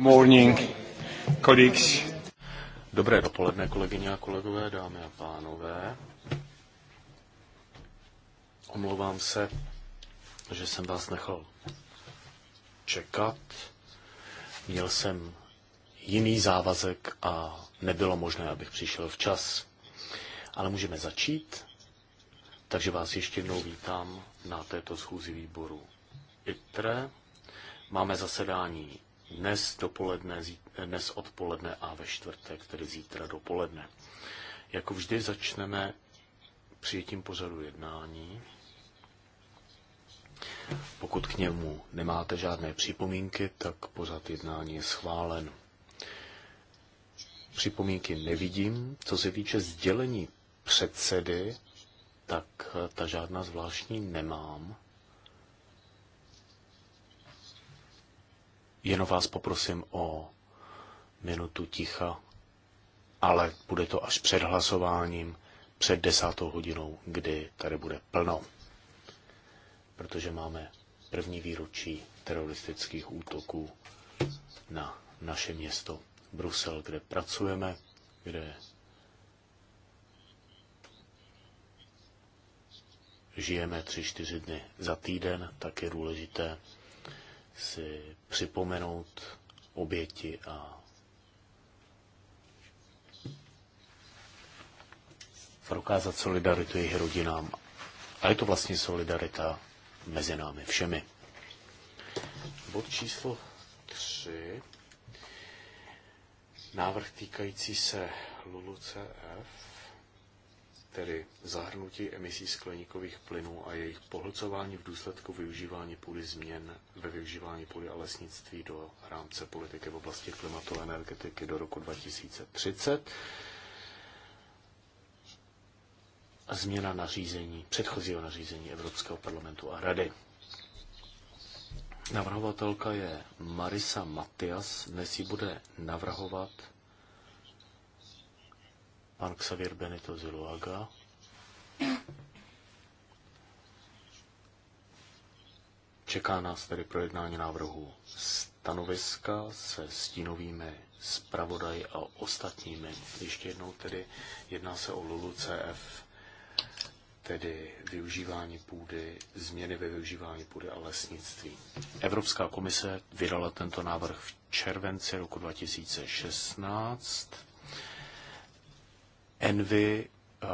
morning, colleagues. Dobré dopoledne, kolegyně a kolegové, dámy a pánové. Omlouvám se, že jsem vás nechal čekat. Měl jsem jiný závazek a nebylo možné, abych přišel včas. Ale můžeme začít, takže vás ještě jednou vítám na této schůzi výboru ITRE. Máme zasedání dnes dopoledne, dnes odpoledne a ve čtvrtek, tedy zítra dopoledne. Jako vždy začneme přijetím pořadu jednání. Pokud k němu nemáte žádné připomínky, tak pořad jednání je schválen. Připomínky nevidím. Co se týče sdělení předsedy, tak ta žádná zvláštní nemám. Jenom vás poprosím o minutu ticha, ale bude to až před hlasováním, před desátou hodinou, kdy tady bude plno. Protože máme první výročí teroristických útoků na naše město Brusel, kde pracujeme, kde žijeme tři čtyři dny za týden, tak je důležité si připomenout oběti a prokázat solidaritu jejich rodinám. A je to vlastně solidarita mezi námi všemi. Bod číslo 3. Návrh týkající se CF tedy zahrnutí emisí skleníkových plynů a jejich pohlcování v důsledku využívání půdy změn ve využívání půdy a lesnictví do rámce politiky v oblasti klimatu a energetiky do roku 2030. A změna nařízení, předchozího nařízení Evropského parlamentu a rady. Navrhovatelka je Marisa Matias, dnes ji bude navrhovat pan Xavier Benito Ziluaga. Čeká nás tedy projednání návrhu stanoviska se stínovými zpravodaj a ostatními. Ještě jednou tedy jedná se o LULU CF, tedy využívání půdy, změny ve využívání půdy a lesnictví. Evropská komise vydala tento návrh v červenci roku 2016 Envy eh,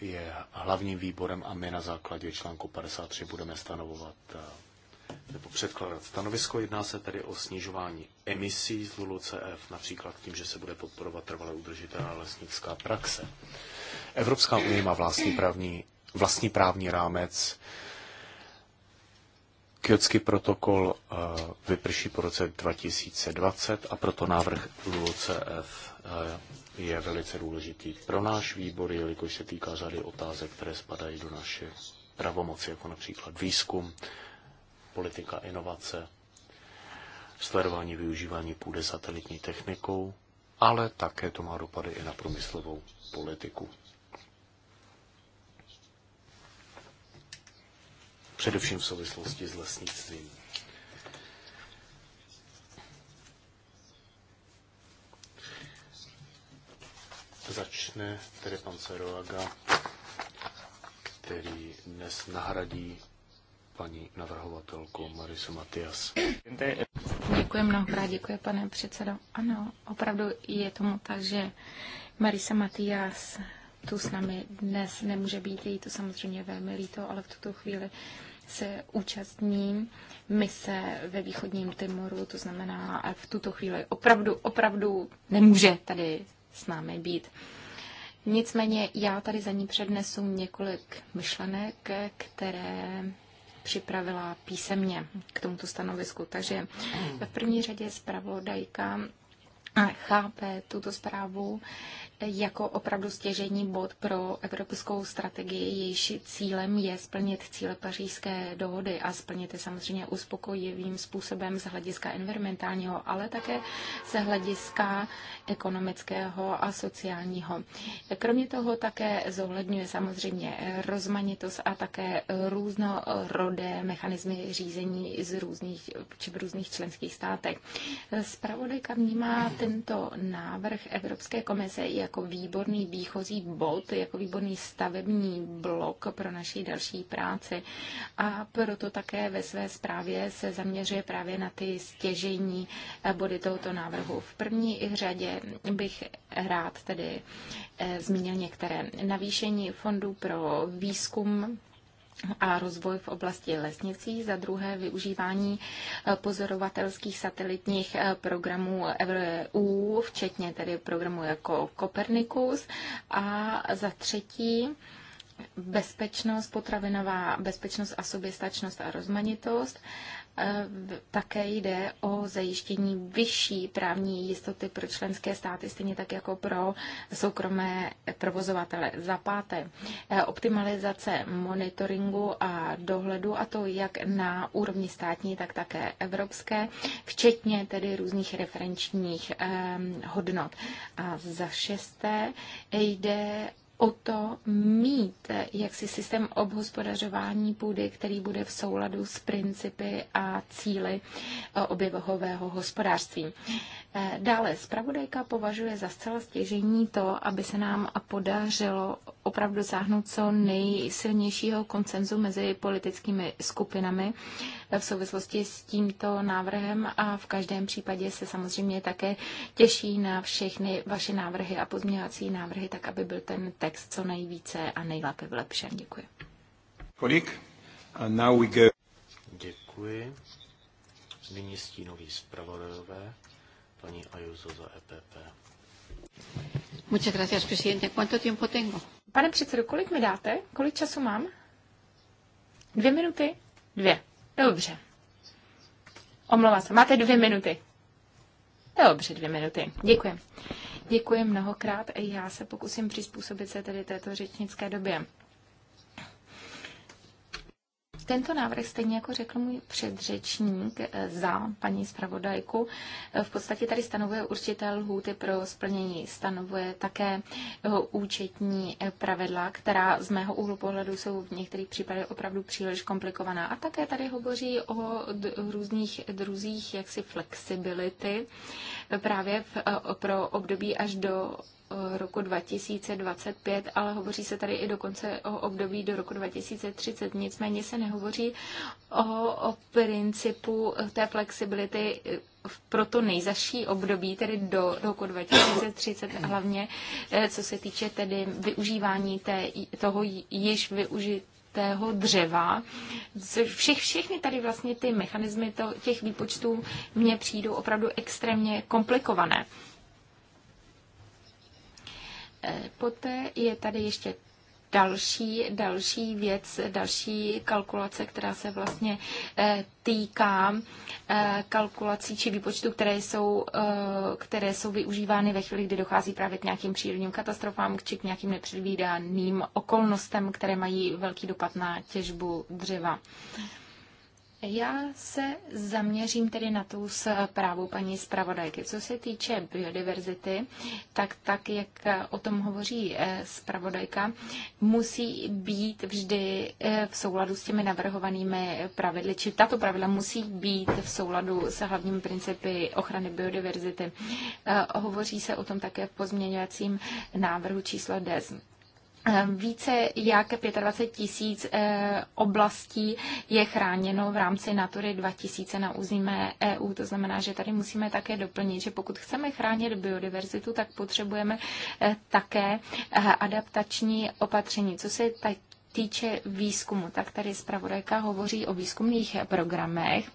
je hlavním výborem a my na základě článku 53 budeme stanovovat eh, nebo předkládat stanovisko. Jedná se tedy o snižování emisí z LULUCF, například tím, že se bude podporovat trvale udržitelná lesnická praxe. Evropská unie má vlastní právní, vlastní právní rámec. Kyotský protokol eh, vyprší po roce 2020 a proto návrh LULUCF je velice důležitý pro náš výbor, jelikož se týká řady otázek, které spadají do naše pravomoci, jako například výzkum, politika inovace, sledování využívání půdy satelitní technikou, ale také to má dopady i na průmyslovou politiku. Především v souvislosti s lesnictvím. Začne tedy pan Ceroaga, který dnes nahradí paní navrhovatelku Marisu Matias. Děkuji mnohokrát, děkuji pane předsedo. Ano, opravdu je tomu tak, že Marisa Matias tu s námi dnes nemůže být, její to samozřejmě velmi líto, ale v tuto chvíli se účastní mise ve východním Timoru, to znamená, v tuto chvíli opravdu, opravdu nemůže tady s námi být. Nicméně já tady za ní přednesu několik myšlenek, které připravila písemně k tomuto stanovisku. Takže v první řadě zpravodajka chápe tuto zprávu jako opravdu stěžení bod pro evropskou strategii, jejíž cílem je splnit cíle pařížské dohody a splnit je samozřejmě uspokojivým způsobem z hlediska environmentálního, ale také z hlediska ekonomického a sociálního. Kromě toho také zohledňuje samozřejmě rozmanitost a také různorodé mechanismy řízení z různých, či v různých členských státech. Spravodajka vnímá tento návrh Evropské komise jako jako výborný výchozí bod, jako výborný stavební blok pro naší další práci. A proto také ve své zprávě se zaměřuje právě na ty stěžení eh, body tohoto návrhu. V první řadě bych rád tedy eh, zmínil některé navýšení fondů pro výzkum a rozvoj v oblasti lesnicí, za druhé využívání eh, pozorovatelských satelitních eh, programů EU, včetně tedy programů jako Copernicus a za třetí bezpečnost, potravinová bezpečnost a soběstačnost a rozmanitost také jde o zajištění vyšší právní jistoty pro členské státy, stejně tak jako pro soukromé provozovatele. Za páté, eh, optimalizace monitoringu a dohledu, a to jak na úrovni státní, tak také evropské, včetně tedy různých referenčních ehm, hodnot. A za šesté jde o to mít jaksi systém obhospodařování půdy, který bude v souladu s principy a cíly eh, oběhového hospodářství. Eh, dále zpravodajka považuje za zcela stěžení to, aby se nám podařilo opravdu zahnout co nejsilnějšího koncenzu mezi politickými skupinami eh, v souvislosti s tímto návrhem a v každém případě se samozřejmě také těší na všechny vaše návrhy a pozměňovací návrhy, tak aby byl ten text co nejvíce a nejlépe vylepšen. Děkuji. Kolik? And now we go. Děkuji. Nyní stínový zpravodajové paní Ajuso za EPP. Muchas gracias, presidente. ¿Cuánto tiempo tengo? Pane předsedu, kolik mi dáte? Kolik času mám? Dvě minuty? Dvě. Dobře. Omlouvám se. Máte dvě minuty. Dobře, dvě minuty. Děkuji. Děkuji mnohokrát. Já se pokusím přizpůsobit se tedy této řečnické době. Tento návrh, stejně jako řekl můj předřečník eh, za paní zpravodajku, eh, v podstatě tady stanovuje určité lhůty pro splnění, stanovuje také eh, účetní pravidla, která z mého úhlu pohledu jsou v některých případech opravdu příliš komplikovaná. A také tady hovoří o různých druzích jaksi flexibility právě v, pro období až do roku 2025, ale hovoří se tady i dokonce o období do roku 2030. Nicméně se nehovoří o, o principu té flexibility pro to nejzaší období, tedy do roku 2030, hlavně eh, co se týče tedy využívání té, toho již využit tého dřeva. Všech, všechny tady vlastně ty mechanismy to, těch výpočtů mně přijdou opravdu extrémně komplikované. Eh, poté je tady ještě další, další věc, další kalkulace, která se vlastně eh, týká eh, kalkulací či výpočtu, které jsou, které jsou využívány ve chvíli, kdy dochází právě k nějakým přírodním katastrofám či k nějakým nepředvídaným okolnostem, které mají velký dopad na těžbu dřeva. Já se zaměřím tedy na tu zprávu paní zpravodajky. Co se týče biodiverzity, tak, tak jak o tom hovoří eh, zpravodajka, musí být vždy eh, v souladu s těmi navrhovanými pravidly, či tato pravidla musí být v souladu s hlavními principy ochrany biodiverzity. Eh, hovoří se o tom také v pozměňovacím návrhu číslo 10. Ehm, více jak 25 tisíc eh, oblastí je chráněno v rámci Natury 2000 na území EU. To znamená, že tady musíme také doplnit, že pokud chceme chránit biodiverzitu, tak potřebujeme eh, také eh, adaptační opatření. Co se týče výzkumu, tak tady zpravodajka hovoří o výzkumných programech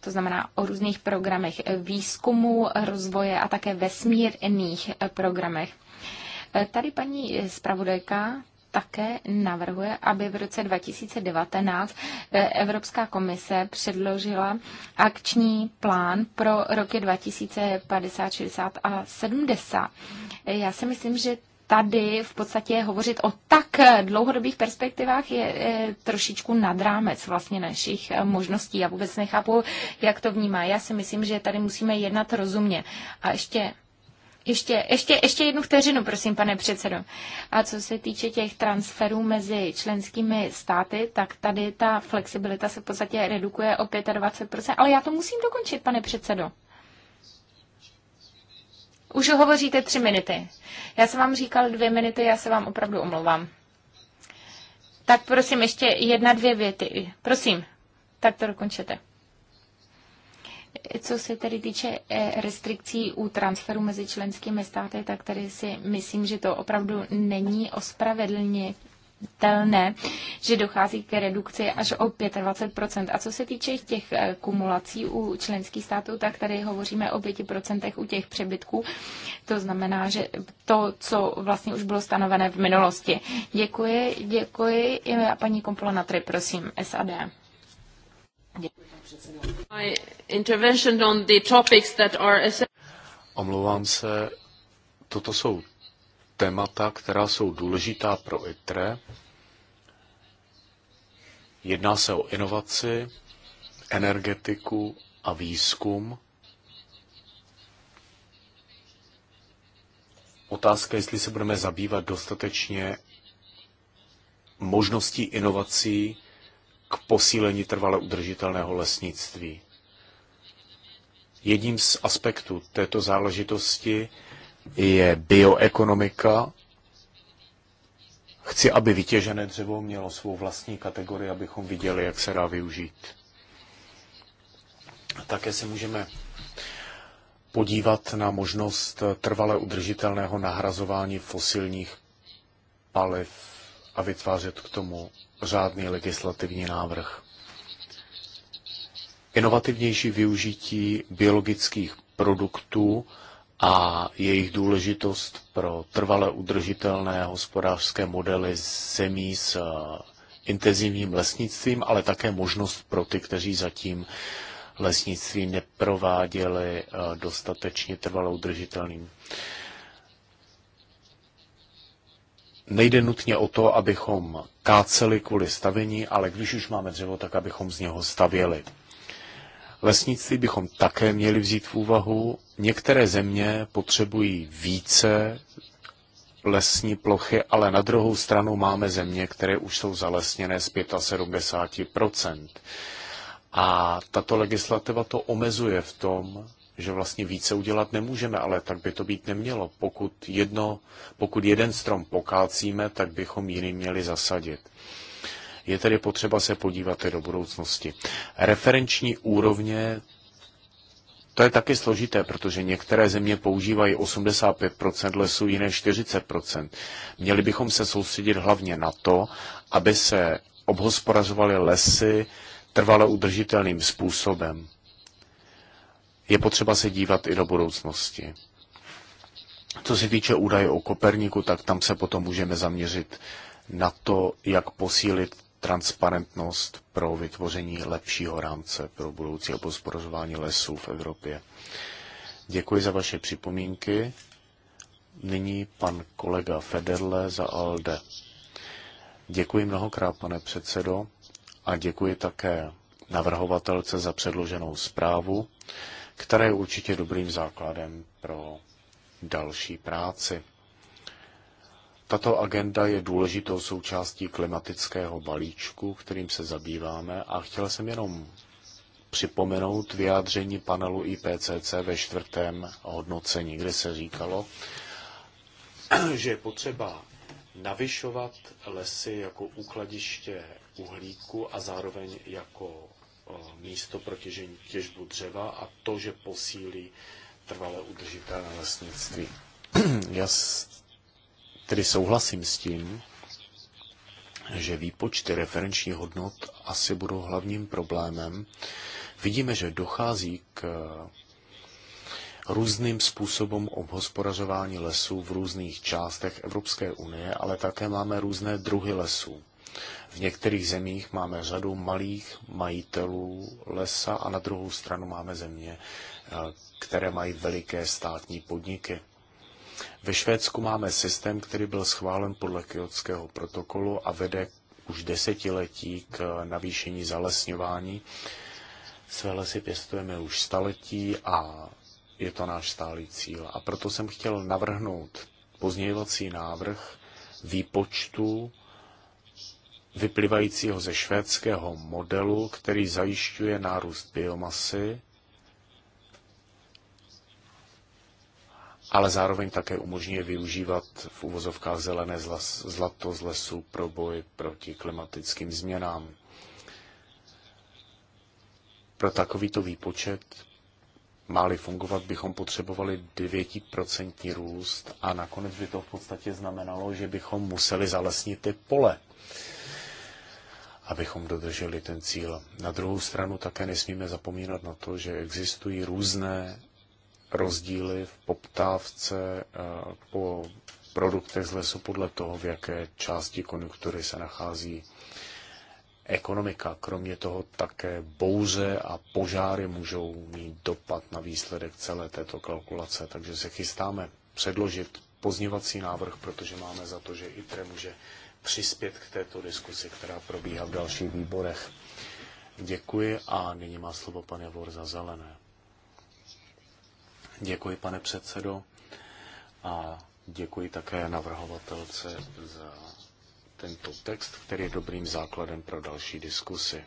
to znamená o různých programech výzkumu, rozvoje a také vesmírných programech. Tady paní zpravodajka také navrhuje, aby v roce 2019 eh, Evropská komise předložila akční plán pro roky 2050, 60 a 70. Eh, já si myslím, že tady v podstatě hovořit o tak dlouhodobých perspektivách je eh, trošičku nad rámec vlastně našich možností. Já vůbec nechápu, jak to vnímá. Já si myslím, že tady musíme jednat rozumně. A ještě ještě, ještě, ještě jednu vteřinu, prosím, pane předsedo. A co se týče těch transferů mezi členskými státy, tak tady ta flexibilita se v podstatě redukuje o 25%. Ale já to musím dokončit, pane předsedo. Už hovoříte tři minuty. Já jsem vám říkal dvě minuty, já se vám opravdu omlouvám. Tak prosím, ještě jedna, dvě věty. Prosím, tak to dokončete. Co se tedy týče eh, restrikcí u transferu mezi členskými státy, tak tady si myslím, že to opravdu není ospravedlně telné, že dochází k redukci až o 25 A co se týče těch eh, kumulací u členských států, tak tady hovoříme o 5 u těch přebytků. To znamená, že to, co vlastně už bylo stanovené v minulosti. Děkuji, děkuji. A paní Kompola Natry, prosím, SAD. Omlouvám se, toto jsou témata, která jsou důležitá pro ITRE. Jedná se o inovaci, energetiku a výzkum. Otázka, jestli se budeme zabývat dostatečně možností inovací k posílení trvale udržitelného lesnictví. Jedním z aspektů této záležitosti je bioekonomika. Chci, aby vytěžené dřevo mělo svou vlastní kategorii, abychom viděli, jak se dá využít. Také se můžeme podívat na možnost trvale udržitelného nahrazování fosilních paliv a vytvářet k tomu řádný legislativní návrh. Inovativnější využití biologických produktů a jejich důležitost pro trvale udržitelné hospodářské modely zemí s eh, intenzivním lesnictvím, ale také možnost pro ty, kteří zatím lesnictví neprováděli eh, dostatečně trvale udržitelným nejde nutně o to, abychom káceli kvůli stavení, ale když už máme dřevo, tak abychom z něho stavěli. Lesnictví bychom také měli vzít v úvahu. Některé země potřebují více lesní plochy, ale na druhou stranu máme země, které už jsou zalesněné z 75 A tato legislativa to omezuje v tom, že vlastně více udělat nemůžeme, ale tak by to být nemělo. Pokud, jedno, pokud jeden strom pokácíme, tak bychom jiný měli zasadit. Je tedy potřeba se podívat i do budoucnosti. Referenční úrovně to je taky složité, protože některé země používají 85% lesů, jiné 40%. Měli bychom se soustředit hlavně na to, aby se obhospodařovaly lesy trvale udržitelným způsobem je potřeba se dívat i do budoucnosti. Co se týče údaje o Koperniku, tak tam se potom můžeme zaměřit na to, jak posílit transparentnost pro vytvoření lepšího rámce pro budoucí obozporozování lesů v Evropě. Děkuji za vaše připomínky. Nyní pan kolega Federle za ALDE. Děkuji mnohokrát, pane předsedo, a děkuji také navrhovatelce za předloženou zprávu které je určitě dobrým základem pro další práci. Tato agenda je důležitou součástí klimatického balíčku, kterým se zabýváme a chtěl jsem jenom připomenout vyjádření panelu IPCC ve čtvrtém hodnocení, kde se říkalo, že je potřeba navyšovat lesy jako úkladiště uhlíku a zároveň jako místo pro těžení, těžbu dřeva a to, že posílí trvalé udržitelné lesnictví. Já tedy souhlasím s tím, že výpočty referenčních hodnot asi budou hlavním problémem. Vidíme, že dochází k různým způsobům obhospodařování lesů v různých částech Evropské unie, ale také máme různé druhy lesů. V některých zemích máme řadu malých majitelů lesa a na druhou stranu máme země, eh, které mají veliké státní podniky. Ve Švédsku máme systém, který byl schválen podle Kyotského protokolu a vede už desetiletí k navýšení zalesňování. Své lesy pěstujeme už staletí a je to náš stálý cíl. A proto jsem chtěl navrhnout pozměňovací návrh výpočtu vyplývajícího ze švédského modelu, který zajišťuje nárůst biomasy, ale zároveň také umožňuje využívat v uvozovkách zelené zlato z lesů pro boj proti klimatickým změnám. Pro takovýto výpočet Máli fungovat, bychom potřebovali 9% růst a nakonec by to v podstatě znamenalo, že bychom museli zalesnit ty pole abychom dodrželi ten cíl. Na druhou stranu také nesmíme zapomínat na to, že existují různé rozdíly v poptávce eh, po produktech z lesu podle toho, v jaké části konjunktury se nachází ekonomika. Kromě toho také bouře a požáry můžou mít dopad na výsledek celé této kalkulace, takže se chystáme předložit pozněvací návrh, protože máme za to, že ITRE může přispět k této diskusi, která probíhá v dalších výborech. Děkuji a nyní má slovo pan Javor za zelené. Děkuji, pane předsedo, a děkuji také navrhovatelce za tento text, který je dobrým základem pro další diskusy.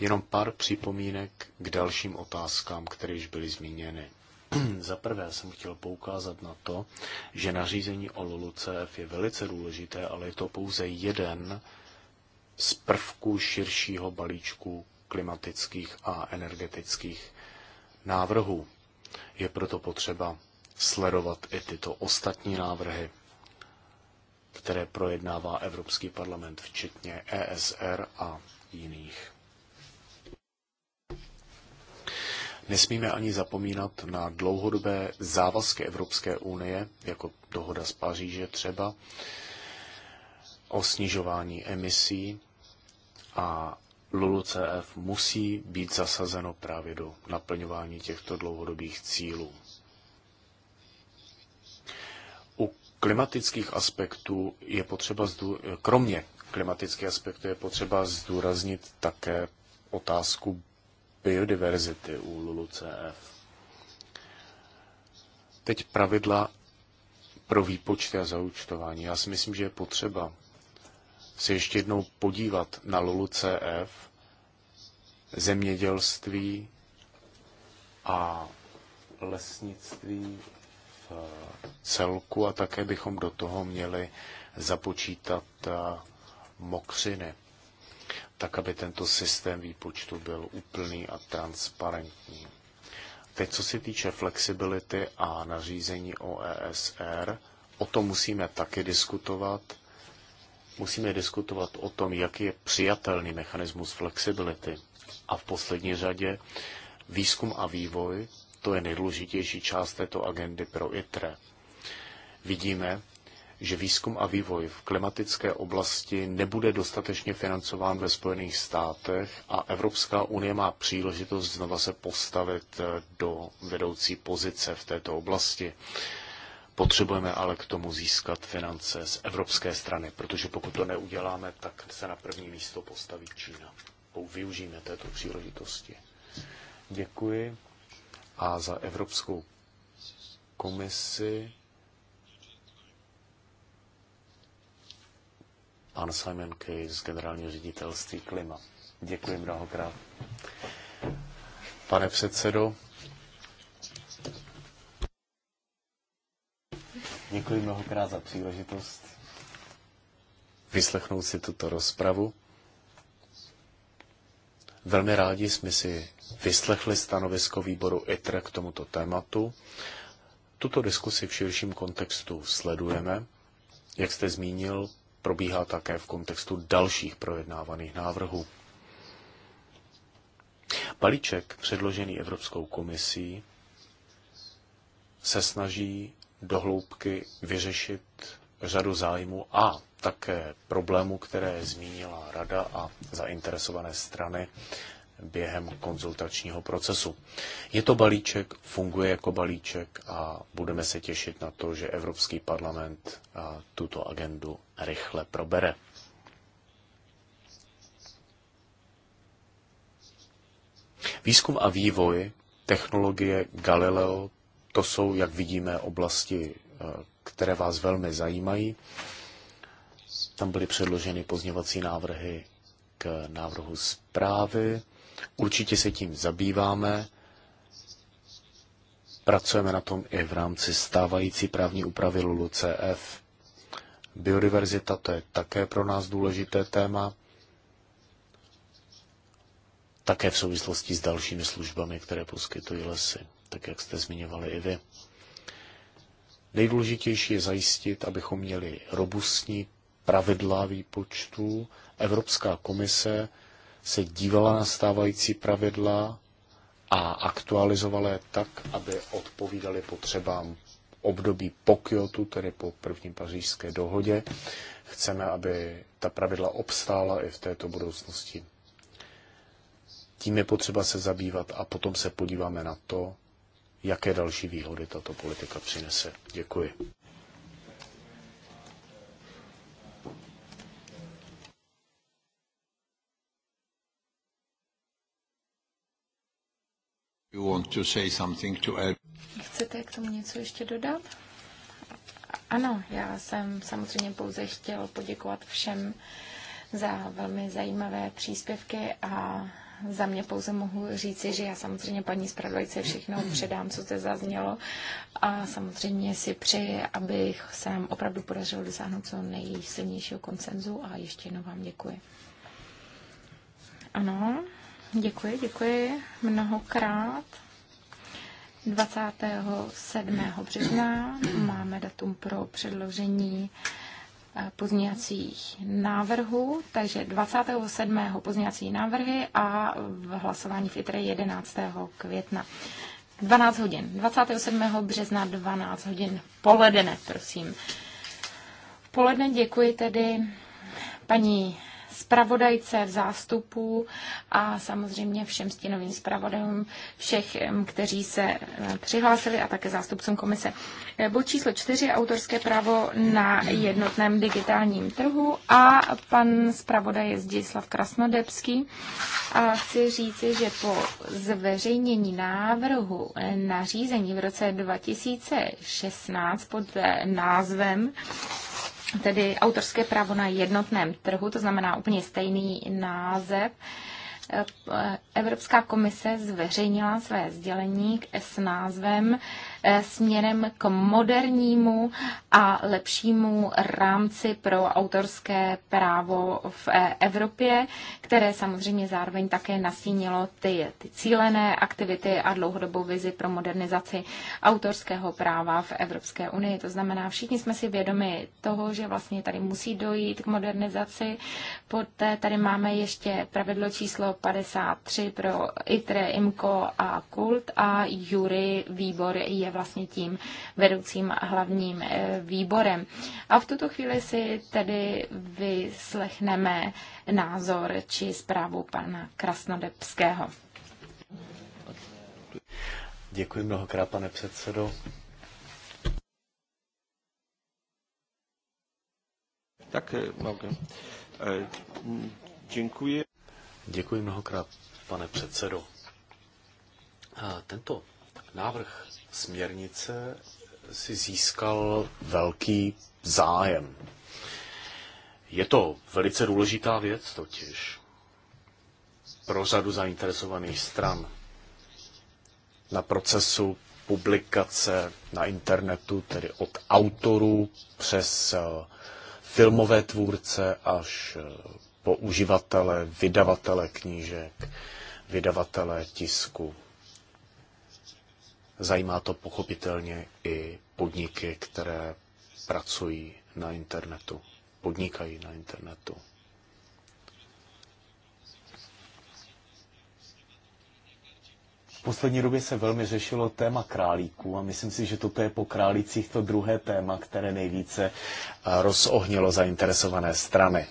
Jenom pár připomínek k dalším otázkám, které již byly zmíněny. Za prvé jsem chtěl poukázat na to, že nařízení o LULUCF je velice důležité, ale je to pouze jeden z prvků širšího balíčku klimatických a energetických návrhů. Je proto potřeba sledovat i tyto ostatní návrhy, které projednává Evropský parlament, včetně ESR a jiných. Nesmíme ani zapomínat na dlouhodobé závazky Evropské unie, jako dohoda z Paříže třeba, o snižování emisí a LULUCF musí být zasazeno právě do naplňování těchto dlouhodobých cílů. U klimatických aspektů je potřeba, zdů... kromě klimatických aspektů je potřeba zdůraznit také otázku biodiverzity u LULUCF. Teď pravidla pro výpočty a zaučtování. Já si myslím, že je potřeba se ještě jednou podívat na LULUCF, zemědělství a lesnictví v celku a také bychom do toho měli započítat eh, mokřiny tak aby tento systém výpočtu byl úplný a transparentní. Teď, co se týče flexibility a nařízení o ESR, o tom musíme taky diskutovat. Musíme diskutovat o tom, jaký je přijatelný mechanismus flexibility. A v poslední řadě výzkum a vývoj, to je nejdůležitější část této agendy pro ITRE. Vidíme, že výzkum a vývoj v klimatické oblasti nebude dostatečně financován ve Spojených státech a Evropská unie má příležitost znova se postavit eh, do vedoucí pozice v této oblasti. Potřebujeme ale k tomu získat finance z evropské strany, protože pokud to neuděláme, tak se na první místo postaví Čína. Využijeme této příležitosti. Děkuji. A za Evropskou komisi pan Simon Key z generálního ředitelství Klima. Děkuji mnohokrát. Pane předsedo, děkuji mnohokrát za příležitost vyslechnout si tuto rozpravu. Velmi rádi jsme si vyslechli stanovisko výboru ITRE k tomuto tématu. Tuto diskusi v širším kontextu sledujeme. Jak jste zmínil, probíhá také v kontextu dalších projednávaných návrhů. Balíček předložený Evropskou komisí se snaží dohloubky vyřešit řadu zájmů a také problémů, které zmínila Rada a zainteresované strany během konzultačního procesu. Je to balíček, funguje jako balíček a budeme se těšit na to, že Evropský parlament tuto agendu rychle probere. Výzkum a vývoj, technologie Galileo, to jsou, jak vidíme, oblasti, e, které vás velmi zajímají. Tam byly předloženy pozněvací návrhy k návrhu zprávy. Určitě se tím zabýváme. Pracujeme na tom i v rámci stávající právní úpravy LULUCF. Biodiverzita to je také pro nás důležité téma, také v souvislosti s dalšími službami, které poskytují lesy, tak jak jste zmiňovali i vy. Nejdůležitější je zajistit, abychom měli robustní pravidla výpočtu. Evropská komise se dívala na stávající pravidla a aktualizovala je tak, aby odpovídaly potřebám období po Kyoto, tedy po první pařížské dohodě. Chceme, aby ta pravidla obstála i v této budoucnosti. Tím je potřeba se zabývat a potom se podíváme na to, jaké další výhody tato politika přinese. Děkuji. You want to say something to add? Chcete k tomu něco ještě dodat? Ano, já jsem samozřejmě pouze chtěl poděkovat všem za velmi zajímavé příspěvky a za mě pouze mohu říci, že já samozřejmě paní zpravodajce všechno předám, co se zaznělo a samozřejmě si přeji, abych se nám opravdu podařilo dosáhnout co nejsilnějšího koncenzu a ještě jednou vám děkuji. Ano, Děkuji, děkuji mnohokrát. 27. března máme datum pro předložení eh, pozměňacích návrhů, takže 27. pozměňací návrhy a v hlasování v ITRE 11. května. 12 hodin. 27. března 12 hodin poledne, prosím. Poledne děkuji tedy paní zpravodajce, v zástupu a samozřejmě všem stínovým zpravodajům, všech, kteří se přihlásili a také zástupcům komise. Bod číslo čtyři, autorské právo na jednotném digitálním trhu a pan zpravodaj je Zdislav Krasnodebský. A chci říci, že po zveřejnění návrhu nařízení v roce 2016 pod eh, názvem tedy autorské právo na jednotném trhu, to znamená úplně stejný název. Evropská komise zveřejnila své sdělení s názvem E, směrem k modernímu a lepšímu rámci pro autorské právo v e, Evropě, které samozřejmě zároveň také nastínilo ty, ty cílené aktivity a dlouhodobou vizi pro modernizaci autorského práva v Evropské unii. To znamená, všichni jsme si vědomi toho, že vlastně tady musí dojít k modernizaci. Poté tady máme ještě pravidlo číslo 53 pro ITRE, IMCO a KULT a JURY výbor je vlastně tím vedoucím a hlavním eh, výborem. A v tuto chvíli si tedy vyslechneme názor či zprávu pana Krasnodebského. Děkuji mnohokrát, pane předsedo. Tak mogę. Eh, eh, děkuji. Děkuji mnohokrát, pane předsedo. tento Návrh směrnice si získal velký zájem. Je to velice důležitá věc totiž pro řadu zainteresovaných stran na procesu publikace na internetu, tedy od autorů přes eh, filmové tvůrce až eh, po uživatele, vydavatele knížek, vydavatele tisku Zajímá to pochopitelně i podniky, které pracují na internetu, podnikají na internetu. V poslední době se velmi řešilo téma králíků a myslím si, že toto je po králících to druhé téma, které nejvíce eh, rozohnilo zainteresované strany.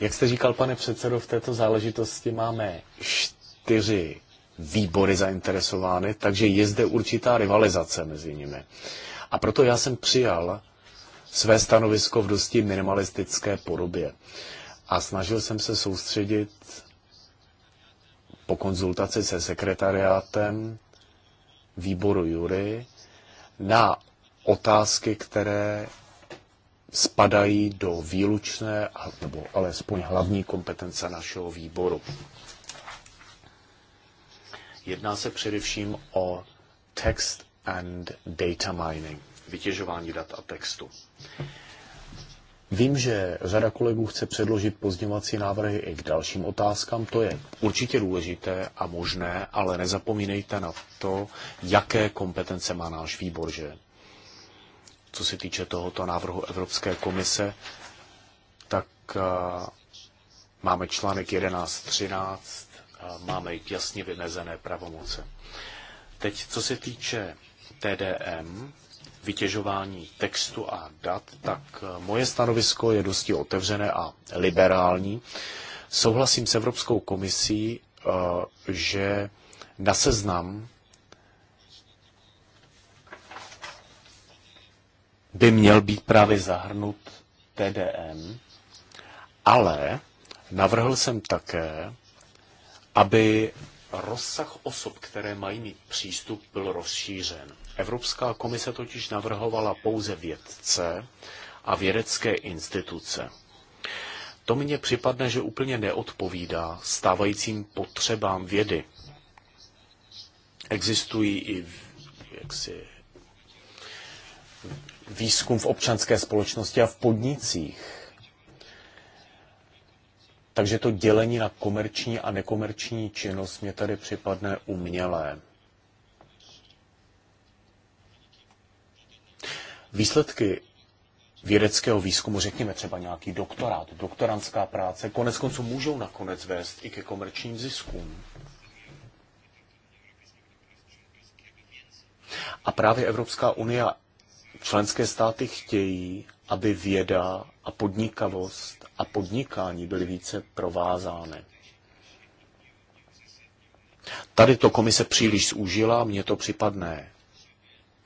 Jak jste říkal, pane předsedo, v této záležitosti máme čtyři výbory zainteresovány, takže je zde určitá rivalizace mezi nimi. A proto já jsem přijal své stanovisko v dosti minimalistické podobě. A snažil jsem se soustředit po konzultaci se sekretariátem výboru Jury na otázky, které spadají do výlučné, nebo alespoň hlavní kompetence našeho výboru. Jedná se především o text and data mining, vytěžování dat a textu. Vím, že řada kolegů chce předložit pozděvací návrhy i k dalším otázkám. To je určitě důležité a možné, ale nezapomínejte na to, jaké kompetence má náš výbor, že co se týče tohoto návrhu Evropské komise, tak eh, máme článek 11, 13 máme jasně vymezené pravomoce. Teď, co se týče TDM, vytěžování textu a dat, tak eh, moje stanovisko je dosti otevřené a liberální. Souhlasím s Evropskou komisí, eh, že na seznam by měl být právě zahrnut TDM, ale navrhl jsem také, aby rozsah osob, které mají mít přístup, byl rozšířen. Evropská komise totiž navrhovala pouze vědce a vědecké instituce. To mně připadne, že úplně neodpovídá stávajícím potřebám vědy. Existují i jaksi, výzkum v občanské společnosti a v podnicích takže to dělení na komerční a nekomerční činnost mě tady připadne umělé. Výsledky vědeckého výzkumu, řekněme třeba nějaký doktorát, doktorantská práce, konec konců můžou nakonec vést i ke komerčním ziskům. A právě Evropská unie a členské státy chtějí, aby věda a podnikavost a podnikání byly více provázány. Tady to komise příliš zúžila, mně to připadne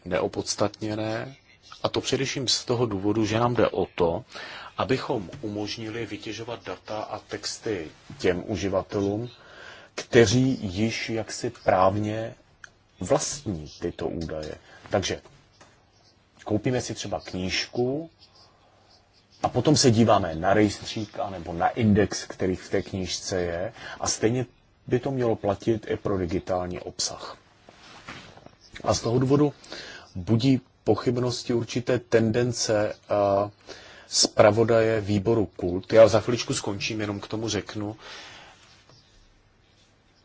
neopodstatněné, a to především z toho důvodu, že nám jde o to, abychom umožnili vytěžovat data a texty těm uživatelům, kteří již jaksi právně vlastní tyto údaje. Takže koupíme si třeba knížku a potom se díváme na rejstřík anebo na index, který v té knížce je a stejně by to mělo platit i pro digitální obsah. A z toho důvodu budí pochybnosti určité tendence eh, zpravodaje výboru Kult. Já za chviličku skončím, jenom k tomu řeknu.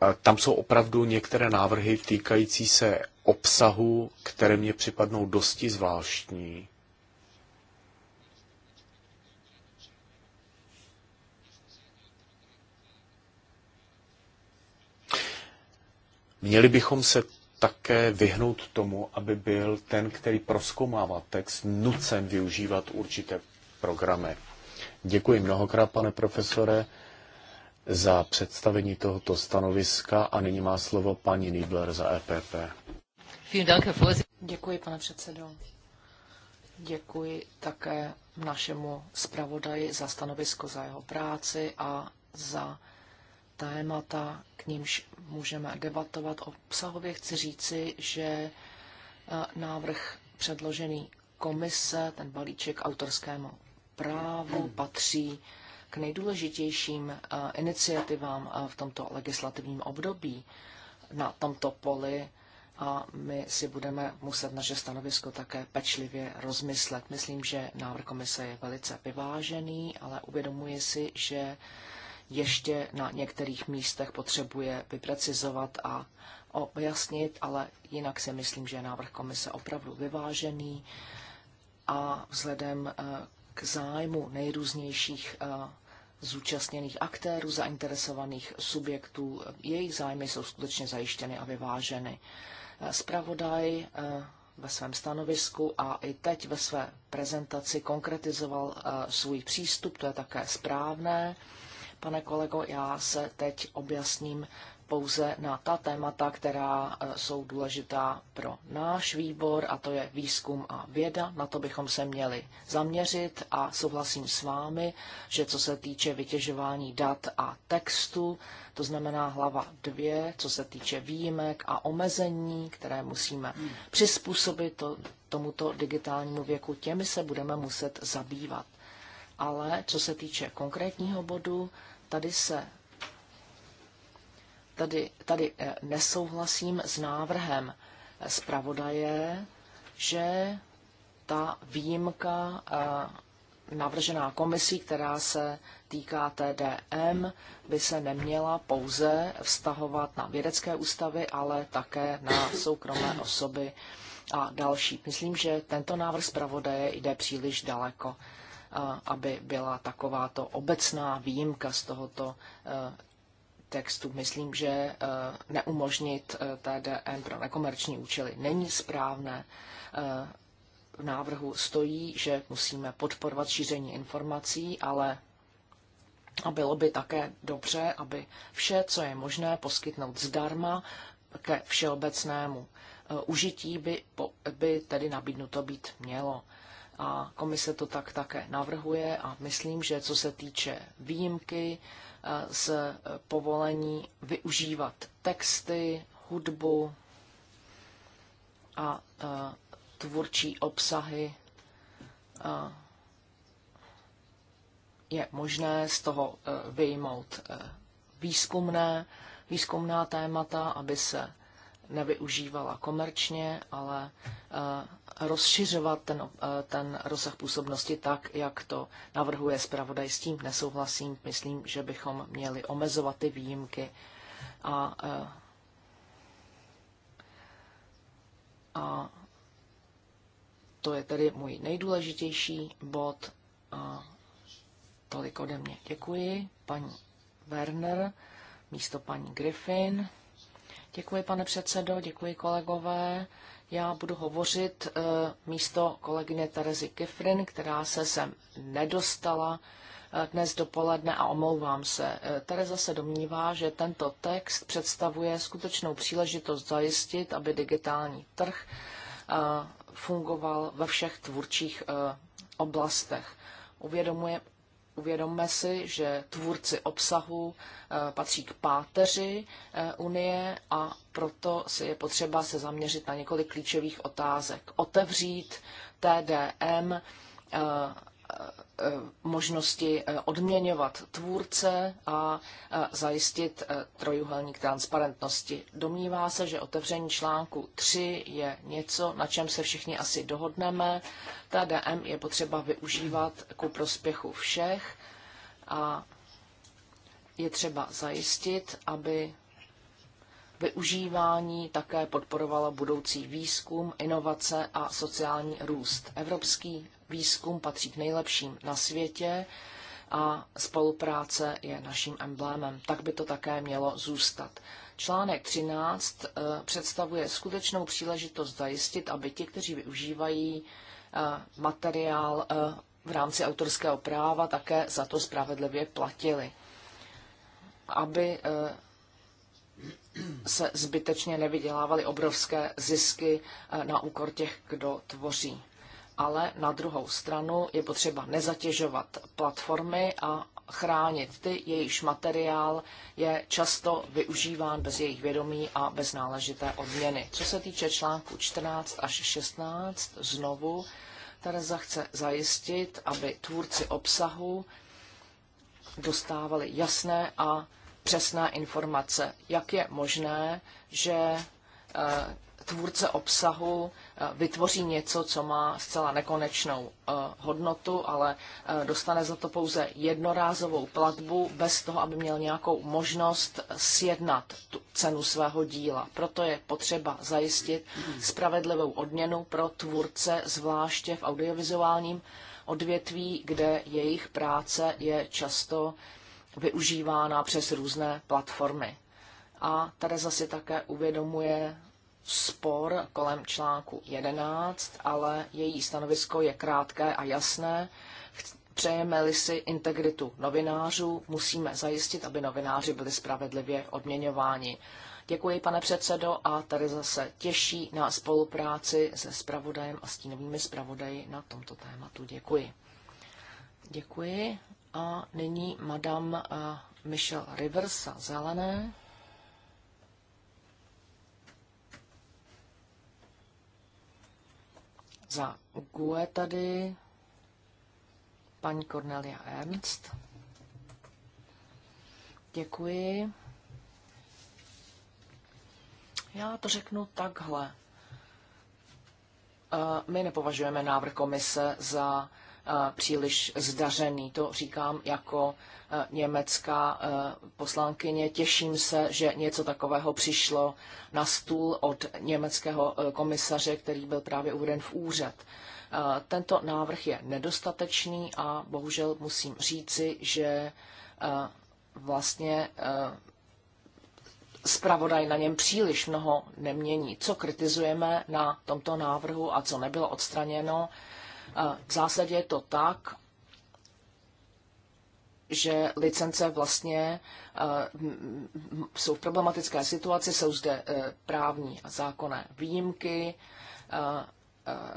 Eh, tam jsou opravdu některé návrhy týkající se obsahu, které mě připadnou dosti zvláštní. Měli bychom se také vyhnout tomu, aby byl ten, který proskomává text, nucen využívat určité programy. Děkuji mnohokrát, pane profesore, za představení tohoto stanoviska a nyní má slovo paní Niebler za EPP. Děkuji, pane předsedo. Děkuji také našemu zpravodaji za stanovisko, za jeho práci a za témata, k nímž můžeme debatovat. Obsahově chci říci, že e, návrh předložený komise, ten balíček autorskému právu patří k nejdůležitějším e, iniciativám e, v tomto legislativním období na tomto poli a my si budeme muset naše stanovisko také pečlivě rozmyslet. Myslím, že návrh komise je velice vyvážený, ale uvědomuji si, že ještě na některých místech potřebuje vyprecizovat a objasnit, ale jinak si myslím, že je návrh komise opravdu vyvážený a vzhledem eh, k zájmu nejrůznějších eh, zúčastněných aktérů, zainteresovaných subjektů, eh, jejich zájmy jsou skutečně zajištěny a vyváženy. Spravodaj ve svém stanovisku a i teď ve své prezentaci konkretizoval svůj přístup, to je také správné. Pane kolego, já se teď objasním pouze na ta témata, která e, jsou důležitá pro náš výbor, a to je výzkum a věda. Na to bychom se měli zaměřit a souhlasím s vámi, že co se týče vytěžování dat a textu, to znamená hlava 2, co se týče výjimek a omezení, které musíme hmm. přizpůsobit to, tomuto digitálnímu věku, těmi se budeme muset zabývat ale co se týče konkrétního bodu, tady se tady, tady eh, nesouhlasím s návrhem zpravodaje, že ta výjimka eh, navržená komisí, která se týká TDM, by se neměla pouze vztahovat na vědecké ústavy, ale také na soukromé osoby a další. Myslím, že tento návrh zpravodaje jde příliš daleko aby byla takováto obecná výjimka z tohoto eh, textu. Myslím, že eh, neumožnit eh, TDM pro nekomerční účely není správné. V návrhu stojí, že musíme podporovat šíření informací, ale a bylo by také dobře, aby vše, co je možné poskytnout zdarma ke všeobecnému užití, by, by tedy nabídnuto být mělo a komise to tak také navrhuje a myslím, že co se týče výjimky eh, z povolení využívat texty, hudbu a eh, tvůrčí obsahy eh, je možné z toho vyjmout výzkumné, výzkumná témata, aby se nevyužívala komerčně, ale rozšiřovat ten, eh, ten rozsah působnosti tak, jak to navrhuje zpravodaj. S tím nesouhlasím. Myslím, že bychom měli omezovat ty výjimky a, eh, a to je tedy můj nejdůležitější bod. A tolik ode mě. Děkuji, paní Werner, místo paní Griffin. Děkuji, pane předsedo, děkuji kolegové já budu hovořit eh, místo kolegyně Terezy Kifrin, která se sem nedostala eh, dnes dopoledne a omlouvám se. Eh, Tereza se domnívá, že tento text představuje skutečnou příležitost zajistit, aby digitální trh fungoval ve všech tvůrčích oblastech. Uvědomuje, Uvědomme si, že tvůrci obsahu eh, patří k páteři eh, Unie a proto si je potřeba se zaměřit na několik klíčových otázek. Otevřít TDM eh, možnosti eh, odměňovat tvůrce a eh, zajistit eh, trojuhelník transparentnosti. Domnívá se, že otevření článku 3 je něco, na čem se všichni asi dohodneme. TDM je potřeba využívat ku prospěchu všech a je třeba zajistit, aby využívání také podporovala budoucí výzkum, inovace a sociální růst. Evropský výzkum patří k nejlepším na světě a spolupráce je naším emblémem. Tak by to také mělo zůstat. Článek 13 eh, představuje skutečnou příležitost zajistit, aby ti, kteří využívají eh, materiál eh, v rámci autorského práva, také za to spravedlivě platili. Aby se zbytečně nevydělávaly obrovské zisky eh, na úkor těch, kdo tvoří. Ale na druhou stranu je potřeba nezatěžovat platformy a chránit ty, jejichž materiál je často využíván bez jejich vědomí a bez náležité odměny. Co se týče článku 14 až 16, znovu Tereza chce zajistit, aby tvůrci obsahu dostávali jasné a přesná informace. Jak je možné, že eh, tvůrce obsahu eh, vytvoří něco, co má zcela nekonečnou eh, hodnotu, ale dostane za to pouze jednorázovou platbu bez toho, aby měl nějakou možnost sjednat tu cenu svého díla. Proto je potřeba zajistit spravedlivou odměnu pro tvůrce, zvláště v audiovizuálním odvětví, kde jejich práce je často využívána přes různé platformy. A tady zase také uvědomuje spor kolem článku 11, ale její stanovisko je krátké a jasné. Přejeme-li si integritu novinářů, musíme zajistit, aby novináři byli spravedlivě odměňováni. Děkuji, pane předsedo, a tady zase těší na spolupráci se spravodajem a stínovými spravodaji na tomto tématu. Děkuji. Děkuji. A nyní Madame eh, Michelle Riversa zelené. Za GUE tady paní Cornelia Ernst. Děkuji. Já to řeknu takhle. Eh, my nepovažujeme návrh komise za Eh, příliš zdařený. To říkám jako eh, německá eh, poslankyně. Těším se, že něco takového přišlo na stůl od německého komisaře, který byl právě uveden v úřad. Tento návrh je nedostatečný a bohužel musím říci, že vlastně zpravodaj na něm příliš mnoho nemění. Co kritizujeme na tomto návrhu a co nebylo odstraněno, v zásadě je to tak, že licence vlastně eh, jsou v problematické situaci, jsou zde eh, právní a zákonné výjimky. Eh,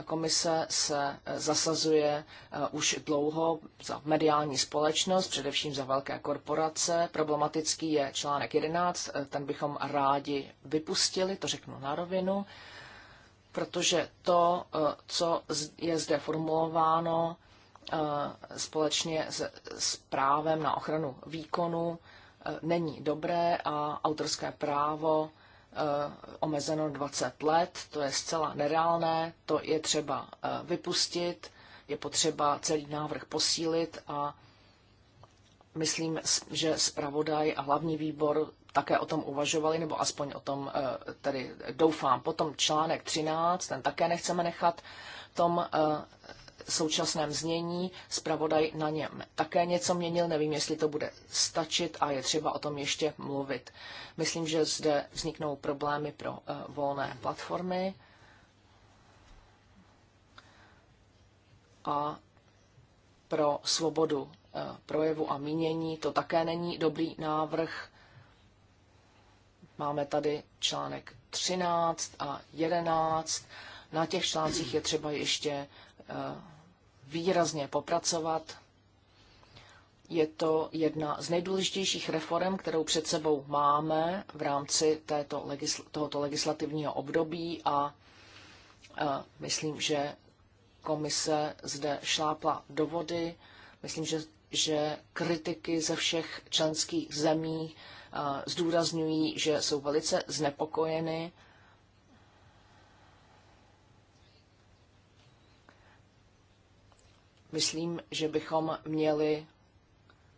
komise se zasazuje už dlouho za mediální společnost, především za velké korporace. Problematický je článek 11, ten bychom rádi vypustili, to řeknu na rovinu protože to, eh, co je zde formulováno eh, společně s, právem na ochranu výkonu, eh, není dobré a autorské právo omezeno 20 let, to je zcela nereálné, to je třeba vypustit, je potřeba celý návrh posílit a myslím, že zpravodaj a hlavní výbor také o tom uvažovali, nebo aspoň o tom eh, tedy doufám. Potom článek 13, ten také nechceme nechat v tom eh, současném znění. Spravodaj na něm také něco měnil, nevím, jestli to bude stačit a je třeba o tom ještě mluvit. Myslím, že zde vzniknou problémy pro eh, volné platformy. A pro svobodu projevu a mínění to také není dobrý návrh Máme tady článek 13 a 11. Na těch článcích je třeba ještě eh, výrazně popracovat. Je to jedna z nejdůležitějších reform, kterou před sebou máme v rámci této legisl- tohoto legislativního období a eh, myslím, že komise zde šlápla do vody. Myslím, že, že kritiky ze všech členských zemí Eh, zdůrazňují, že jsou velice znepokojeny myslím, že bychom měli,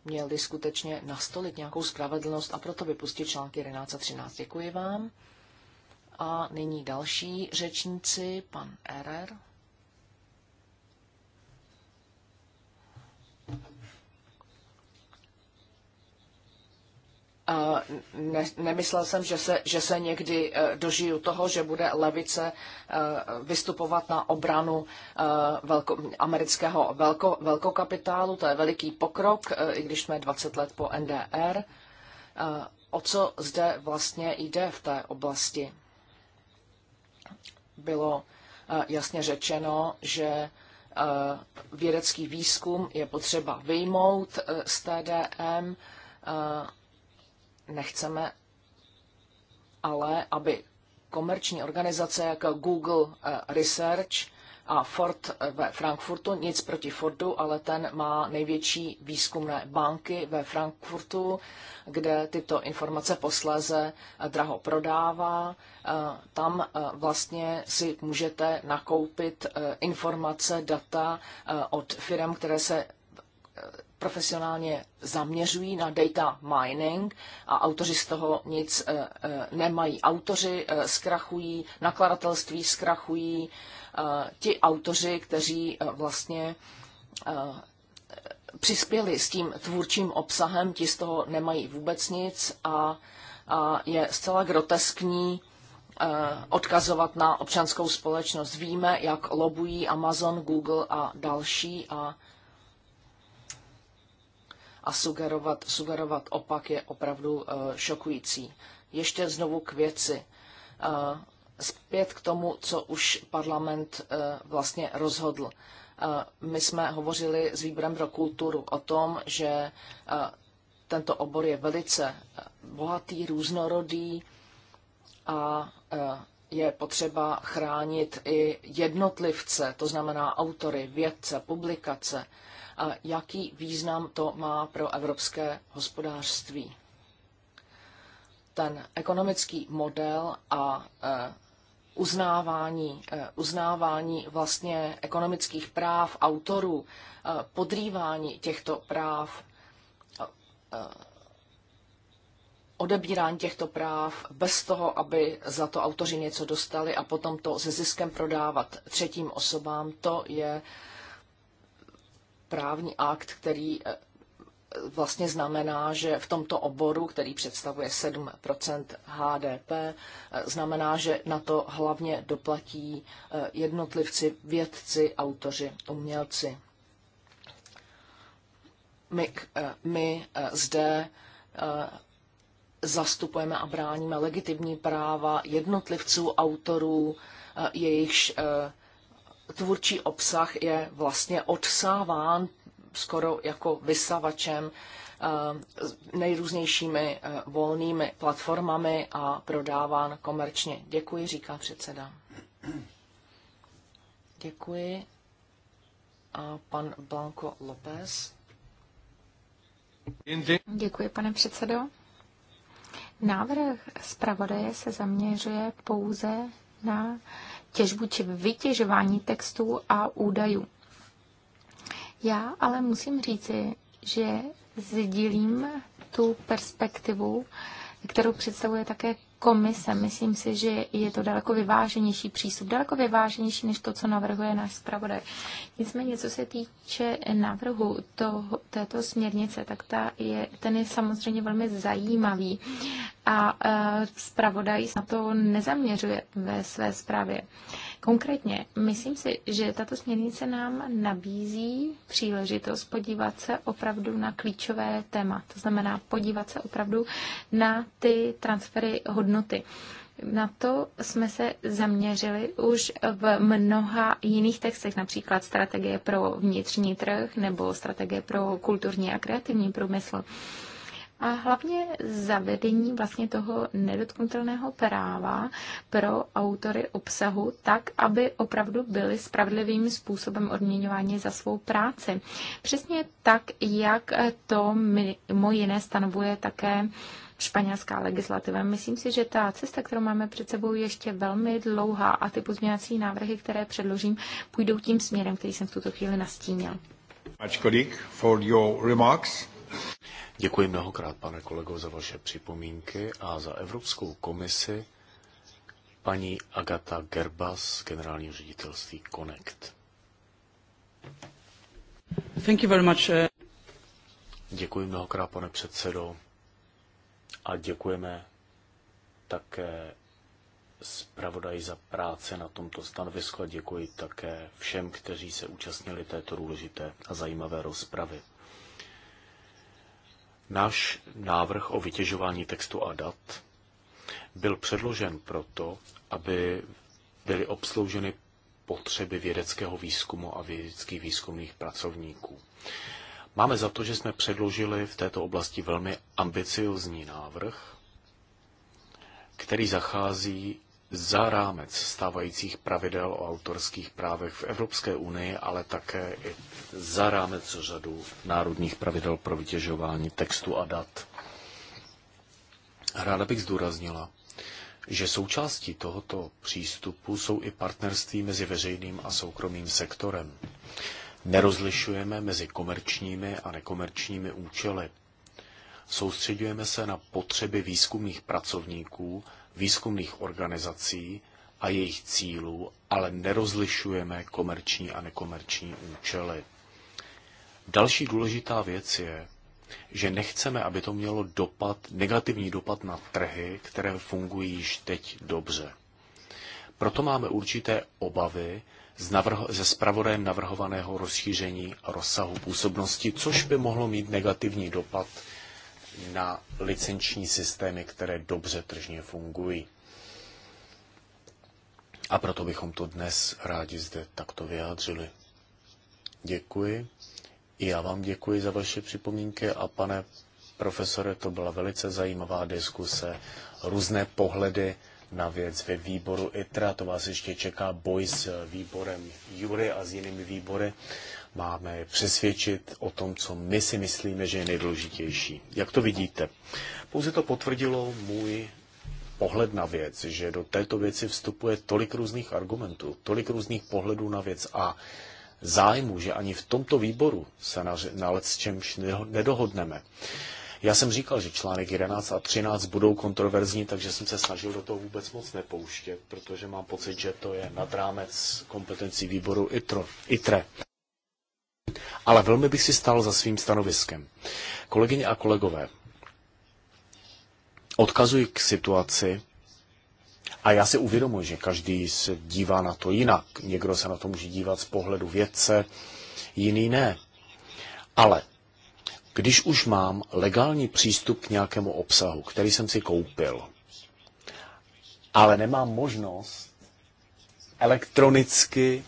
měli skutečně nastolit nějakou spravedlnost a proto vypustit články 11 a 13. Děkuji vám. A nyní další řečníci, pan Erer. ne, nemyslel jsem, že se, že se někdy eh, dožiju toho, že bude levice eh, vystupovat na obranu eh, velko, amerického velko, velkokapitálu. To je veliký pokrok, i když jsme 20 let po NDR. O co zde vlastně jde v té oblasti? Bylo jasně řečeno, že vědecký výzkum je potřeba vyjmout z TDM Nechceme ale, aby komerční organizace jako Google eh, Research a Ford eh, ve Frankfurtu, nic proti Fordu, ale ten má největší výzkumné banky ve Frankfurtu, kde tyto informace posléze eh, draho prodává. Tam vlastně si můžete nakoupit informace, data od firm, které se profesionálně zaměřují na data mining a autoři z toho nic eh, eh, nemají. Autoři eh, zkrachují, nakladatelství zkrachují, ti autoři, kteří vlastně přispěli s tím tvůrčím obsahem, ti z toho nemají vůbec nic a, je zcela groteskní odkazovat na občanskou společnost. Víme, jak lobují Amazon, Google a další a a sugerovat, sugerovat opak je opravdu eh, šokující. Ještě znovu k věci. Eh, zpět k tomu, co už parlament eh, vlastně rozhodl. My jsme hovořili s výborem pro kulturu o tom, že tento obor je velice bohatý, různorodý a je potřeba chránit i jednotlivce, to znamená autory, vědce, publikace, jaký význam to má pro evropské hospodářství. Ten ekonomický model a e, uznávání, e, uznávání vlastně ekonomických práv autorů, e, podrývání těchto práv, odebírání těchto práv bez toho, aby za to autoři něco dostali a potom to se ziskem prodávat třetím osobám, to je uh, právní akt, který eh, vlastně znamená, že v tomto oboru, který představuje 7 HDP, eh, znamená, že na to hlavně doplatí eh, jednotlivci, vědci, autoři, umělci. My, my zde zastupujeme a bráníme legitimní práva jednotlivců, autorů, jejichž tvůrčí obsah je vlastně odsáván skoro jako vysavačem eh, nejrůznějšími eh, volnými platformami a prodáván komerčně. Děkuji, říká předseda. Děkuji. A pan Blanco López. Děkuji, pane předsedo. Návrh zpravodaje se zaměřuje pouze na těžbu či vytěžování textů a údajů. Já ale musím říci, že sdílím tu perspektivu, kterou představuje také komise. Myslím si, že je to daleko vyváženější přístup, daleko vyváženější než to, co navrhuje náš zpravodaj. Nicméně, co se týče návrhu toho, této směrnice, tak ta je, ten je samozřejmě velmi zajímavý a e, zpravodaj na to nezaměřuje ve své zprávě. Konkrétně, myslím si, že tato směrnice nám nabízí příležitost podívat se opravdu na klíčové téma. To znamená podívat se opravdu na ty transfery hodnoty. Na to jsme se zaměřili už v mnoha jiných textech, například strategie pro vnitřní trh nebo strategie pro kulturní a kreativní průmysl. A hlavně zavedení vlastně toho nedotknutelného práva pro autory obsahu tak, aby opravdu byli spravedlivým způsobem odměňováni za svou práci. Přesně tak, jak to mimo jiné stanovuje také španělská legislativa. Myslím si, že ta cesta, kterou máme před sebou, je ještě velmi dlouhá a ty pozměňovací návrhy, které předložím, půjdou tím směrem, který jsem v tuto chvíli nastínil. Much, colleague, for your remarks. Děkuji mnohokrát, pane kolego, za vaše připomínky a za Evropskou komisi paní Agata Gerba z generálního ředitelství Connect. Thank you very much. Eh. Děkuji mnohokrát, pane předsedo, a děkujeme také zpravodaj za práce na tomto stanovisku a děkuji také všem, kteří se účastnili této důležité a zajímavé rozpravy. Náš návrh o vytěžování textu a dat byl předložen proto, aby byly obslouženy potřeby vědeckého výzkumu a vědeckých výzkumných pracovníků. Máme za to, že jsme předložili v této oblasti velmi ambiciozní návrh, který zachází za rámec stávajících pravidel o autorských právech v Evropské unii, ale také i za rámec řadu národních pravidel pro vytěžování textu a dat. Ráda bych zdůraznila, že součástí tohoto přístupu jsou i partnerství mezi veřejným a soukromým sektorem. Nerozlišujeme mezi komerčními a nekomerčními účely. Soustředujeme se na potřeby výzkumných pracovníků, výzkumných organizací a jejich cílů, ale nerozlišujeme komerční a nekomerční účely. Další důležitá věc je, že nechceme, aby to mělo dopad, negativní dopad na trhy, které fungují již teď dobře. Proto máme určité obavy z navrho- ze spravodajem navrhovaného rozšíření rozsahu působnosti, což by mohlo mít negativní dopad na licenční systémy, které dobře tržně fungují. A proto bychom to dnes rádi zde takto vyjádřili. Děkuji. I já vám děkuji za vaše připomínky a pane profesore, to byla velice zajímavá diskuse, různé pohledy na věc ve výboru ITRA. To vás ještě čeká boj s výborem Jury a s jinými výbory máme je přesvědčit o tom, co my si myslíme, že je nejdůležitější. Jak to vidíte? Pouze to potvrdilo můj pohled na věc, že do této věci vstupuje tolik různých argumentů, tolik různých pohledů na věc a zájmu, že ani v tomto výboru se na, let s čemž nedohodneme. Já jsem říkal, že článek 11 a 13 budou kontroverzní, takže jsem se snažil do toho vůbec moc nepouštět, protože mám pocit, že to je nad rámec kompetencí výboru ITRO, ITRE ale velmi bych si stál za svým stanoviskem. Kolegyně a kolegové, odkazuji k situaci, a já si uvědomuji, že každý se dívá na to jinak. Někdo se na to může dívat z pohledu vědce, jiný ne. Ale když už mám legální přístup k nějakému obsahu, který jsem si koupil, ale nemám možnost elektronicky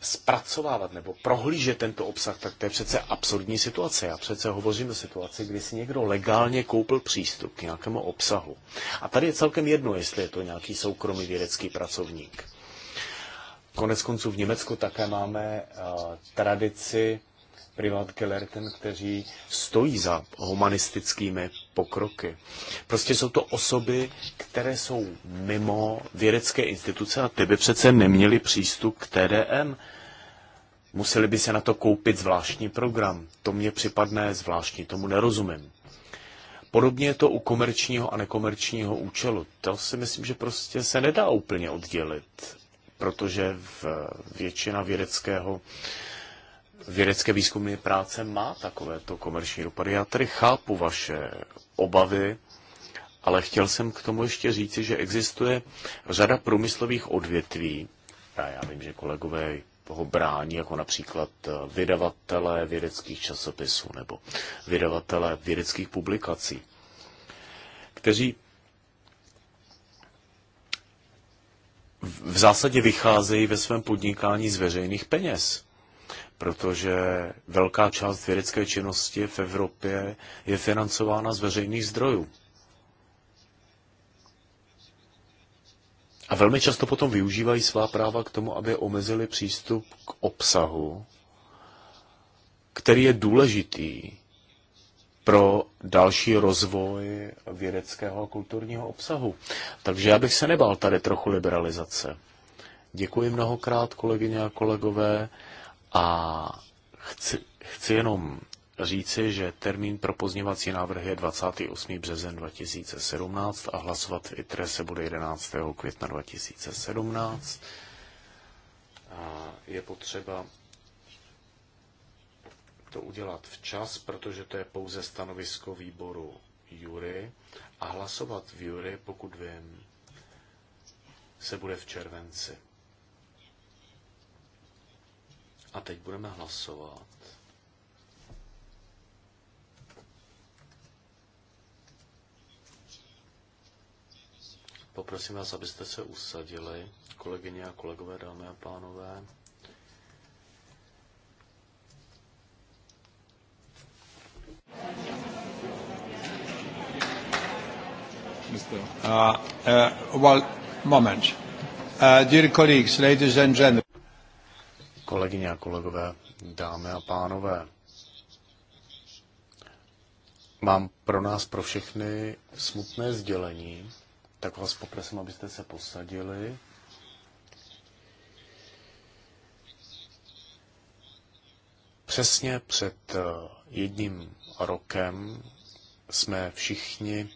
zpracovávat nebo prohlížet tento obsah, tak to je přece absurdní situace. Já přece hovořím o situaci, kdy si někdo legálně koupil přístup k nějakému obsahu. A tady je celkem jedno, jestli je to nějaký soukromý vědecký pracovník. Konec konců v Německu také máme uh, tradici Privat Gellerten, kteří stojí za humanistickými pokroky. Prostě jsou to osoby, které jsou mimo vědecké instituce a ty by přece neměly přístup k TDM. Museli by se na to koupit zvláštní program. To mně připadne zvláštní, tomu nerozumím. Podobně je to u komerčního a nekomerčního účelu. To si myslím, že prostě se nedá úplně oddělit, protože v většina vědeckého vědecké výzkumné práce má takovéto komerční dopady. Já tedy chápu vaše obavy, ale chtěl jsem k tomu ještě říci, že existuje řada průmyslových odvětví, a já vím, že kolegové ho brání, jako například eh, vydavatele vědeckých časopisů nebo vydavatele vědeckých publikací, kteří v zásadě vycházejí ve svém podnikání z veřejných peněz protože velká část vědecké činnosti v Evropě je financována z veřejných zdrojů. A velmi často potom využívají svá práva k tomu, aby omezili přístup k obsahu, který je důležitý pro další rozvoj vědeckého a kulturního obsahu. Takže já bych se nebál tady trochu liberalizace. Děkuji mnohokrát, kolegyně a kolegové. A chci, chci jenom říci, že termín pro pozněvací návrh je 28. březen 2017 a hlasovat v ITRE se bude 11. května 2017. A je potřeba to udělat včas, protože to je pouze stanovisko výboru jury a hlasovat v jury, pokud vím, se bude v červenci. A teď budeme hlasovat. Poprosím vás, abyste se usadili, kolegyně a kolegové, dámy a pánové. Uh, uh, well, moment. Uh, dear colleagues, ladies and gentlemen. Kolegyně a kolegové, dámy a pánové, mám pro nás, pro všechny smutné sdělení, tak vás poprosím, abyste se posadili. Přesně před eh, jedním rokem jsme všichni,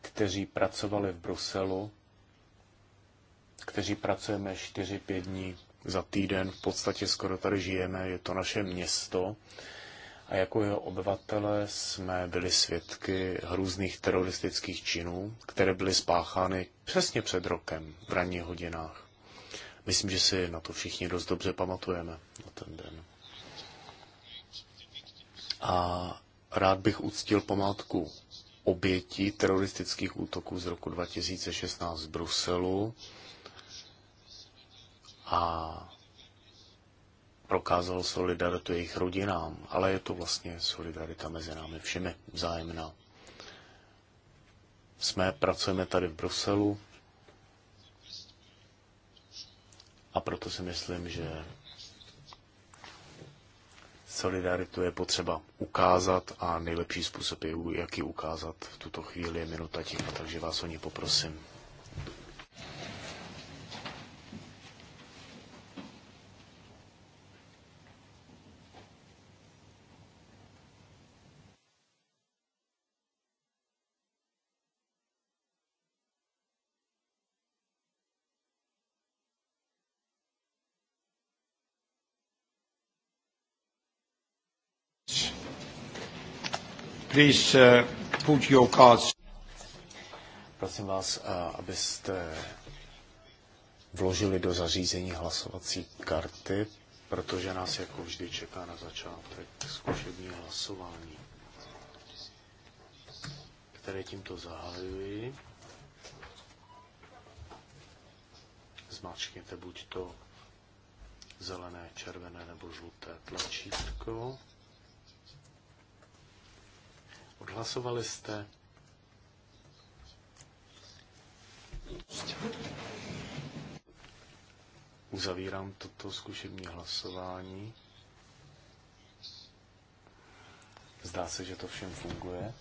kteří pracovali v Bruselu, kteří pracujeme 4-5 dní za týden. V podstatě skoro tady žijeme, je to naše město. A jako jeho obyvatele jsme byli svědky hrůzných teroristických činů, které byly spáchány přesně před rokem v ranních hodinách. Myslím, že si na to všichni dost dobře pamatujeme na ten den. A rád bych uctil památku obětí teroristických útoků z roku 2016 v Bruselu a prokázal solidaritu jejich rodinám, ale je to vlastně solidarita mezi námi všemi vzájemná. Jsme, pracujeme tady v Bruselu a proto si myslím, že solidaritu je potřeba ukázat a nejlepší způsob, jak ji ukázat v tuto chvíli je minuta ticha, takže vás o ní poprosím. please uh, put your cards. Prosím vás, abyste vložili do zařízení hlasovací karty, protože nás jako vždy čeká na začátek zkušební hlasování, které tímto zahajuji. Zmáčkněte buď to zelené, červené nebo žluté tlačítko. Odhlasovali jste? Uzavírám toto zkušební hlasování. Zdá se, že to všem funguje.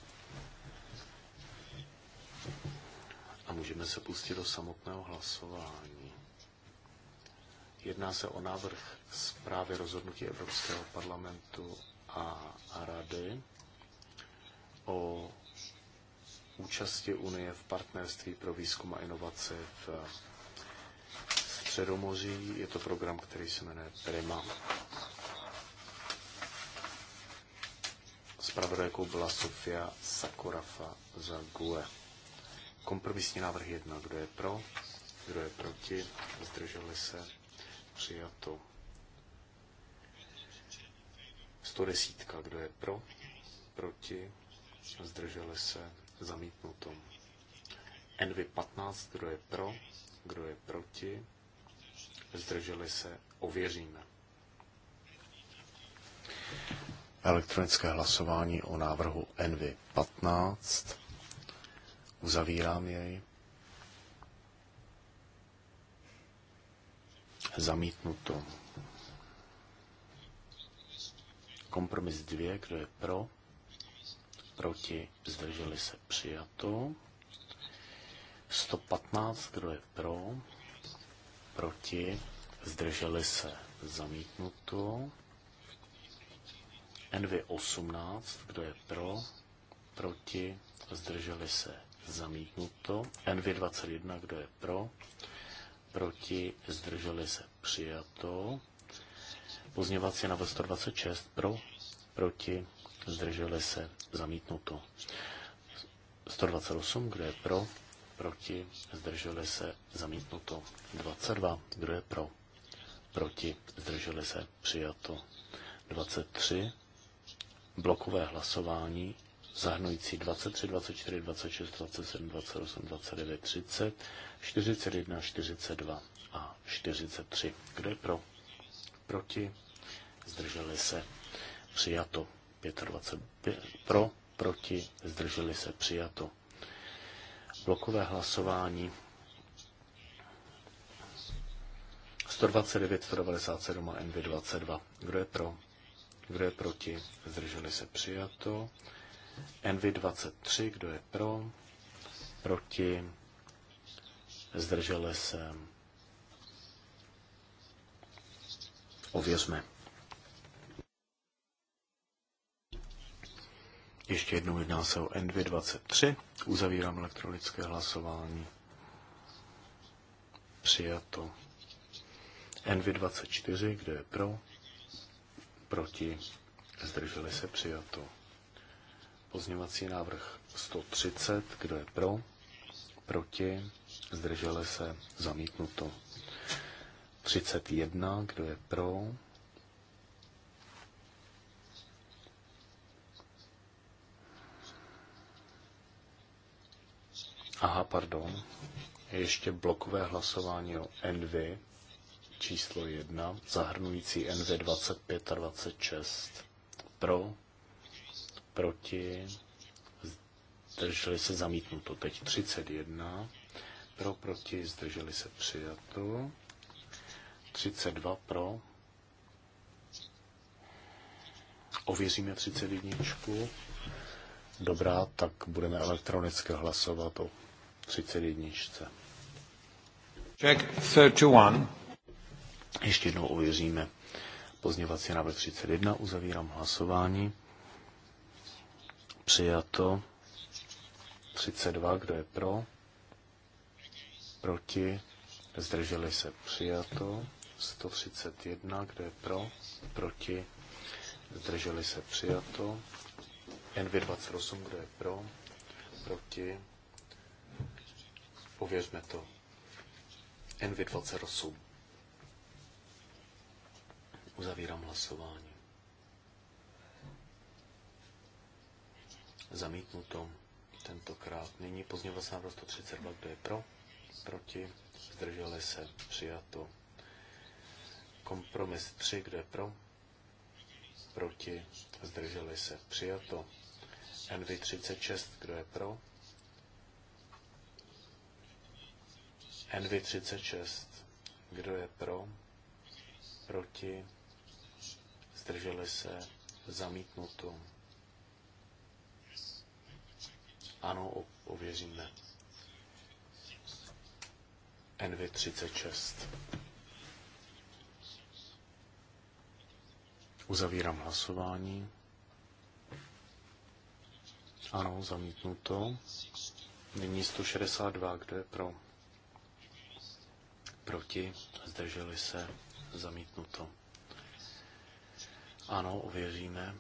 A můžeme se pustit do samotného hlasování. Jedná se o návrh zprávy rozhodnutí Evropského parlamentu a Rady o účasti Unie v partnerství pro výzkum a inovaci v Středomoří. Je to program, který se jmenuje Prima. Spravodajkou byla Sofia Sakorafa za GUE. Kompromisní návrh 1. Kdo je pro? Kdo je proti? Zdrželi se? Přijato. 110. Kdo je pro? Proti? zdrželi se, zamítnuto. Envy 15, kdo je pro, kdo je proti, zdrželi se, ověříme. Elektronické hlasování o návrhu Envy 15. Uzavírám jej. Zamítnuto. Kompromis 2, kdo je pro, proti, zdrželi se přijato. 115, kdo je pro, proti, zdrželi se zamítnuto. NV18, kdo je pro, proti, zdrželi se zamítnuto. NV21, kdo je pro, proti, zdrželi se přijato. Pozněvací návrh 126 pro, proti, zdrželi se, zamítnuto. 128, kdo je pro, proti, zdrželi se, zamítnuto. 22, kdo je pro, proti, zdrželi se, přijato. 23, blokové hlasování, zahrnující 23, 24, 26, 27, 28, 29, 30, 41, 42 a 43. Kdo je pro? Proti? Zdrželi se. Přijato. 25 pro, proti, zdrželi se přijato. Blokové hlasování 129, 197 a NV22. Kdo je pro? Kdo je proti? Zdrželi se přijato. NV23, kdo je pro? Proti? Zdrželi se. Ověřme. Ještě jednou jedná se o n 23 Uzavírám elektronické hlasování. Přijato. n 24 kde je pro, proti, zdrželi se přijato. Pozněvací návrh 130, kdo je pro, proti, zdrželi se zamítnuto. 31, kdo je pro, Aha, pardon. Ještě blokové hlasování o NV číslo 1, zahrnující NV 25 a 26. Pro, proti, zdrželi se zamítnuto. Teď 31. Pro, proti, zdrželi se přijato. 32 pro. Ověříme 31. Dobrá, tak budeme elektronicky hlasovat o 31. Check 31. Ještě jednou ověříme pozněvací návrh 31. Uzavírám hlasování. Přijato. 32. Kdo je pro? Proti? Zdrželi se. Přijato. 131. Kdo je pro? Proti? Zdrželi se. Přijato. NV28. Kdo je pro? Proti? Ověřme to. Envy 28 Uzavírám hlasování. Zamítnuto tentokrát. Nyní pozměňovací návrh 132, kdo je pro, proti, zdrželi se, přijato. Kompromis 3, kdo je pro, proti, zdrželi se, přijato. NV36, kdo je pro, NV36. Kdo je pro? Proti? Zdrželi se? Zamítnuto. Ano, ověříme. NV36. Uzavírám hlasování. Ano, zamítnuto. Nyní 162, kdo je pro? proti, zdrželi se, zamítnuto. Ano, uvěříme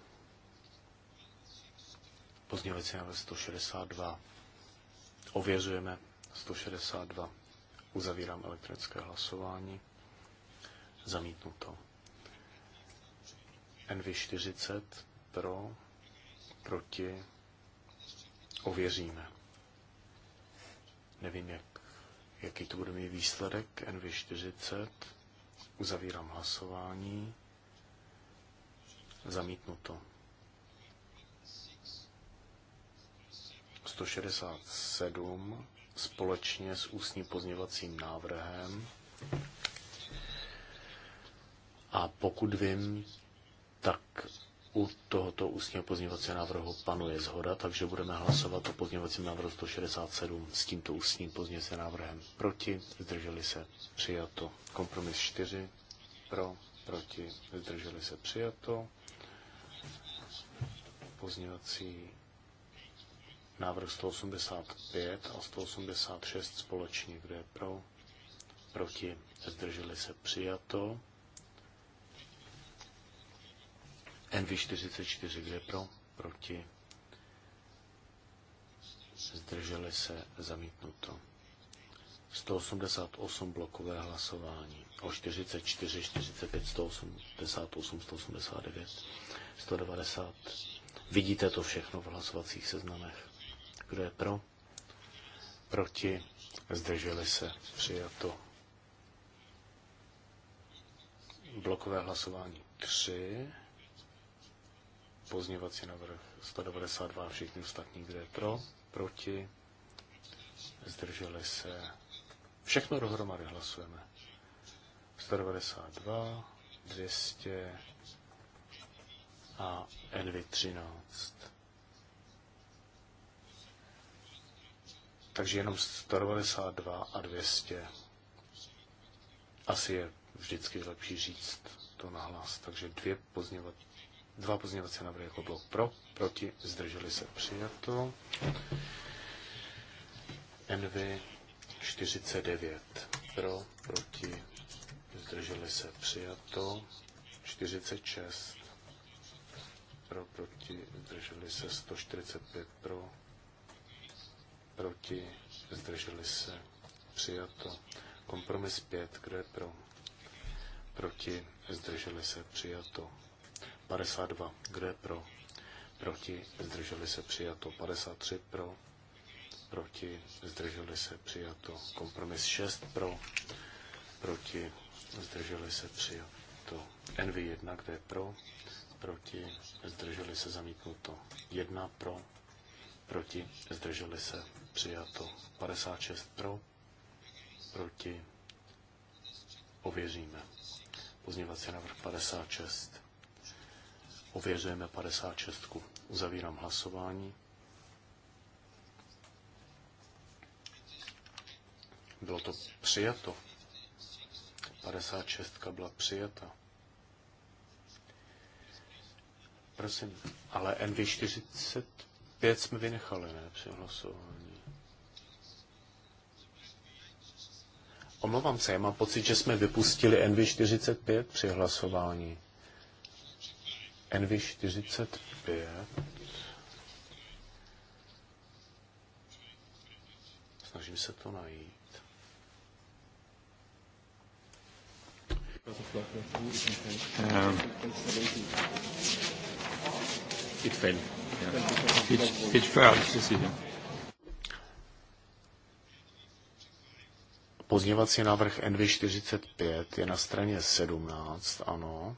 Pozdějovací návrh 162. Ověřujeme 162. Uzavírám elektronické hlasování. Zamítnuto. NV40 pro, proti, ověříme. Nevím, jak jaký to bude mít výsledek NV40. Uzavírám hlasování. Zamítnuto. 167 společně s ústním pozněvacím návrhem. A pokud vím, tak u tohoto ústního pozměňovacího návrhu panuje zhoda, takže budeme hlasovat o pozměňovacím návrhu 167 s tímto ústním pozměňovacím návrhem proti, zdrželi se přijato. Kompromis 4 pro, proti, zdrželi se přijato. Pozměňovací návrh 185 a 186 společně, kde je pro, proti, zdrželi se přijato. NV44, kde pro, proti, zdrželi se zamítnuto. 188 blokové hlasování o 44, 45, 188, 189, 190. Vidíte to všechno v hlasovacích seznamech. Kdo je pro? Proti? Zdrželi se. Přijato. Blokové hlasování 3 pozněvací návrh 192, všichni ostatní, kde je pro, proti, zdrželi se. Všechno dohromady hlasujeme. 192, 200 a NV13. Takže jenom 192 a 200. Asi je vždycky lepší říct to nahlas. Takže dvě pozněvací Dva pozměňovací návrhy jako blok pro, proti, zdrželi se přijato. NV 49 pro, proti, zdrželi se přijato. 46 pro, proti, zdrželi se 145 pro, proti, zdrželi se přijato. Kompromis 5, kdo je pro, proti, zdrželi se přijato. 52. Kdo je pro? Proti. Zdrželi se přijato. 53 pro. Proti. Zdrželi se přijato. Kompromis 6 pro. Proti. Zdrželi se přijato. NV1. Kde je pro? Proti. Zdrželi se zamítnuto. 1 pro. Proti. Zdrželi se přijato. 56 pro. Proti. Ověříme. Pozněvací návrh 56. Ověřujeme 56. Uzavírám hlasování. Bylo to přijato. 56 byla přijata. Prosím, ale NV45 jsme vynechali, ne, při hlasování. Omlouvám se, já mám pocit, že jsme vypustili NV45 při hlasování. NV45 Snažím se to najít. Eh, Pozněvací návrh NV45 je na straně 17, ano.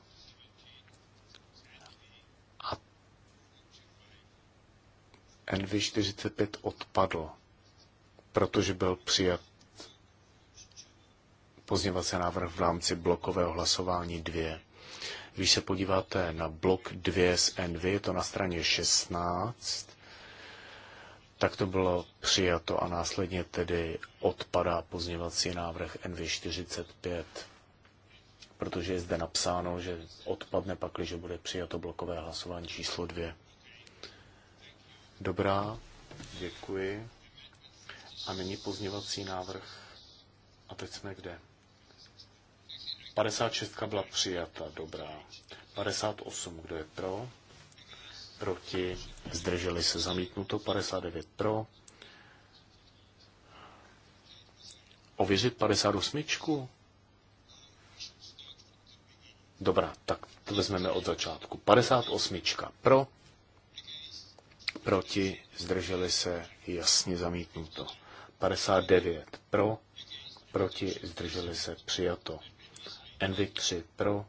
NV45 odpadl, protože byl přijat pozněvací návrh v rámci blokového hlasování 2. Když se podíváte na blok 2 z NV, je to na straně 16, tak to bylo přijato a následně tedy odpadá pozněvací návrh NV45, protože je zde napsáno, že odpadne pak, když bude přijato blokové hlasování číslo 2. Dobrá, děkuji. A nyní pozněvací návrh. A teď jsme kde? 56 byla přijata, dobrá. 58, kdo je pro? Proti, zdrželi se zamítnuto, 59 pro. Ověřit 58? Dobrá, tak to vezmeme od začátku. 58 pro, proti, zdrželi se, jasně zamítnuto. 59 pro, proti, zdrželi se, přijato. NV3 pro,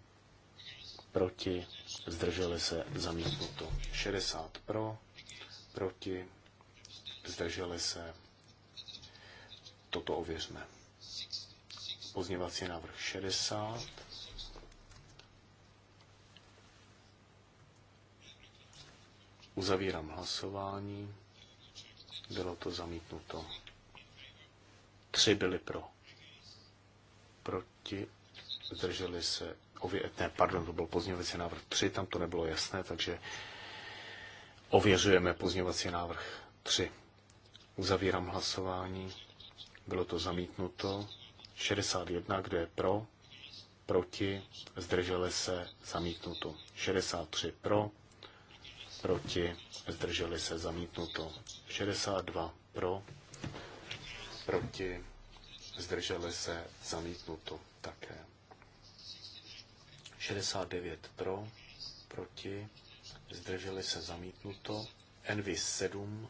proti, zdrželi se, zamítnuto. 60 pro, proti, zdrželi se, toto ověřme. Pozněvací návrh 60. Uzavírám hlasování. Bylo to zamítnuto. Tři byli pro. Proti zdrželi se ově, ne, pardon, to byl pozměňovací návrh 3, tam to nebylo jasné, takže ověřujeme pozměňovací návrh 3. Uzavírám hlasování. Bylo to zamítnuto. 61, kdo je pro, proti, zdrželi se, zamítnuto. 63 pro, proti, zdrželi se zamítnuto. 62 pro, proti, zdrželi se zamítnuto také. 69 pro, proti, zdrželi se zamítnuto. Envy 7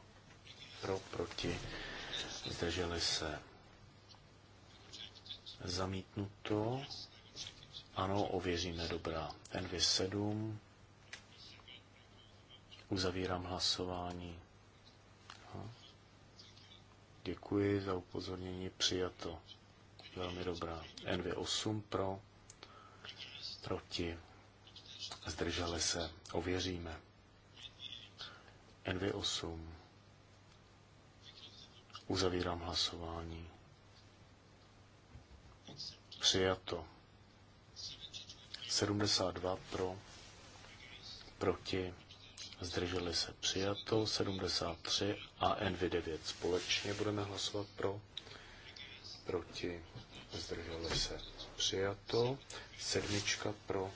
pro, proti, zdrželi se zamítnuto. Ano, ověříme dobrá. Envy 7 Uzavírám hlasování. Děkuji za upozornění. Přijato. Velmi dobrá. NV8 pro. Proti. Zdrželi se. Ověříme. NV8. Uzavírám hlasování. Přijato. 72 pro. Proti zdrželi se přijato, 73 a NV9 společně budeme hlasovat pro, proti, zdrželi se přijato, sedmička pro,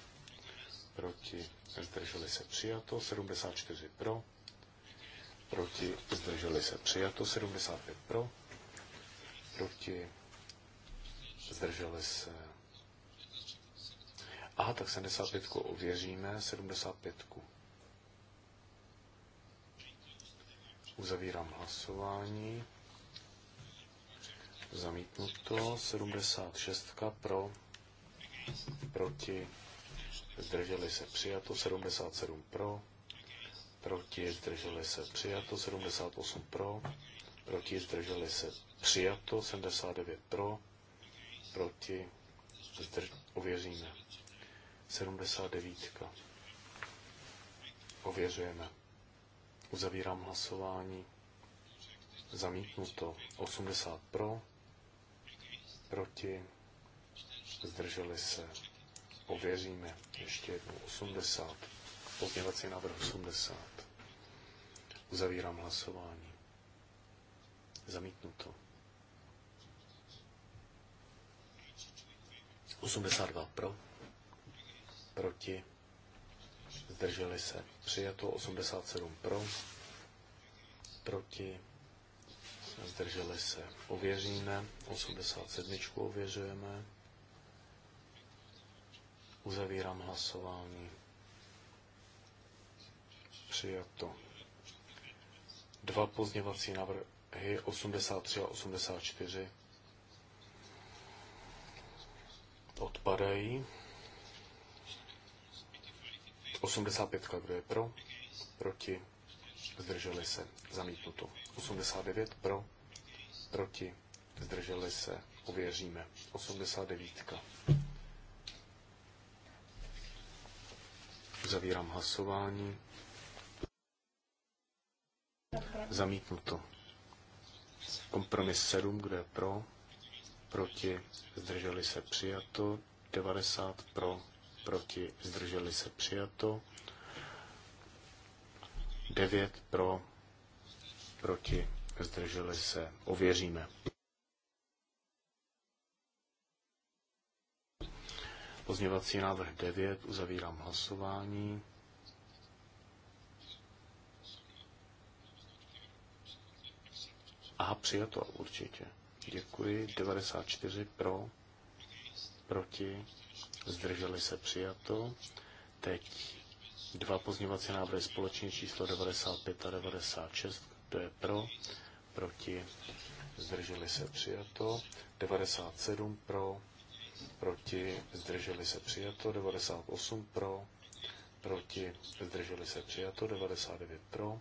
proti, zdrželi se přijato, 74 pro, proti, zdrželi se přijato, 75 pro, proti, zdrželi se. Aha, tak 75 ověříme, 75. Uzavírám hlasování. Zamítnuto 76 pro, proti, zdrželi se přijato 77 pro, proti, zdrželi se přijato 78 pro, proti, zdrželi se přijato 79 pro, proti, zdrž, ověříme. 79. Ověřujeme. Uzavírám hlasování. Zamítnuto 80 pro, proti, zdrželi se, ověříme ještě jednou 80, pozměvací návrh 80. Uzavírám hlasování. Zamítnuto. 82 pro, proti, zdrželi se. Přijato 87 pro, proti, zdrželi se. Ověříme, 87 ověřujeme. Uzavírám hlasování. Přijato. Dva pozněvací návrhy 83 a 84 odpadají. 85, kdo je pro, proti, zdrželi se, zamítnuto. 89 pro, proti, zdrželi se, ověříme. 89. Zavírám hlasování. Zamítnuto. Kompromis 7, kde je pro, proti, zdrželi se, přijato. 90 pro, proti, zdrželi se přijato. 9 pro, proti, zdrželi se, ověříme. Pozměvací návrh 9, uzavírám hlasování. Aha, přijato určitě. Děkuji. 94 pro, proti, zdrželi se přijato. Teď dva pozměňovací návrhy společně číslo 95 a 96. To je pro? Proti? Zdrželi se přijato. 97 pro? Proti? Zdrželi se přijato. 98 pro? Proti? Zdrželi se přijato. 99 pro?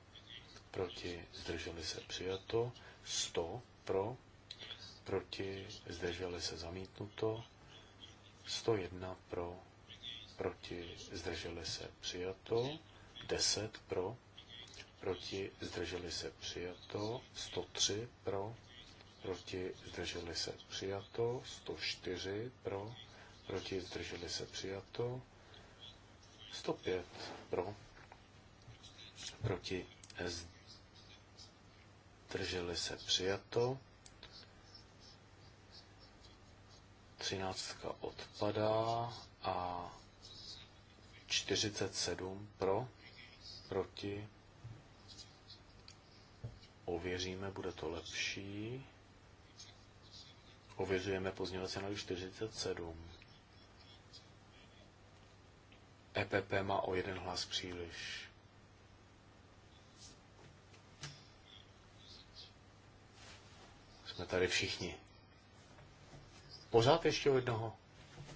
Proti? Zdrželi se přijato. 100 pro? Proti? Zdrželi se zamítnuto. 101 pro, proti, zdrželi se přijato, 10 pro, proti, zdrželi se přijato, 103 pro, proti, zdrželi se přijato, 104 pro, proti, zdrželi se přijato, 105 pro, proti, zdrželi se přijato, 13 odpadá a 47 pro, proti. Ověříme, bude to lepší. Ověřujeme pozměňovací návrh 47. EPP má o jeden hlas příliš. Jsme tady všichni. Pořád ještě o jednoho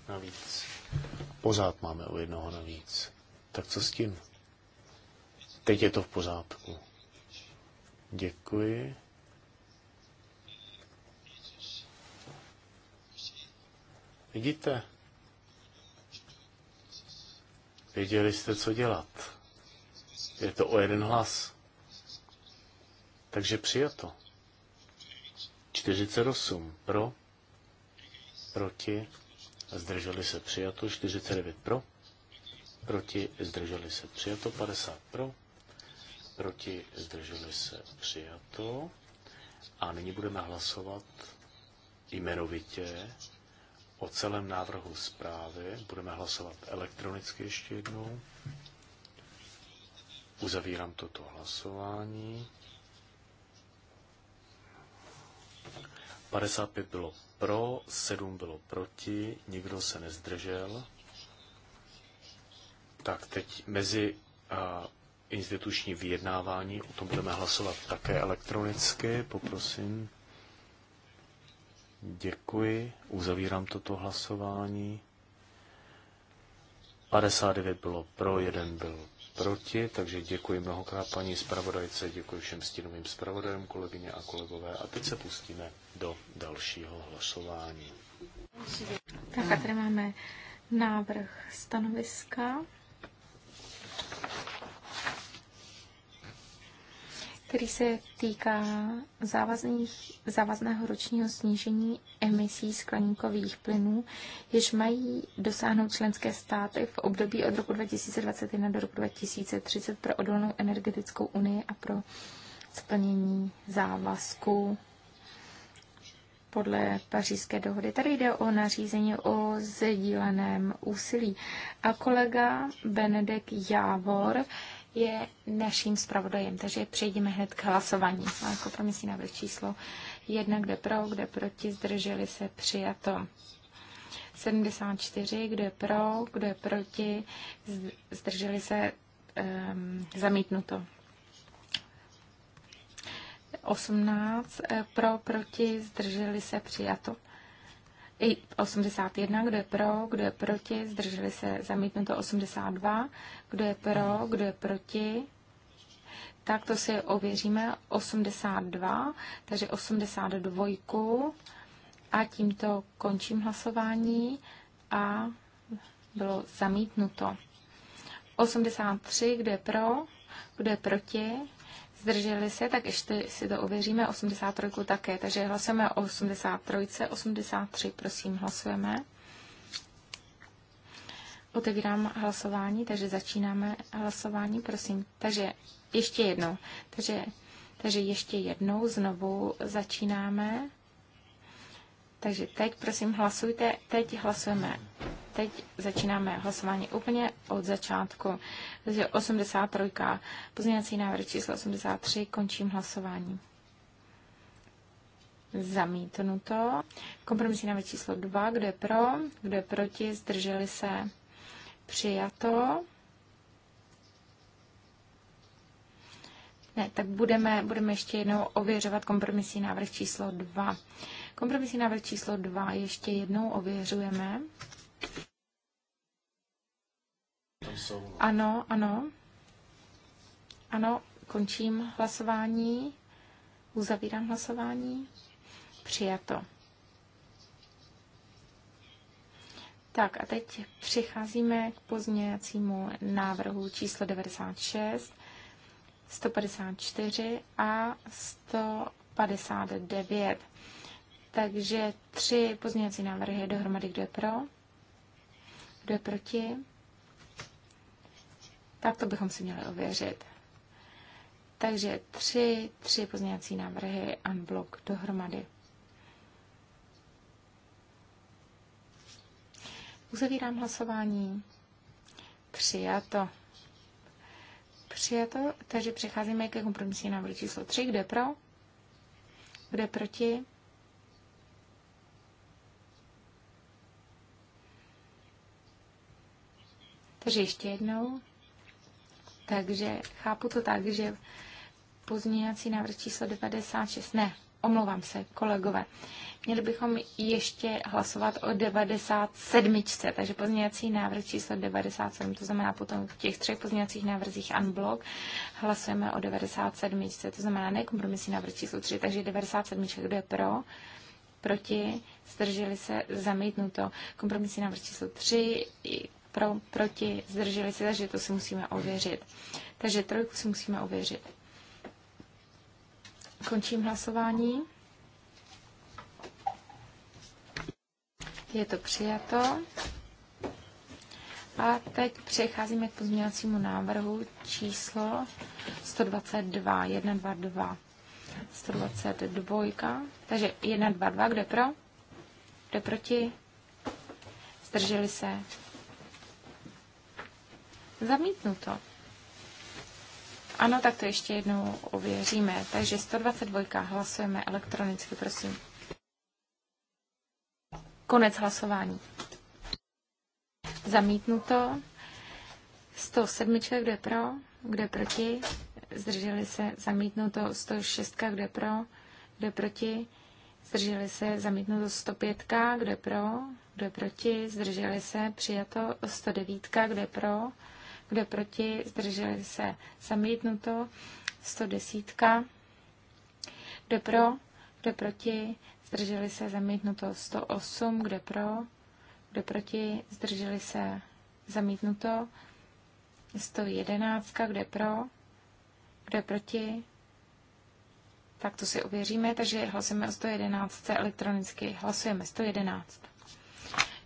navíc. Pořád máme o jednoho navíc. Tak co s tím? Teď je to v pořádku. Děkuji. Vidíte? Věděli jste, co dělat. Je to o jeden hlas. Takže přijato. 48 pro, proti, zdrželi se přijato, 49 pro, proti, zdrželi se přijato, 50 pro, proti, zdrželi se přijato. A nyní budeme hlasovat jmenovitě o celém návrhu zprávy. Budeme hlasovat elektronicky ještě jednou. Uzavírám toto hlasování. 55 bylo pro, 7 bylo proti, nikdo se nezdržel. Tak teď mezi a, instituční vyjednávání, o tom budeme hlasovat také elektronicky, poprosím. Děkuji, uzavírám toto hlasování. 59 bylo pro, 1 byl proti, takže děkuji mnohokrát paní zpravodajce, děkuji všem stínovým zpravodajům, kolegyně a kolegové. A teď se pustíme do dalšího hlasování. Tak a tady máme návrh stanoviska. který se týká závazných, závazného ročního snížení emisí skleníkových plynů, jež mají dosáhnout členské státy v období od roku 2021 do roku 2030 pro odolnou energetickou unii a pro splnění závazků podle pařížské dohody. Tady jde o nařízení o sdíleném úsilí. A kolega Benedek Jávor je naším zpravodajem. Takže přejdeme hned k hlasování. Máme kompromisní návrh číslo jedna, kde pro, kde proti, zdrželi se, přijato. 74, kdo je pro, kdo je proti, zdrželi se um, zamítnuto. 18 eh, pro, proti, zdrželi se přijato. I 81, kdo je pro, kdo je proti, zdrželi se zamítnuto 82, kdo je pro, kdo je proti, tak to si ověříme 82, takže 82 a tímto končím hlasování a bylo zamítnuto. 83, kdo je pro, kdo je proti, zdrželi se, tak ještě si to ověříme, 83 také. Takže hlasujeme o 83, 83 prosím hlasujeme. Otevírám hlasování, takže začínáme hlasování, prosím. Takže ještě jednou. Takže, takže ještě jednou znovu začínáme. Takže teď, prosím, hlasujte. Teď hlasujeme. Teď začínáme hlasování úplně od začátku. Takže 83. Pozměňovací návrh číslo 83. Končím hlasování. Zamítnuto. Kompromisní návrh číslo 2. Kdo je pro? Kdo je proti? Zdrželi se? Přijato. Ne, tak budeme, budeme ještě jednou ověřovat kompromisní návrh číslo 2. Kompromisní návrh číslo 2 ještě jednou ověřujeme. Ano, ano. Ano, končím hlasování. Uzavírám hlasování. Přijato. Tak a teď přicházíme k pozměňovacímu návrhu číslo 96, 154 a 159. Takže tři pozměňovací návrhy dohromady, kdo je pro, kdo je proti. Tak to bychom si měli ověřit. Takže tři, tři pozměňovací návrhy unblock dohromady. Uzavírám hlasování. Přijato. Přijato, takže přecházíme ke kompromisní návrhu číslo 3. Kdo je pro? Kdo je proti? Takže ještě jednou. Takže chápu to tak, že pozměňovací návrh číslo 96, ne, omlouvám se, kolegové, měli bychom ještě hlasovat o 97, takže pozměňovací návrh číslo 97, to znamená potom v těch třech pozměňovacích návrzích unblock hlasujeme o 97, to znamená nekompromisní návrh číslo 3, takže 97, kdo je pro, proti, zdrželi se, zamítnuto. Kompromisní návrh číslo 3, pro, proti, zdrželi se, takže to si musíme ověřit. Takže trojku si musíme ověřit. Končím hlasování. Je to přijato. A teď přecházíme k pozměňovacímu návrhu číslo 122, 122, 122. Takže 122, kde pro? Kde proti? Zdrželi se? Zamítnuto. Ano, tak to ještě jednou ověříme. Takže 122 hlasujeme elektronicky, prosím. Konec hlasování. Zamítnuto. 107, kdo je pro, kdo je proti, zdrželi se, zamítnuto 106, kdo je pro, kdo je proti, zdrželi se, zamítnuto 105, kdo je pro, kdo je proti, zdrželi se, přijato 109, kdo je pro, kdo proti, zdrželi se zamítnuto, 110, kdo pro, kdo proti, zdrželi se zamítnuto, 108, kdo pro, kdo proti, zdrželi se zamítnuto, 111, kdo pro, kdo proti, tak to si ověříme, takže hlasujeme o 111 elektronicky. Hlasujeme 111.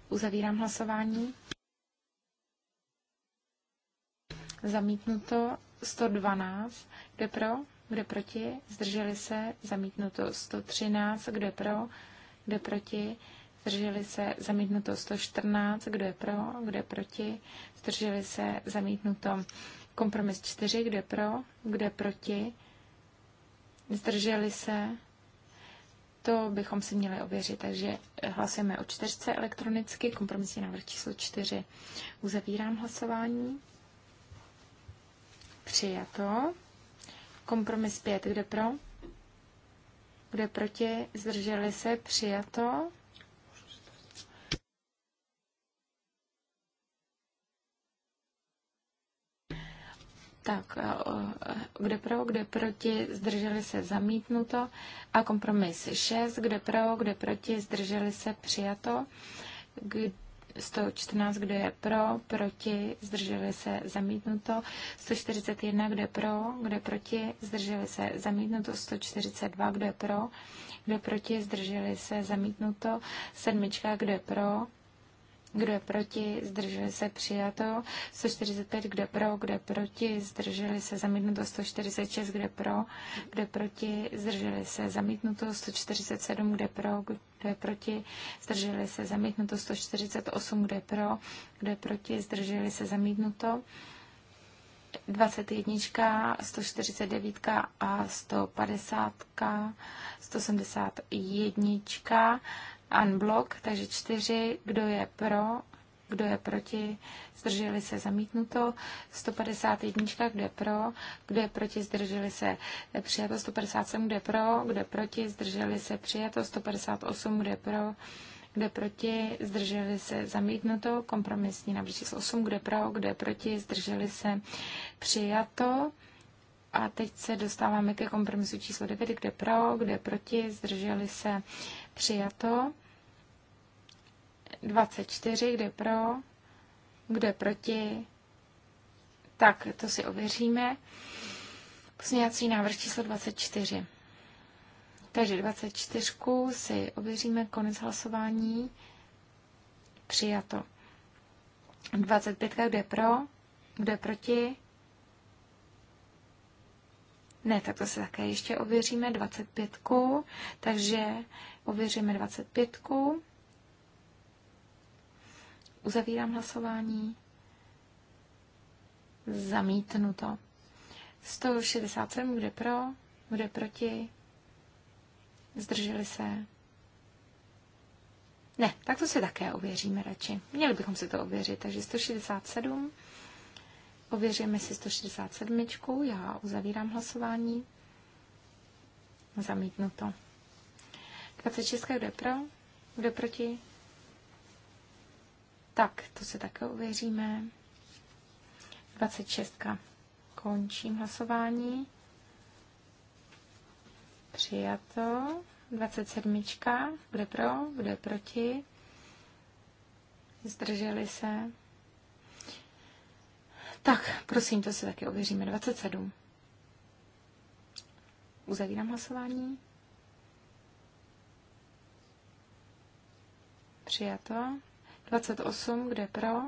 Uzavírám hlasování. zamítnuto 112, kde pro, kde proti, zdrželi se, zamítnuto 113, kde pro, kde proti, zdrželi se, zamítnuto 114, kde pro, kde proti, zdrželi se, zamítnuto kompromis 4, kde pro, kde proti, zdrželi se, to bychom si měli ověřit, takže hlasujeme o čtyřce elektronicky, kompromisní návrh číslo 4. Uzavírám hlasování. Přijato. Kompromis 5. Kde pro? Kde proti? Zdrželi se? Přijato. Tak, eh, eh, kde pro, kde proti, zdrželi se zamítnuto. A kompromis 6, kde pro, kde proti, zdrželi se přijato. Kde 114, kdo je pro, proti, zdrželi se, zamítnuto. 141, kdo je pro, kdo je proti, zdrželi se, zamítnuto. 142, kdo je pro, kdo je proti, zdrželi se, zamítnuto. Sedmička, kdo je pro, kdo je proti, zdrželi se přijato, 145, kdo je pro, kdo je proti, zdrželi se zamítnuto, 146, kdo je pro, kdo je proti, zdrželi se zamítnuto, 147, kdo je pro, kdo je proti, zdrželi se zamítnuto, 148, kdo je pro, kdo je proti, zdrželi se zamítnuto. 21, 149 a 150, 171 unblock, takže čtyři, kdo je pro, kdo je proti, zdrželi se zamítnuto, 151, kdo je pro, kdo je proti, zdrželi se přijato, 157, kdo je pro, kdo je proti, zdrželi se přijato, 158, kdo je pro, kdo je proti, zdrželi se zamítnuto, kompromisní návrh číslo 8, kdo je pro, kdo je proti, zdrželi se přijato. A teď se dostáváme ke kompromisu číslo 9, kde pro, kde proti, zdrželi se přijato. 24, kde pro, kde proti. Tak, to si ověříme. Pozměňovací návrh číslo 24. Takže 24 si ověříme konec hlasování. Přijato. 25, kde pro, kde proti. Ne, tak to se také ještě ověříme 25, takže ověříme 25. Uzavírám hlasování. Zamítnu to. 167, kde pro, kde proti, zdrželi se. Ne, tak to si také ověříme radši. Měli bychom si to ověřit, takže 167. Ověříme si 167. Já uzavírám hlasování. to. 26. Kdo je pro? Kdo je proti? Tak, to se také uvěříme. 26. Končím hlasování. Přijato. 27. Bude pro, bude proti. Zdrželi se. Tak, prosím, to se taky ověříme. 27. Uzavírám hlasování. Přijato. 28, kde pro,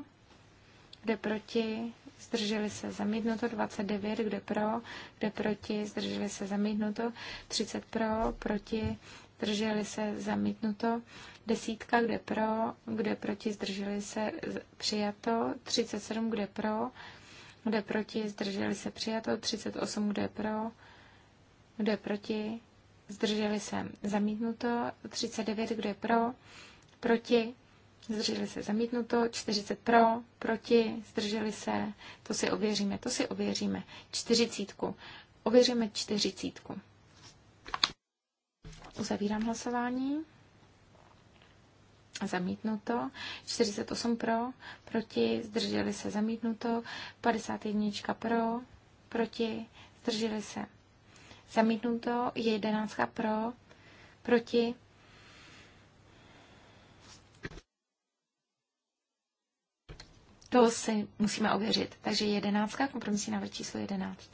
kde proti, zdrželi se zamítnuto, 29, kde pro, kde proti, zdrželi se zamítnuto, 30 pro, proti, zdrželi se zamítnuto, desítka, kde pro, kde proti, zdrželi se přijato, 37, kde pro, kde proti, zdrželi se přijato, 38, kde pro, kde proti, zdrželi se zamítnuto, 39, kde pro, proti, zdrželi se zamítnuto, 40 pro, proti, zdrželi se, to si ověříme, to si ověříme, 40. Ověříme 40. Uzavírám hlasování. Zamítnuto. 48 pro, proti, zdrželi se zamítnuto. 51 pro, proti, zdrželi se. Zamítnuto. 11 pro, proti, To si musíme ověřit. Takže jedenáctka, kompromisní návrh číslo jedenáct.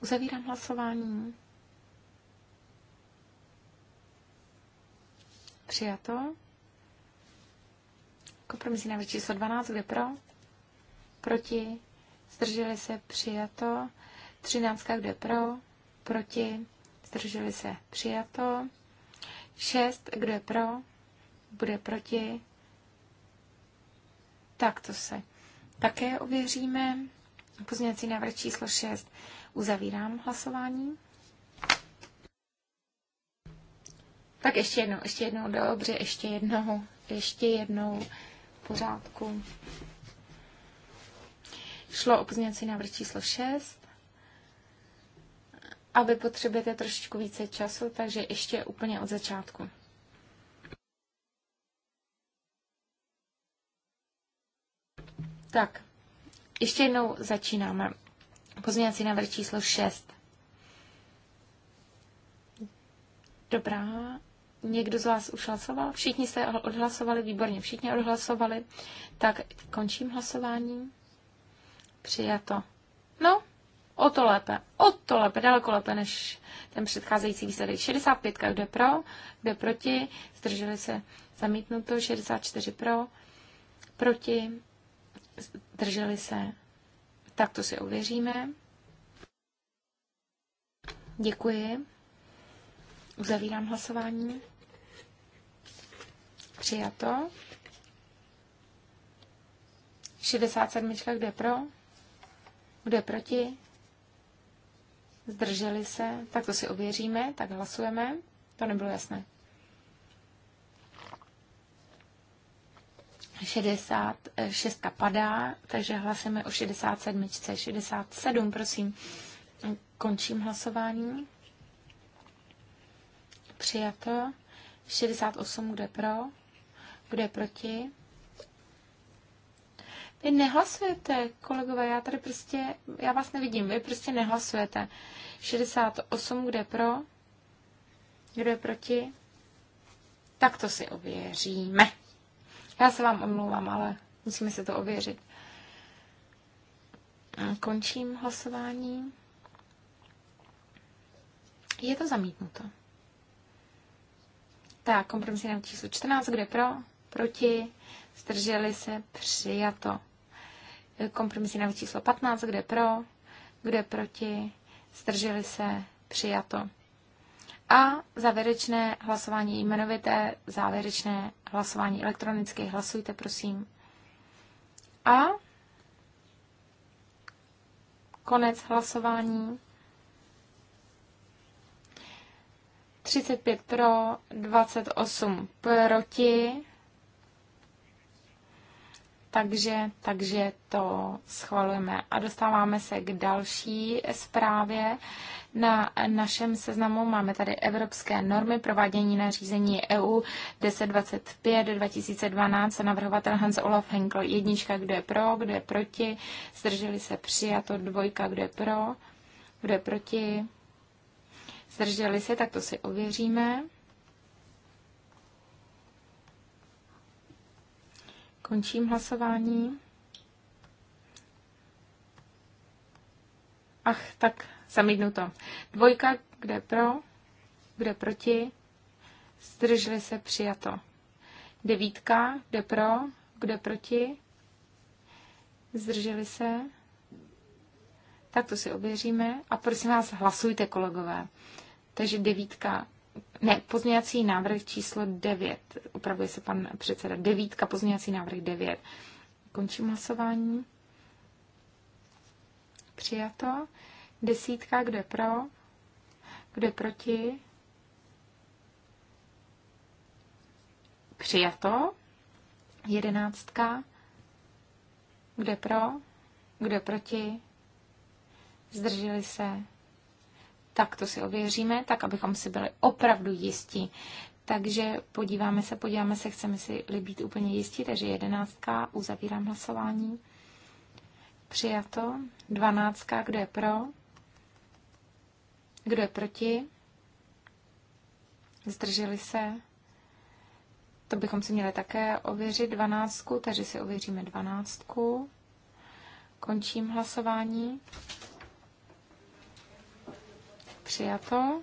Uzavírám hlasování. Přijato. Kompromisní návrh číslo 12, kde pro? Proti. Zdrželi se přijato. 13, kde pro? Proti. Zdrželi se přijato. 6, kde je pro? Bude proti? Tak to se také ověříme. Pozměňovací návrh číslo 6. Uzavírám hlasování. Tak ještě jednou, ještě jednou, dobře, ještě jednou, ještě jednou, v pořádku. Šlo o pozměňovací návrh číslo 6. A vy potřebujete trošičku více času, takže ještě úplně od začátku. Tak, ještě jednou začínáme. Pozměňovací návrh číslo 6. Dobrá. Někdo z vás už hlasoval? Všichni se odhlasovali, výborně, všichni odhlasovali. Tak končím hlasování. Přijato. No, o to lépe, o to lépe, daleko lépe než ten předcházející výsledek. 65, kdo je pro, kdo je proti, zdrželi se zamítnuto, 64 pro, proti, Zdrželi se? Tak to si ověříme. Děkuji. Uzavírám hlasování. Přijato. 67. Kdo je pro? Kdo je proti? Zdrželi se? Tak to si ověříme, tak hlasujeme. To nebylo jasné. 66 padá, takže hlasujeme o 67. 67, prosím. Končím hlasování. Přijato. 68, kde pro, kde proti. Vy nehlasujete, kolegové, já tady prostě, já vás nevidím, vy prostě nehlasujete. 68, kde pro, kdo je proti? Tak to si ověříme. Já se vám omlouvám, ale musíme se to ověřit. Končím hlasování. Je to zamítnuto. Tak, kompromisní návrh číslo 14, kde pro, proti, zdrželi se, přijato. Kompromisní návrh číslo 15, kde pro, kde proti, zdrželi se, přijato a závěrečné hlasování jmenovité, závěrečné hlasování elektronicky. Hlasujte, prosím. A konec hlasování. 35 pro, 28 proti. Takže, takže to schvalujeme. A dostáváme se k další zprávě, na našem seznamu máme tady evropské normy provádění nařízení EU 1025 2012 navrhovatel Hans Olaf Henkel. Jednička, kdo je pro, kdo je proti, zdrželi se přijato, dvojka, kdo je pro, kdo je proti, zdrželi se, tak to si ověříme. Končím hlasování. Ach, tak Zamítnuto. Dvojka, kde pro, kde proti, zdrželi se přijato. Devítka, kde pro, kde proti, zdrželi se. Tak to si ověříme. A prosím vás, hlasujte, kolegové. Takže devítka, ne, pozměňací návrh číslo 9. Upravuje se pan předseda. Devítka, pozměňací návrh 9. Končím hlasování. Přijato. Desítka, kdo je pro, kdo je proti. Přijato. Jedenáctka, kdo je pro, kdo je proti. Zdrželi se. Tak to si ověříme, tak abychom si byli opravdu jistí. Takže podíváme se, podíváme se, chceme si být úplně jistí, takže jedenáctka, uzavírám hlasování. Přijato. Dvanáctka, kdo je pro? Kdo je proti? Zdrželi se? To bychom si měli také ověřit dvanáctku, takže si ověříme dvanáctku. Končím hlasování. Přijato.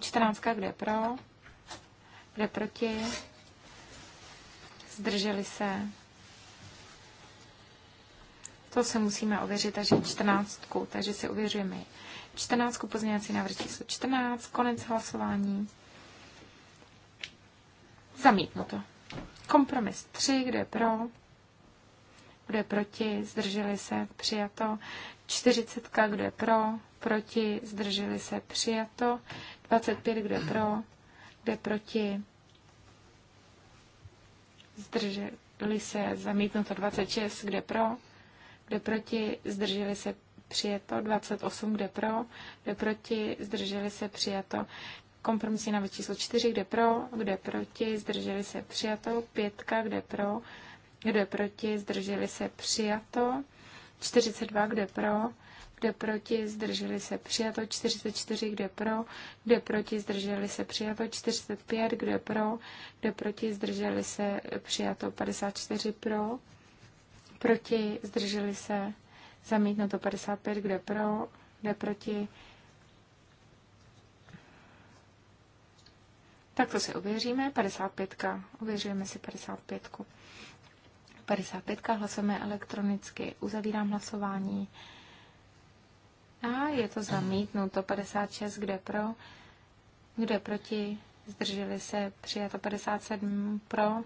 Čtrnáctka, kde je pro? Kde je proti? Zdrželi se? To se musíme ověřit, takže čtrnáctku, takže si ověřujeme 14, pozměňovací návrh číslo 14, konec hlasování. to Kompromis 3, kdo je pro, kdo je proti, zdrželi se, přijato. 40, kdo je pro, proti, zdrželi se, přijato. 25, kdo je pro, kdo je proti, zdrželi se, zamítnuto. 26, kde pro, kde proti, zdrželi se, přijeto, 28, kde pro, kde proti, zdrželi se přijeto, kompromisní návrh číslo 4, kde pro, kde proti, zdrželi se přijeto, 5, kde pro, kde proti, zdrželi se přijato, 42, kde pro, kde proti, zdrželi se přijato, 44, kde pro, kde proti, zdrželi se přijato, 45, kde pro, kde proti, zdrželi se přijato, 54 pro, proti, zdrželi se to 55, kde pro, kde proti. Tak to si ověříme. 55. Ověřujeme si 55. 55. Hlasujeme elektronicky. Uzavírám hlasování. A je to zamítnuto. 56. Kde pro? Kde proti? Zdrželi se. Přijato 57. Pro?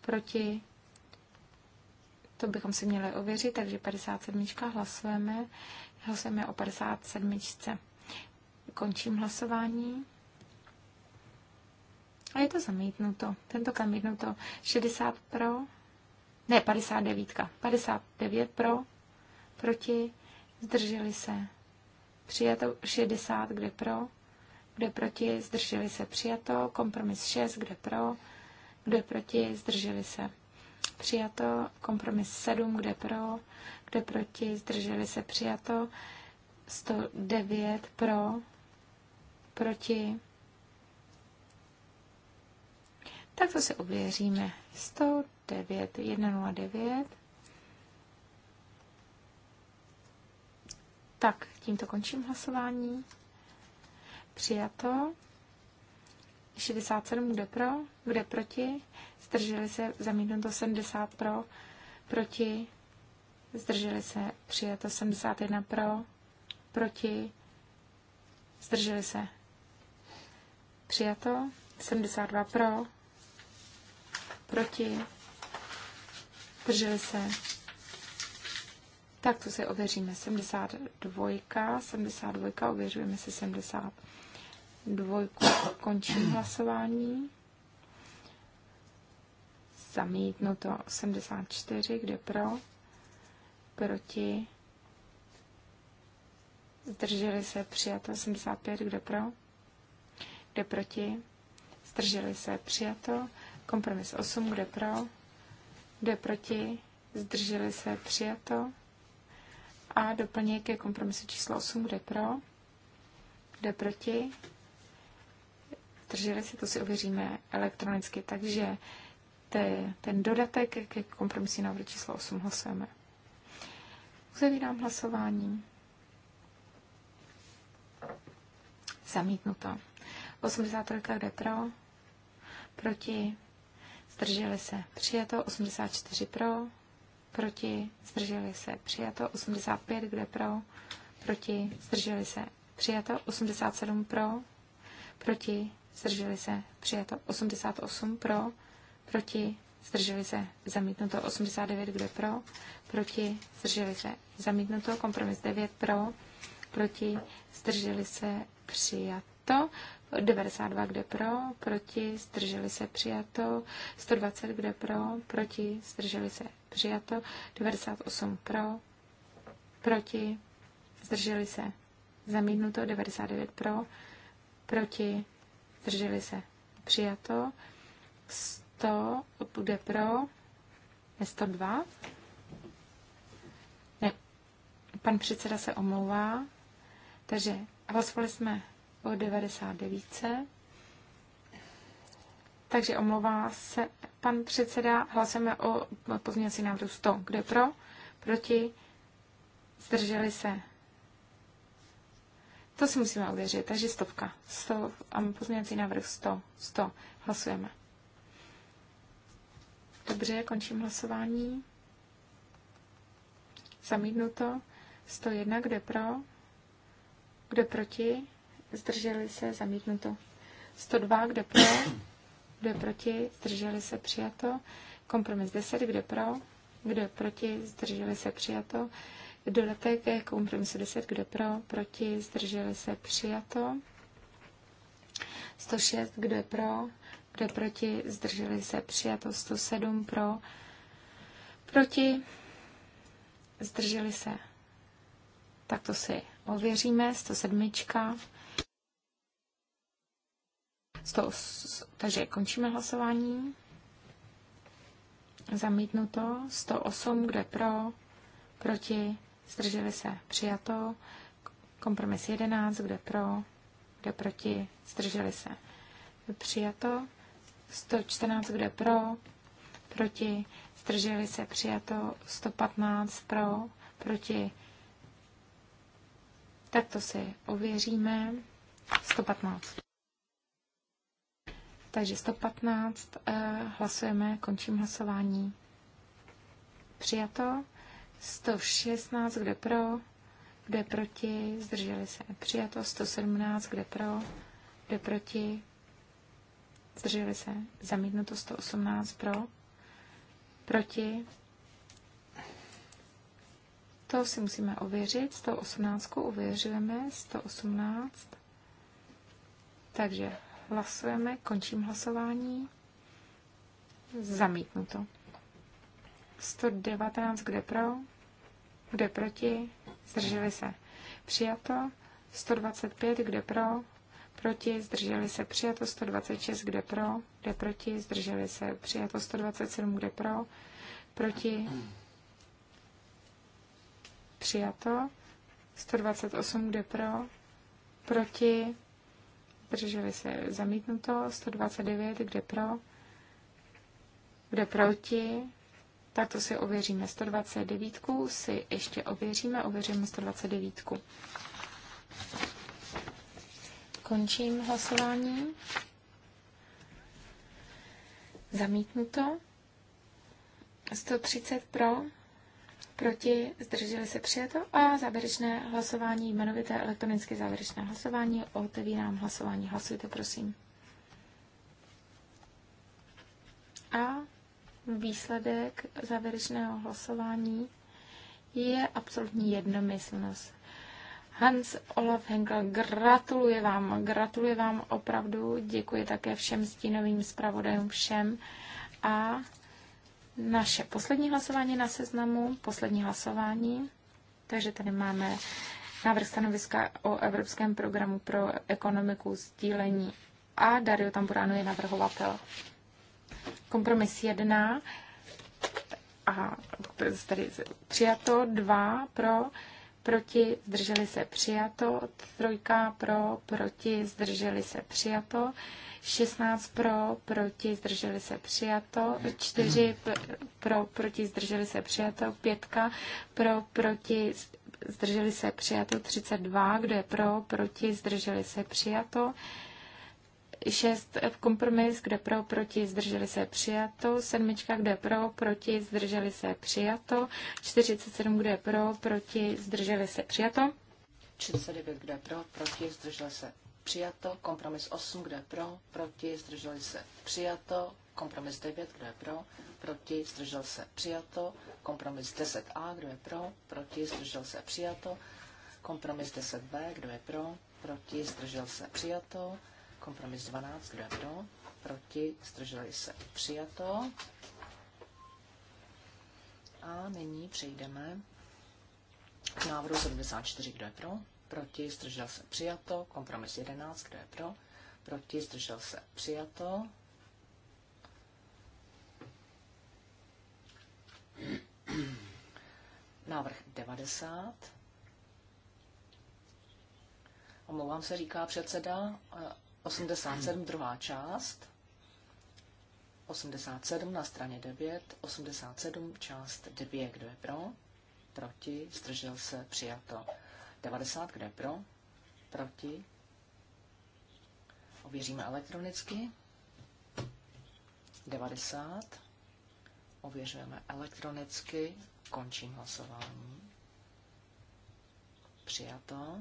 Proti? To bychom si měli ověřit, takže 57. hlasujeme. Hlasujeme o 57. Končím hlasování. A je to zamítnuto. Tento zamítnuto 60 pro, ne 59, 59 pro, proti, zdrželi se. Přijato 60, kde pro, kde proti, zdrželi se. Přijato, kompromis 6, kde pro, kde proti, zdrželi se přijato, kompromis 7, kde pro, kde proti, zdrželi se přijato, 109 pro, proti. Tak to si uvěříme. 109, 109. Tak, tímto končím hlasování. Přijato. 67, kde pro, kde proti zdrželi se, zamítnuto 70 pro, proti, zdrželi se, přijato 71 pro, proti, zdrželi se, přijato 72 pro, proti, zdrželi se, tak to si ověříme. 72, 72, ověřujeme si 72. Končím hlasování. Zamítnuto 84, kde pro, proti, zdrželi se, přijato 85, kde pro, kde proti, zdrželi se, přijato, kompromis 8, kde pro, kde proti, zdrželi se, přijato a doplněk ke kompromisu číslo 8, kde pro, kde proti, zdrželi se, to si ověříme elektronicky, takže te, ten dodatek ke kompromisní návrhu číslo 8 hlasujeme. Uzavírám hlasování. Zamítnuto. 83, kde pro? Proti? Zdrželi se. Přijato. 84 pro? Proti? Zdrželi se. Přijato. 85, kde pro? Proti? Zdrželi se. Přijato. 87 pro? Proti? Zdrželi se. Přijato. 88 pro? proti, zdrželi se, zamítnuto 89, kdo je pro, proti, zdrželi se, zamítnuto, kompromis 9 pro, proti, zdrželi se, přijato, 92, kde pro, proti, zdrželi se, přijato, 120, kde pro, proti, zdrželi se, přijato, 98 pro, proti, zdrželi se, zamítnuto, 99 pro, proti, zdrželi se, přijato, 100 to, bude pro, město 102. Ne, pan předseda se omlouvá. Takže hlasovali jsme o 99. Takže omlouvá se pan předseda. Hlasujeme o pozměňovací návrhu 100. Kdo je pro? Proti? Zdrželi se? To si musíme ověřit. Takže stovka. 100, a pozměňovací návrh 100. 100. Hlasujeme. Dobře, končím hlasování. Zamítnuto. 101, kdo pro? Kdo proti? Zdrželi se, zamítnuto. 102, kdo pro? Kdo proti? Zdrželi se, přijato. Kompromis 10, kdo pro? Kdo proti? Zdrželi se, přijato. Dodatek ke kompromisu 10, kdo pro? Proti? Zdrželi se, přijato. 106, kdo je pro? kdo proti, zdrželi se přijato 107 pro, proti, zdrželi se. Tak to si ověříme, 107. 100, takže končíme hlasování. Zamítnuto. 108, kde pro, proti, zdrželi se, přijato. Kompromis 11, kde pro, kde proti, zdrželi se, přijato. 114, bude pro, proti, zdrželi se přijato 115 pro, proti. Tak to si ověříme. 115. Takže 115 eh, hlasujeme, končím hlasování. Přijato. 116, kde pro, kde proti, zdrželi se. Přijato. 117, kde pro, kde proti, zdrželi se, zamítnuto 118 pro, proti, to si musíme ověřit, 118 ověřujeme, 118, takže hlasujeme, končím hlasování, zamítnuto. 119, kde pro, kde proti, zdrželi se, přijato, 125, kde pro, proti, zdrželi se přijato 126, kde pro, kde proti, zdrželi se přijato 127, kde pro, proti, přijato 128, kde pro, proti, zdrželi se zamítnuto 129, kde pro, kde proti, tak to si ověříme 129, si ještě ověříme, ověříme 129. Končím hlasování. Zamítnuto. 130 pro, proti, zdrželi se přijato a závěrečné hlasování, jmenovité elektronické závěrečné hlasování. Otevírám hlasování. Hlasujte, prosím. A výsledek závěrečného hlasování je absolutní jednomyslnost. Hans Olaf Henkel, gratuluje vám, gratuluje vám opravdu, děkuji také všem stínovým zpravodajům, všem. A naše poslední hlasování na seznamu, poslední hlasování, takže tady máme návrh stanoviska o Evropském programu pro ekonomiku sdílení a Dario Tamburano je navrhovatel. Kompromis 1 a tady přijato 2 pro proti, zdrželi se přijato, trojka pro, proti, zdrželi se přijato, 16 pro, proti, zdrželi se přijato, 4 pro, proti, zdrželi se přijato, 5 pro, proti, zdrželi se přijato, 32, kdo je pro, proti, zdrželi se přijato, v kompromis, kde pro, proti, zdrželi se přijato, sedmička, kde pro, proti, zdrželi se přijato, 47, kde pro, proti, zdrželi se přijato. 39, kde pro, proti, zdrželi se přijato, kompromis 8, kde pro, proti, zdrželi se přijato, kompromis 9, kde pro, proti, zdržel se, přijato, kompromis 10a, kdo je pro, proti, zdržel se, přijato, kompromis 10b, kdo je pro, proti, zdržel se, přijato, Kompromis 12, kdo je pro? Proti, zdrželi se. Přijato. A nyní přejdeme k návrhu 74, kdo je pro? Proti, zdržel se. Přijato. Kompromis 11, kdo je pro? Proti, zdržel se. Přijato. Návrh 90. Omlouvám se, říká předseda. 87, druhá část. 87 na straně 9, 87 část 2, kdo je pro, proti, zdržel se, přijato. 90, kdo je pro, proti, ověříme elektronicky. 90, ověřujeme elektronicky, končím hlasování. Přijato.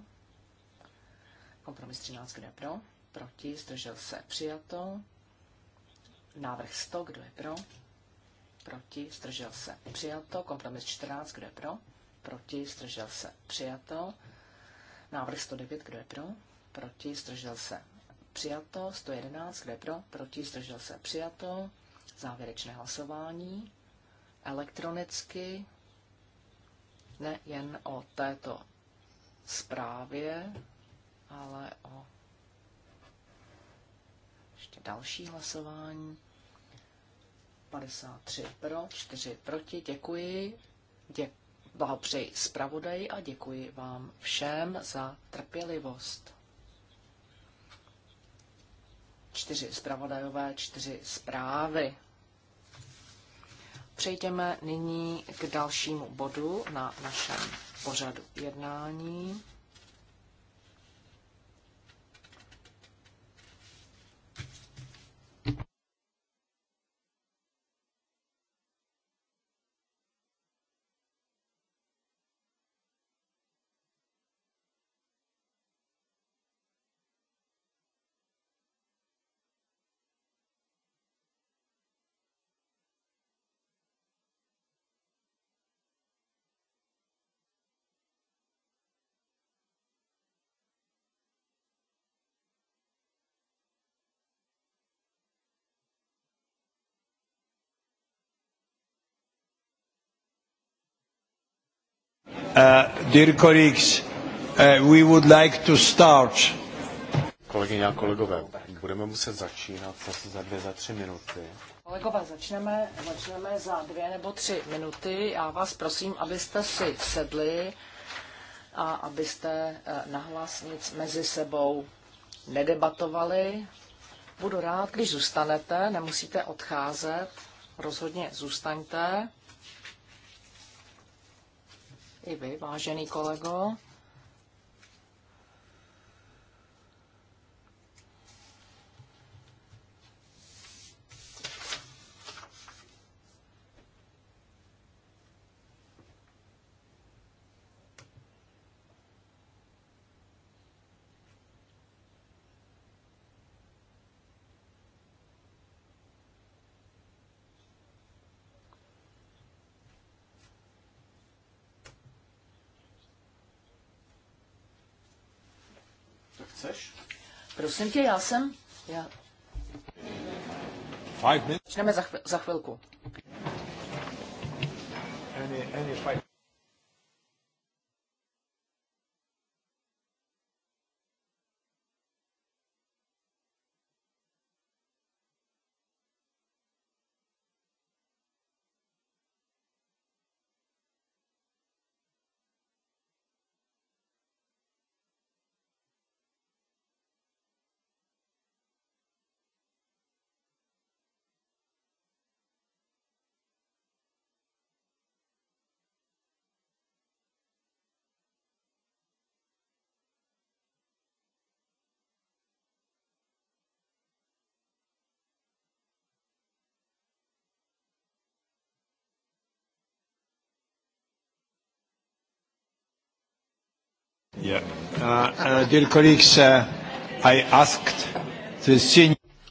Kompromis 13, kdo je pro, proti, zdržel se, přijato. Návrh 100, kdo je pro, proti, zdržel se, přijato. Kompromis 14, kdo je pro, proti, zdržel se, přijato. Návrh 109, kdo je pro, proti, zdržel se, přijato. 111, kdo je pro, proti, zdržel se, přijato. Závěrečné hlasování elektronicky, nejen o této zprávě, ale o ještě další hlasování. 53 pro, 4 proti. Děkuji. Dě- blahopřeji zpravodaji a děkuji vám všem za trpělivost. Čtyři zpravodajové, čtyři zprávy. Přejdeme nyní k dalšímu bodu na našem pořadu jednání. Uh, dear colleagues, uh, we would like to start. Kolegyně a kolegové, budeme muset začínat zase za dvě, za tři minuty. Kolegové, začneme, začneme za dvě nebo tři minuty. Já vás prosím, abyste si sedli a abyste eh, nahlas nic mezi sebou nedebatovali. Budu rád, když zůstanete, nemusíte odcházet, rozhodně zůstaňte i vy, vážený kolego. Prosím tě, já jsem... Já... Five minutes. Začneme za, chv- za chvilku. Any, any five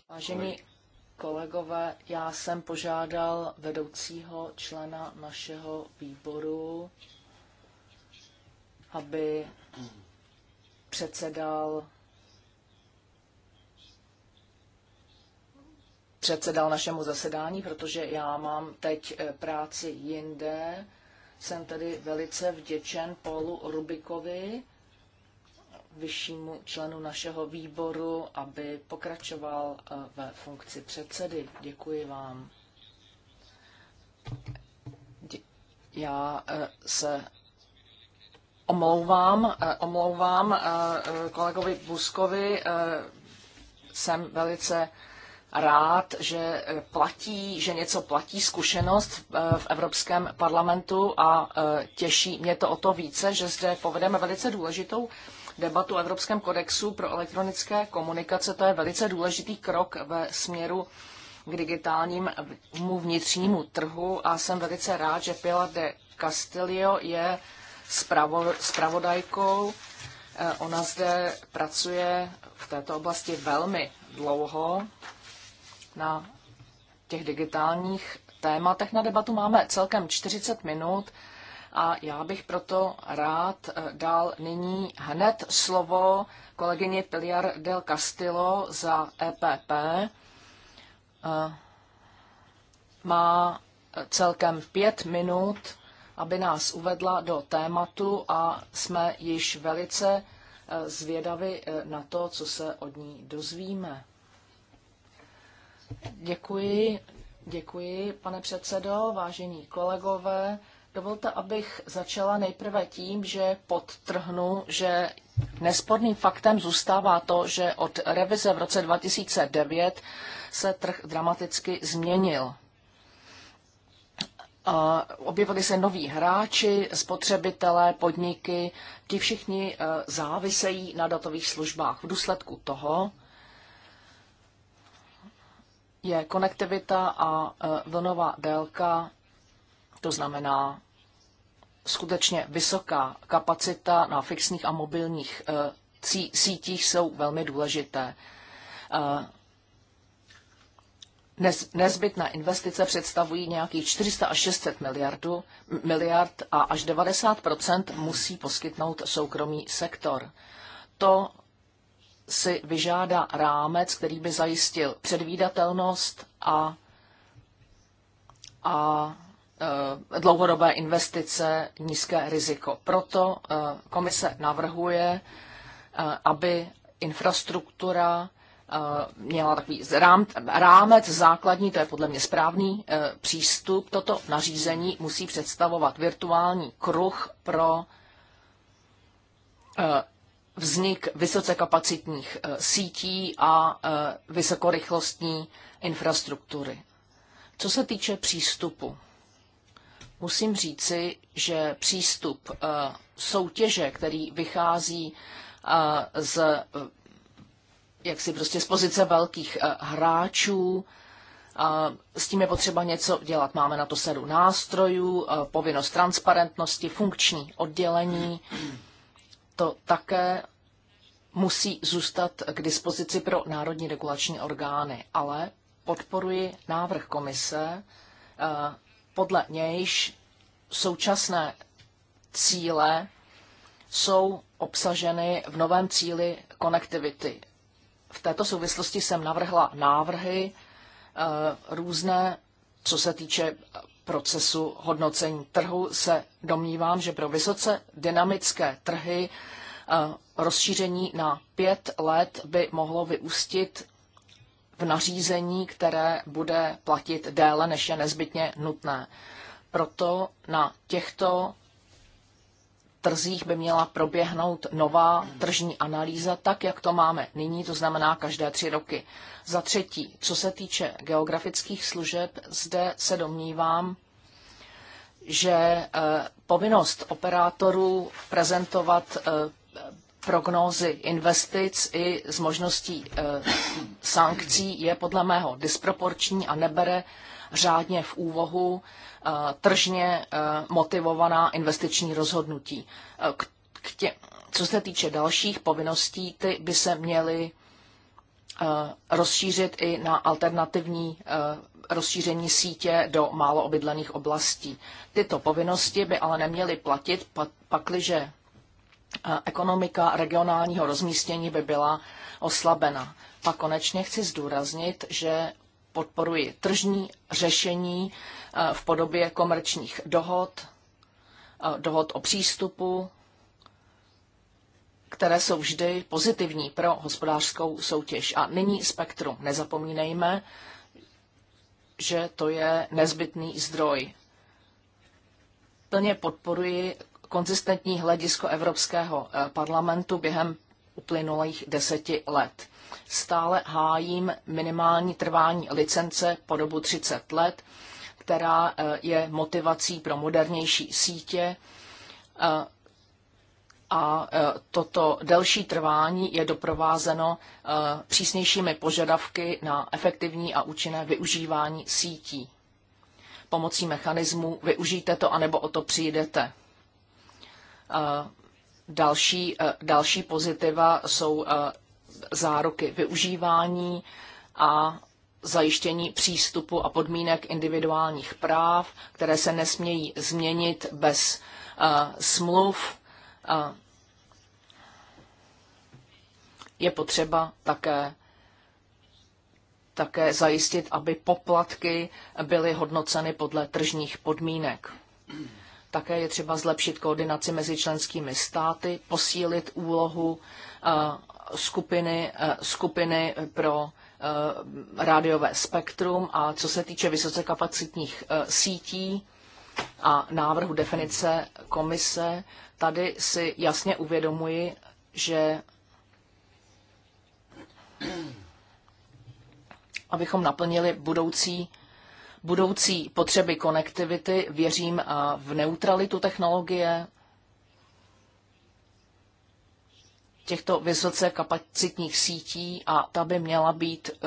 Vážení kolegové, já jsem požádal vedoucího člena našeho výboru, aby předsedal předsedal našemu zasedání, protože já mám teď eh, práci jinde. Jsem tedy velice vděčen Paulu Rubikovi, vyššímu členu našeho výboru, aby pokračoval eh, ve funkci předsedy. Děkuji vám. Já eh, se omlouvám, eh, omlouvám kolegovi Buskovi. Jsem velice rád, že platí, že něco platí zkušenost v Evropském parlamentu a těší mě to o to více, že zde povedeme velice důležitou debatu o Evropském kodexu pro elektronické komunikace. To je velice důležitý krok ve směru k digitálnímu vnitřnímu trhu a jsem velice rád, že Pilar de Castillo je spravo, spravodajkou. Eh, ona zde pracuje v této oblasti velmi dlouho na těch digitálních tématech. Na debatu máme celkem 40 minut a já bych proto rád eh, dal nyní hned slovo kolegyně Piliar del Castillo za EPP. Eh, má celkem pět minut, aby nás uvedla do tématu a jsme již velice eh, zvědavi na to, co se od ní dozvíme. Děkuji, děkuji, pane předsedo, vážení kolegové. Dovolte, abych začala nejprve tím, že podtrhnu, že nesporným faktem zůstává to, že od revize v roce 2009 se trh dramaticky změnil. Objevili se noví hráči, spotřebitelé, podniky, ti všichni e, závisejí na datových službách. V důsledku toho je konektivita a e, vlnová délka, to znamená skutečně vysoká kapacita na fixních a mobilních eh, sítích jsou velmi důležité. Eh, nezbytné investice představují nějakých 400 až 600 miliardů, miliard a až 90 musí poskytnout soukromý sektor. To si vyžádá rámec, který by zajistil předvídatelnost a, a Eh, dlouhodobé investice, nízké riziko. Proto eh, komise navrhuje, eh, aby infrastruktura měla takový rámec základní, to je podle mě správný přístup. Toto nařízení musí představovat virtuální kruh pro vznik vysoce kapacitních sítí a vysokorychlostní infrastruktury. Co se týče přístupu, musím říci, že přístup eh, soutěže, který vychází eh, z eh, jak si prostě z pozice velkých hráčů, s tím je potřeba něco dělat. Máme na to sedu nástrojů, povinnost transparentnosti, funkční oddělení. To také musí zůstat k dispozici pro národní regulační orgány, ale podporuji návrh komise podle nějž současné cíle jsou obsaženy v novém cíli konektivity. V této souvislosti jsem navrhla návrhy eh, různé, co se týče procesu hodnocení trhu. Se domnívám, že pro vysoce dynamické trhy eh, rozšíření na pět let by mohlo vyústit v nařízení, které bude platit déle, než je nezbytně nutné. Proto na těchto trzích by měla proběhnout nová tržní analýza, tak jak to máme nyní, to znamená každé tři roky. Za třetí, co se týče geografických služeb, zde se domnívám, že eh, povinnost operátorů prezentovat eh, prognózy investic i z možností eh, sankcí je podle mého disproporční a nebere řádně v úvahu eh, tržně eh, motivovaná investiční rozhodnutí. K tě, co se týče dalších povinností, ty by se měly rozšířit i na alternativní rozšíření sítě do málo obydlených oblastí. Tyto povinnosti by ale neměly platit, pakliže ekonomika regionálního rozmístění by byla oslabena. Pak konečně chci zdůraznit, že podporuji tržní řešení eh, v podobě komerčních dohod, eh, dohod o přístupu, které jsou vždy pozitivní pro hospodářskou soutěž. A nyní spektrum. Nezapomínejme, že to je nezbytný zdroj. Plně podporuji konzistentní hledisko Evropského eh, parlamentu během uplynulých deseti let. Stále hájím minimální trvání licence po dobu 30 let, která eh, je motivací pro modernější sítě eh, a toto delší trvání je doprovázeno přísnějšími požadavky na efektivní a účinné využívání sítí. Pomocí mechanismů využijte to, anebo o to přijdete. Další, e, další pozitiva jsou e, záruky využívání a zajištění přístupu a podmínek individuálních práv, které se nesmějí změnit bez e, smluv. Je potřeba také také zajistit, aby poplatky byly hodnoceny podle tržních podmínek. Také je třeba zlepšit koordinaci mezi členskými státy, posílit úlohu eh, skupiny, eh, skupiny pro eh, rádiové spektrum a co se týče vysoce kapacitních sítí a návrhu definice komise, tady si jasně uvědomuji, že abychom naplnili budoucí budoucí potřeby konektivity, věřím v neutralitu technologie těchto vysoce kapacitních sítí a ta by měla být eh,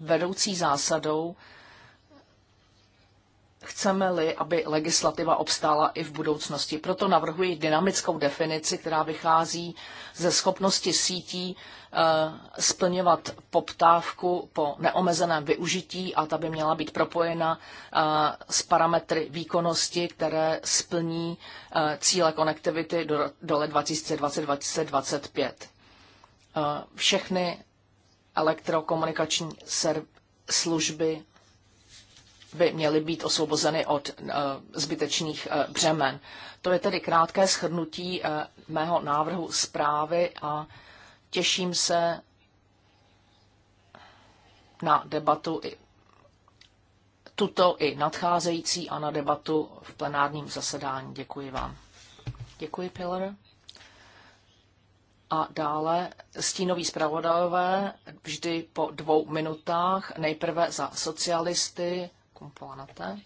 vedoucí zásadou chceme-li, aby legislativa obstála i v budoucnosti. Proto navrhuji dynamickou definici, která vychází ze schopnosti sítí eh, splňovat poptávku po neomezeném využití a ta by měla být propojena eh, s parametry výkonnosti, které splní eh, cíle konektivity do, dole 2020-2025. Všechny elektrokomunikační služby by měly být osvobozeny od eh, zbytečných eh, břemen. To je tedy krátké shrnutí eh, mého návrhu zprávy a těším se na debatu i tuto i nadcházející a na debatu v plenárním zasedání. Děkuji vám. Děkuji, Pilar. A dále stínoví zpravodajové vždy po dvou minutách, nejprve za socialisty Planete.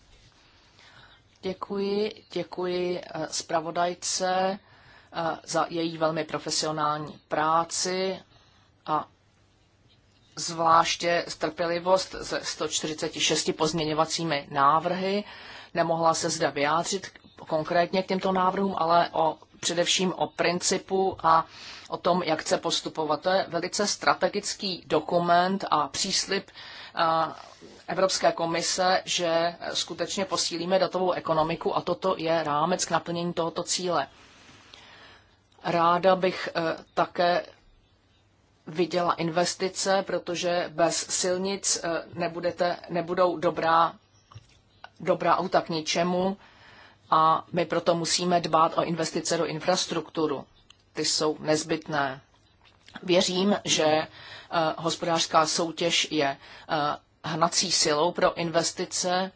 Děkuji, děkuji eh, zpravodajce eh, za její velmi profesionální práci a zvláště strpělivost se 146 pozměňovacími návrhy. Nemohla se zde vyjádřit konkrétně k těmto návrhům, ale o, především o principu a o tom, jak chce postupovat. To je velice strategický dokument a příslip a, eh, Evropské komise, že skutečně posílíme datovou ekonomiku a toto je rámec k naplnění tohoto cíle. Ráda bych eh, také viděla investice, protože bez silnic eh, nebudete, nebudou dobrá, dobrá auta k ničemu a my proto musíme dbát o investice do infrastrukturu. Ty jsou nezbytné. Věřím, že eh, hospodářská soutěž je hnací silou pro investice.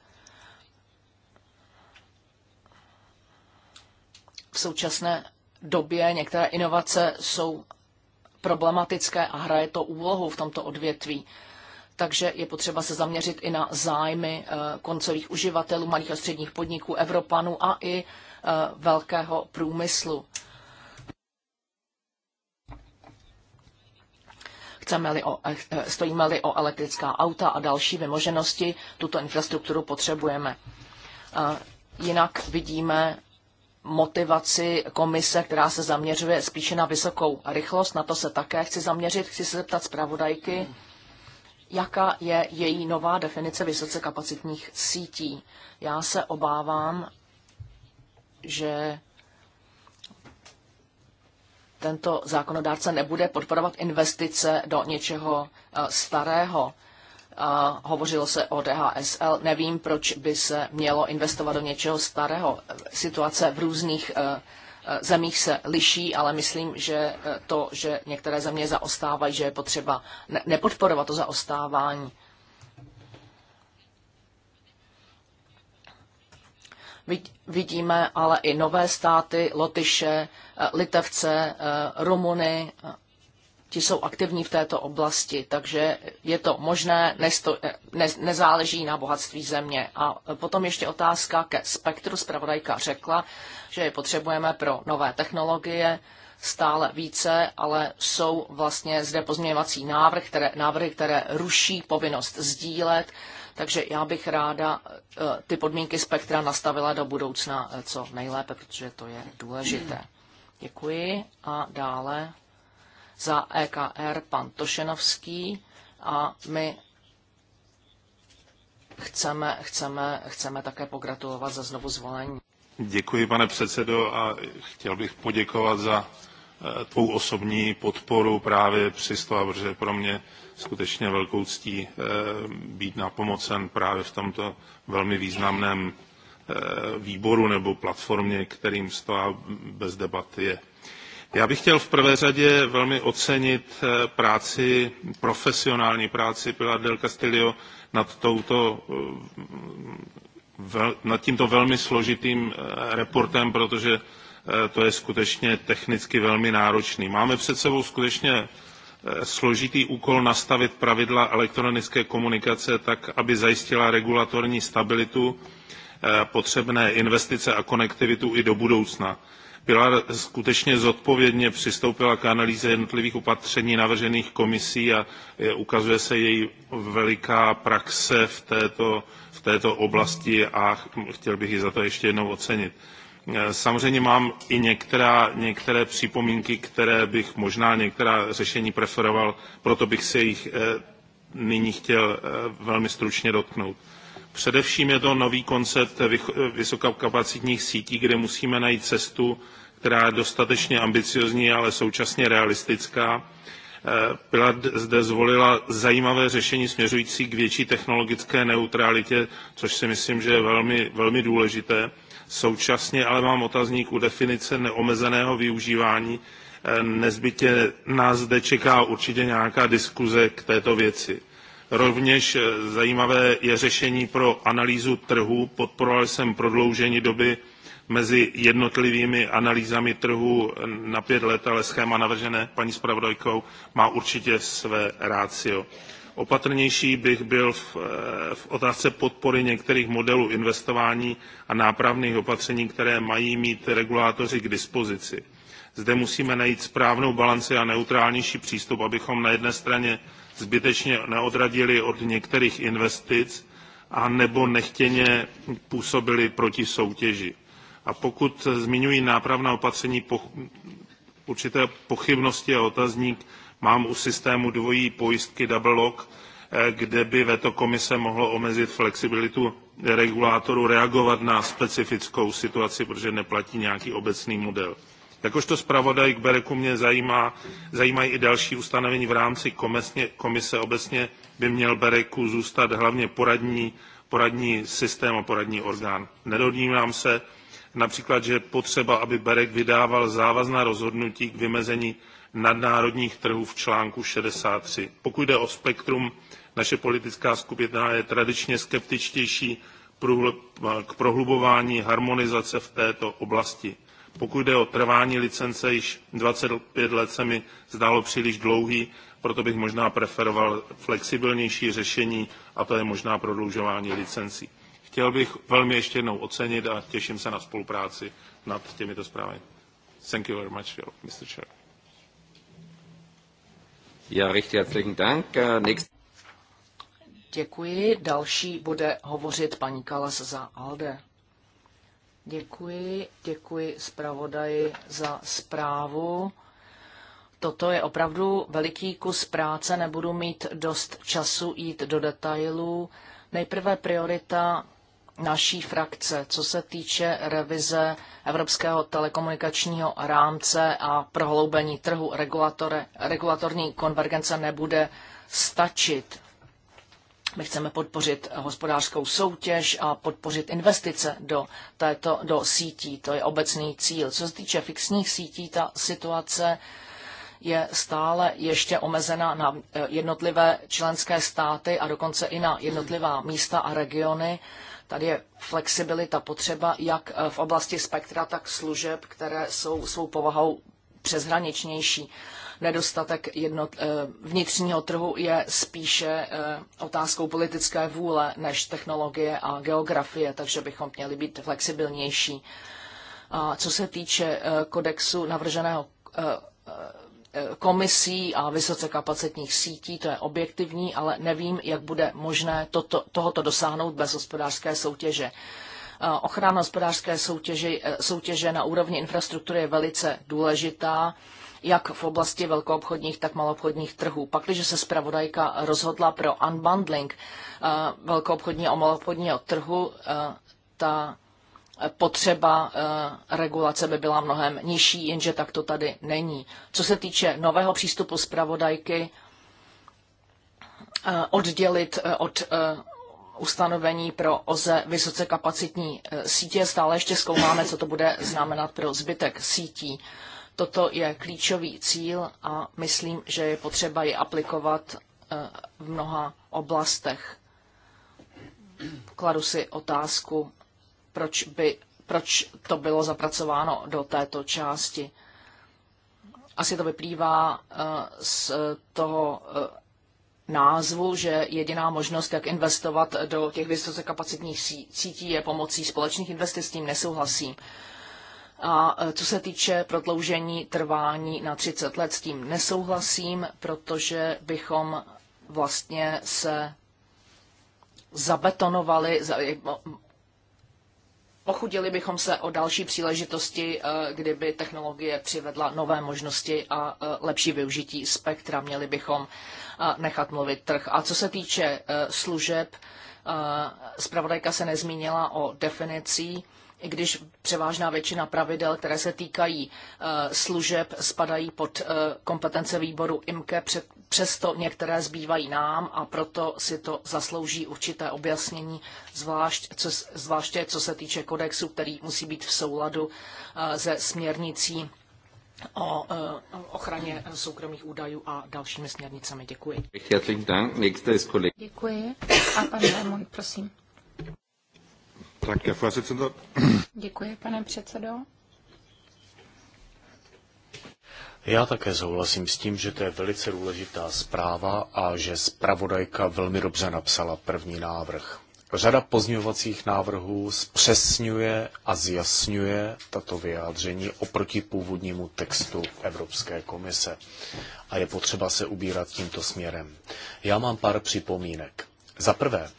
V současné době některé inovace jsou problematické a hraje to úlohu v tomto odvětví. Takže je potřeba se zaměřit i na zájmy eh, koncových uživatelů, malých a středních podniků, Evropanů a i eh, velkého průmyslu. chceme-li o, eh, eh, stojíme-li o elektrická auta a další vymoženosti, tuto infrastrukturu potřebujeme. Jinak vidíme motivaci komise, která se zaměřuje spíše na vysokou rychlost. Na to se také chci zaměřit. Chci se zeptat zpravodajky, jaká je její nová definice vysoce kapacitních sítí. Já se obávám, že tento zákonodárce nebude podporovat investice do něčeho eh, starého. Eh, hovořilo se o DHSL. Nevím, proč by se mělo investovat do něčeho starého. Situace v různých eh, zemích se liší, ale myslím, že to, že některé země zaostávají, že je potřeba nepodporovat to zaostávání. Vidíme ale i nové státy, Lotyše, eh, Litevce, eh, Rumuny, eh, ti jsou aktivní v této oblasti, takže je to možné, nesto, ne, nezáleží na bohatství země. A potom ještě otázka ke spektru. Spravodajka řekla, že je potřebujeme pro nové technologie stále více, ale jsou vlastně zde pozměňovací návrh, které, návrhy, které ruší povinnost sdílet takže já bych ráda eh, ty podmínky spektra nastavila do budoucna eh, co nejlépe, protože to je důležité. Děkuji a dále za EKR pan Tošenovský a my chceme, chceme, chceme také pogratulovat za znovu zvolení. Děkuji, pane předsedo, a chtěl bych poděkovat za Eh, tvou osobní podporu právě při stole, protože pro mě skutečně velkou ctí eh, být napomocen právě v tomto velmi významném eh, výboru nebo platformě, kterým stává bez debaty je. Já bych chtěl v prvé řadě velmi ocenit práci, profesionální práci Pilar del Castillo nad, touto, nad tímto velmi složitým reportem, protože Eh, to je skutečně technicky velmi náročný. Máme před sebou skutečně eh, složitý úkol nastavit pravidla elektronické komunikace tak, aby zajistila regulatorní stabilitu, eh, potřebné investice a konektivitu i do budoucna. Byla skutečně zodpovědně přistoupila k analýze jednotlivých opatření navržených komisí a ukazuje se její veliká praxe v této, v této oblasti a chtěl bych ji za to ještě jednou ocenit. Eh, samozřejmě mám i některá, některé připomínky, které bych možná některá řešení preferoval, proto bych se jich eh, nyní chtěl eh, velmi stručně dotknout. Především je to nový koncept vysokokapacitních sítí, kde musíme najít cestu, která je dostatečně ambiciozní, ale současně realistická. Pilat zde zvolila zajímavé řešení směřující k větší technologické neutralitě, což si myslím, že je velmi, velmi důležité Současně ale mám otazník u definice neomezeného využívání. Eh, Nezbytě nás zde čeká určitě nějaká diskuze k této věci. Rovněž eh, zajímavé je řešení pro analýzu trhu. Podporoval jsem prodloužení doby mezi jednotlivými analýzami trhu eh, na pět let, ale schéma navržené paní zpravodajkou má určitě své rácio. Opatrnější bych byl v, eh, v otázce podpory některých modelů investování a nápravných opatření, které mají mít regulátoři k dispozici. Zde musíme najít správnou balanci a neutrálnější přístup, abychom na jedné straně zbytečně neodradili od některých investic a nebo nechtěně působili proti soutěži. A pokud zmiňují nápravná opatření po, určité pochybnosti a otazník, mám u systému dvojí pojistky double lock, eh, kde by veto komise mohlo omezit flexibilitu regulátoru reagovat na specifickou situaci, protože neplatí nějaký obecný model. Jakožto zpravodaj k Bereku mě zajímá, zajímají i další ustanovení v rámci komise, komise. Obecně by měl Bereku zůstat hlavně poradní, poradní systém a poradní orgán. Nedodnímám se například, že potřeba, aby Berek vydával závazná rozhodnutí k vymezení nadnárodních trhů v článku 63. Pokud jde o spektrum, naše politická skupina je tradičně skeptičtější k prohlubování harmonizace v této oblasti. Pokud jde o trvání licence, již 25 let se mi zdálo příliš dlouhý, proto bych možná preferoval flexibilnější řešení a to je možná prodlužování licencí. Chtěl bych velmi ještě jednou ocenit a těším se na spolupráci nad těmito zprávami. Thank you very much, Mr. Chair. Ja, recht herzlichen Dank. Äh, Next. Děkuji. Další bude hovořit paní Kalas za ALDE. Děkuji, děkuji zpravodaji za zprávu. Toto je opravdu veliký kus práce, nebudu mít dost času jít do detailů. Nejprve priorita naší frakce, co se týče revize Evropského telekomunikačního rámce a prohloubení trhu regulatorní konvergence nebude stačit. My chceme podpořit hospodářskou soutěž a podpořit investice do, této, do sítí. To je obecný cíl. Co se týče fixních sítí, ta situace je stále ještě omezena na eh, jednotlivé členské státy a dokonce i na jednotlivá místa a regiony Tady je flexibilita potřeba jak eh, v oblasti spektra, tak služeb, které jsou svou povahou přeshraničnější. Nedostatek jednot, eh, vnitřního trhu je spíše eh, otázkou politické vůle než technologie a geografie, takže bychom měli být flexibilnější. A co se týče kodexu navrženého Eh, komisí a vysoce kapacitních sítí, to je objektivní, ale nevím, jak bude možné toto, tohoto dosáhnout bez hospodářské soutěže. Eh, ochrana hospodářské soutěže, eh, soutěže na úrovni infrastruktury je velice důležitá jak v oblasti velkoobchodních, tak maloobchodních trhů. Pak, když se zpravodajka rozhodla pro unbundling velkoobchodního a maloobchodního trhu, ta potřeba eh, regulace by byla mnohem nižší, jenže tak to tady není. Co se týče nového přístupu zpravodajky, eh, oddělit eh, od ustanovení pro OZE vysoce kapacitní sítě. Stále ještě zkoumáme, co to bude znamenat pro zbytek sítí. Toto je klíčový cíl a myslím, že je potřeba ji aplikovat v mnoha oblastech. Kladu si otázku, proč, by, proč to bylo zapracováno do této části. Asi to vyplývá eh, z toho eh, názvu, že jediná možnost, jak investovat do těch kapacitních sítí, je pomocí společných investic, s tím nesouhlasím. A eh, co se týče prodloužení trvání na 30 let, s tím nesouhlasím, protože bychom vlastně se zabetonovali, Ochudili bychom se o další příležitosti, eh, kdyby technologie přivedla nové možnosti a eh, lepší využití spektra. Měli bychom eh, nechat mluvit trh. A co se týče služeb, zpravodajka se nezmínila o definicí, i když převážná většina pravidel, které se týkají služeb, spadají pod kompetence výboru IMKE, Přesto některé zbývají nám a proto si to zaslouží určité objasnění, zvlášť co, zvláště co se týče kodexu, který musí být v souladu eh, se směrnicí eh, o ochraně soukromých údajů a dalšími směrnicemi. Děkuji. Děkuji. A pan Lemon, prosím. Děkuji, pane předsedo. Já také souhlasím s tím, že to je velice důležitá zpráva a že zpravodajka velmi dobře napsala první návrh. Řada pozměňovacích návrhů zpřesňuje a zjasňuje tato vyjádření oproti původnímu textu Evropské komise a je potřeba se ubírat tímto směrem. Já mám pár připomínek. Za prvé,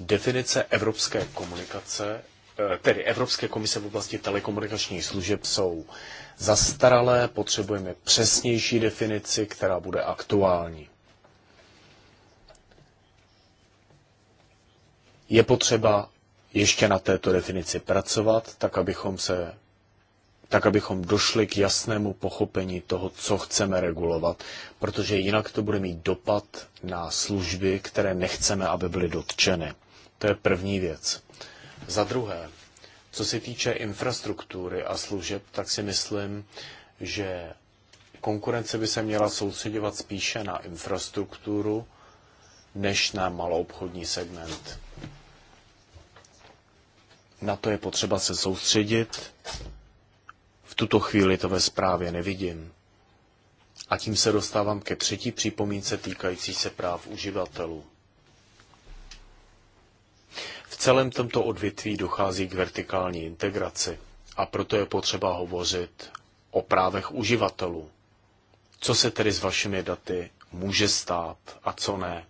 definice evropské komunikace, eh, tedy Evropské komise v oblasti telekomunikačních služeb jsou zastaralé, potřebujeme přesnější definici, která bude aktuální. Je potřeba ještě na této definici pracovat, tak abychom se tak abychom došli k jasnému pochopení toho, co chceme regulovat, protože jinak to bude mít dopad na služby, které nechceme, aby byly dotčeny. To je první věc. Za druhé, co se týče infrastruktury a služeb, tak si myslím, že konkurence by se měla soustředovat spíše na infrastrukturu než na maloobchodní segment. Na to je potřeba se soustředit. V tuto chvíli to ve zprávě nevidím. A tím se dostávám ke třetí připomínce týkající se práv uživatelů. V celém tomto odvětví dochází k vertikální integraci a proto je potřeba hovořit o právech uživatelů. Co se tedy s vašimi daty může stát a co ne?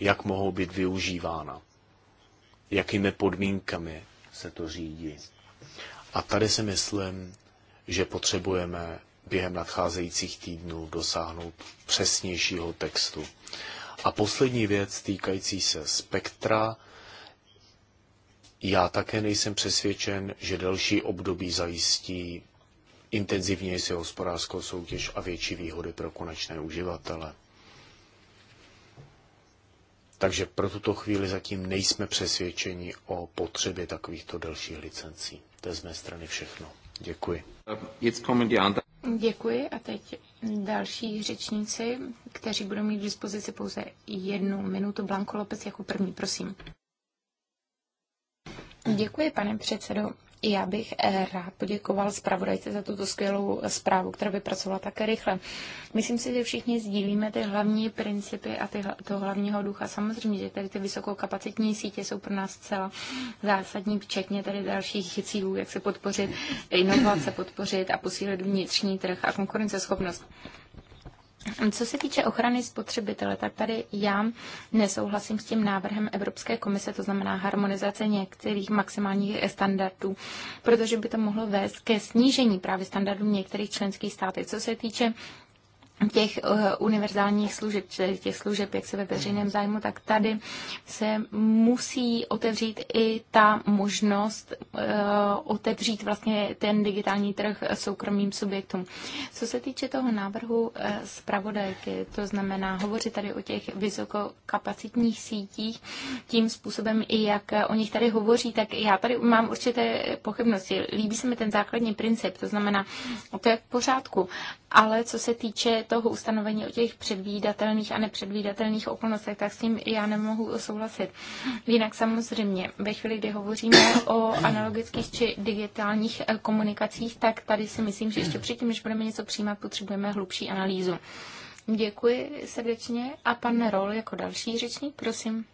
Jak mohou být využívána? Jakými podmínkami se to řídí? A tady si myslím, že potřebujeme během nadcházejících týdnů dosáhnout přesnějšího textu. A poslední věc týkající se spektra, já také nejsem přesvědčen, že delší období zajistí intenzivnější hospodářskou soutěž a větší výhody pro konečné uživatele. Takže pro tuto chvíli zatím nejsme přesvědčeni o potřebě takovýchto dalších licencí. To je z mé strany všechno. Děkuji. Děkuji a teď další řečníci, kteří budou mít k dispozici pouze jednu minutu. Blanko Lopez jako první, prosím. Děkuji, pane předsedo. Já bych eh, rád poděkoval zpravodajce za tuto skvělou eh, zprávu, která by pracovala také rychle. Myslím si, že všichni sdílíme ty hlavní principy a ty, toho hlavního ducha. Samozřejmě, že tady ty vysokokapacitní sítě jsou pro nás celá zásadní, včetně tady dalších cílů, jak se podpořit inovace, podpořit a posílit vnitřní trh a konkurenceschopnost. Co se týče ochrany spotřebitele, tak tady já nesouhlasím s tím návrhem Evropské komise, to znamená harmonizace některých maximálních standardů, protože by to mohlo vést ke snížení právě standardů některých členských států. Co se týče těch eh, univerzálních služeb, těch služeb, jak se ve veřejném zájmu, tak tady se musí otevřít i ta možnost eh, otevřít vlastně ten digitální trh soukromým subjektům. Co se týče toho návrhu eh, zpravodajky, to znamená hovořit tady o těch vysokokapacitních sítích, tím způsobem i jak o nich tady hovoří, tak já tady mám určité pochybnosti. Líbí se mi ten základní princip, to znamená, to je v pořádku, ale co se týče toho ustanovení o těch předvídatelných a nepředvídatelných okolnostech, tak s tím já nemohu souhlasit. Jinak samozřejmě, ve chvíli, kdy hovoříme o analogických či digitálních eh, komunikacích, tak tady si myslím, že ještě předtím, než budeme něco přijímat, potřebujeme hlubší analýzu. Děkuji srdečně a pan Rol jako další řečník, prosím.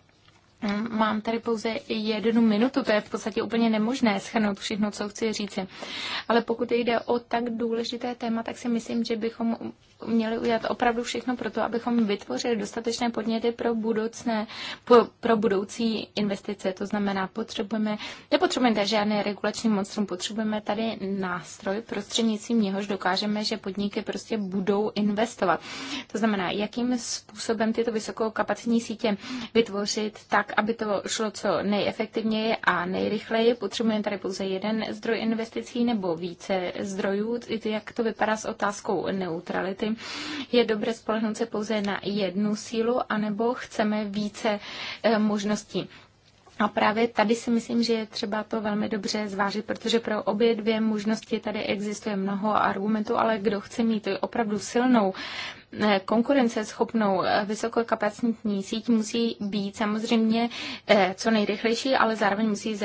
Mm, mám tady pouze jednu minutu, to je v podstatě úplně nemožné schrnout všechno, co chci říci. Ale pokud jde o tak důležité téma, tak si myslím, že bychom měli udělat opravdu všechno pro to, abychom vytvořili dostatečné podněty pro, budoucné, pro budoucí investice. To znamená, potřebujeme, nepotřebujeme žádné regulační monstrum, potřebujeme tady nástroj, prostřednictvím něhož dokážeme, že podniky prostě budou investovat. To znamená, jakým způsobem tyto vysokokapacitní sítě vytvořit tak, aby to šlo co nejefektivněji a nejrychleji. Potřebujeme tady pouze jeden zdroj investicí nebo více zdrojů. Jak to vypadá s otázkou neutrality? Je dobré spolehnout se pouze na jednu sílu, anebo chceme více eh, možností? A právě tady si myslím, že je třeba to velmi dobře zvážit, protože pro obě dvě možnosti tady existuje mnoho argumentů, ale kdo chce mít opravdu silnou Eh, konkurenceschopnou eh, vysokokapacitní síť musí být samozřejmě eh, co nejrychlejší, ale zároveň musí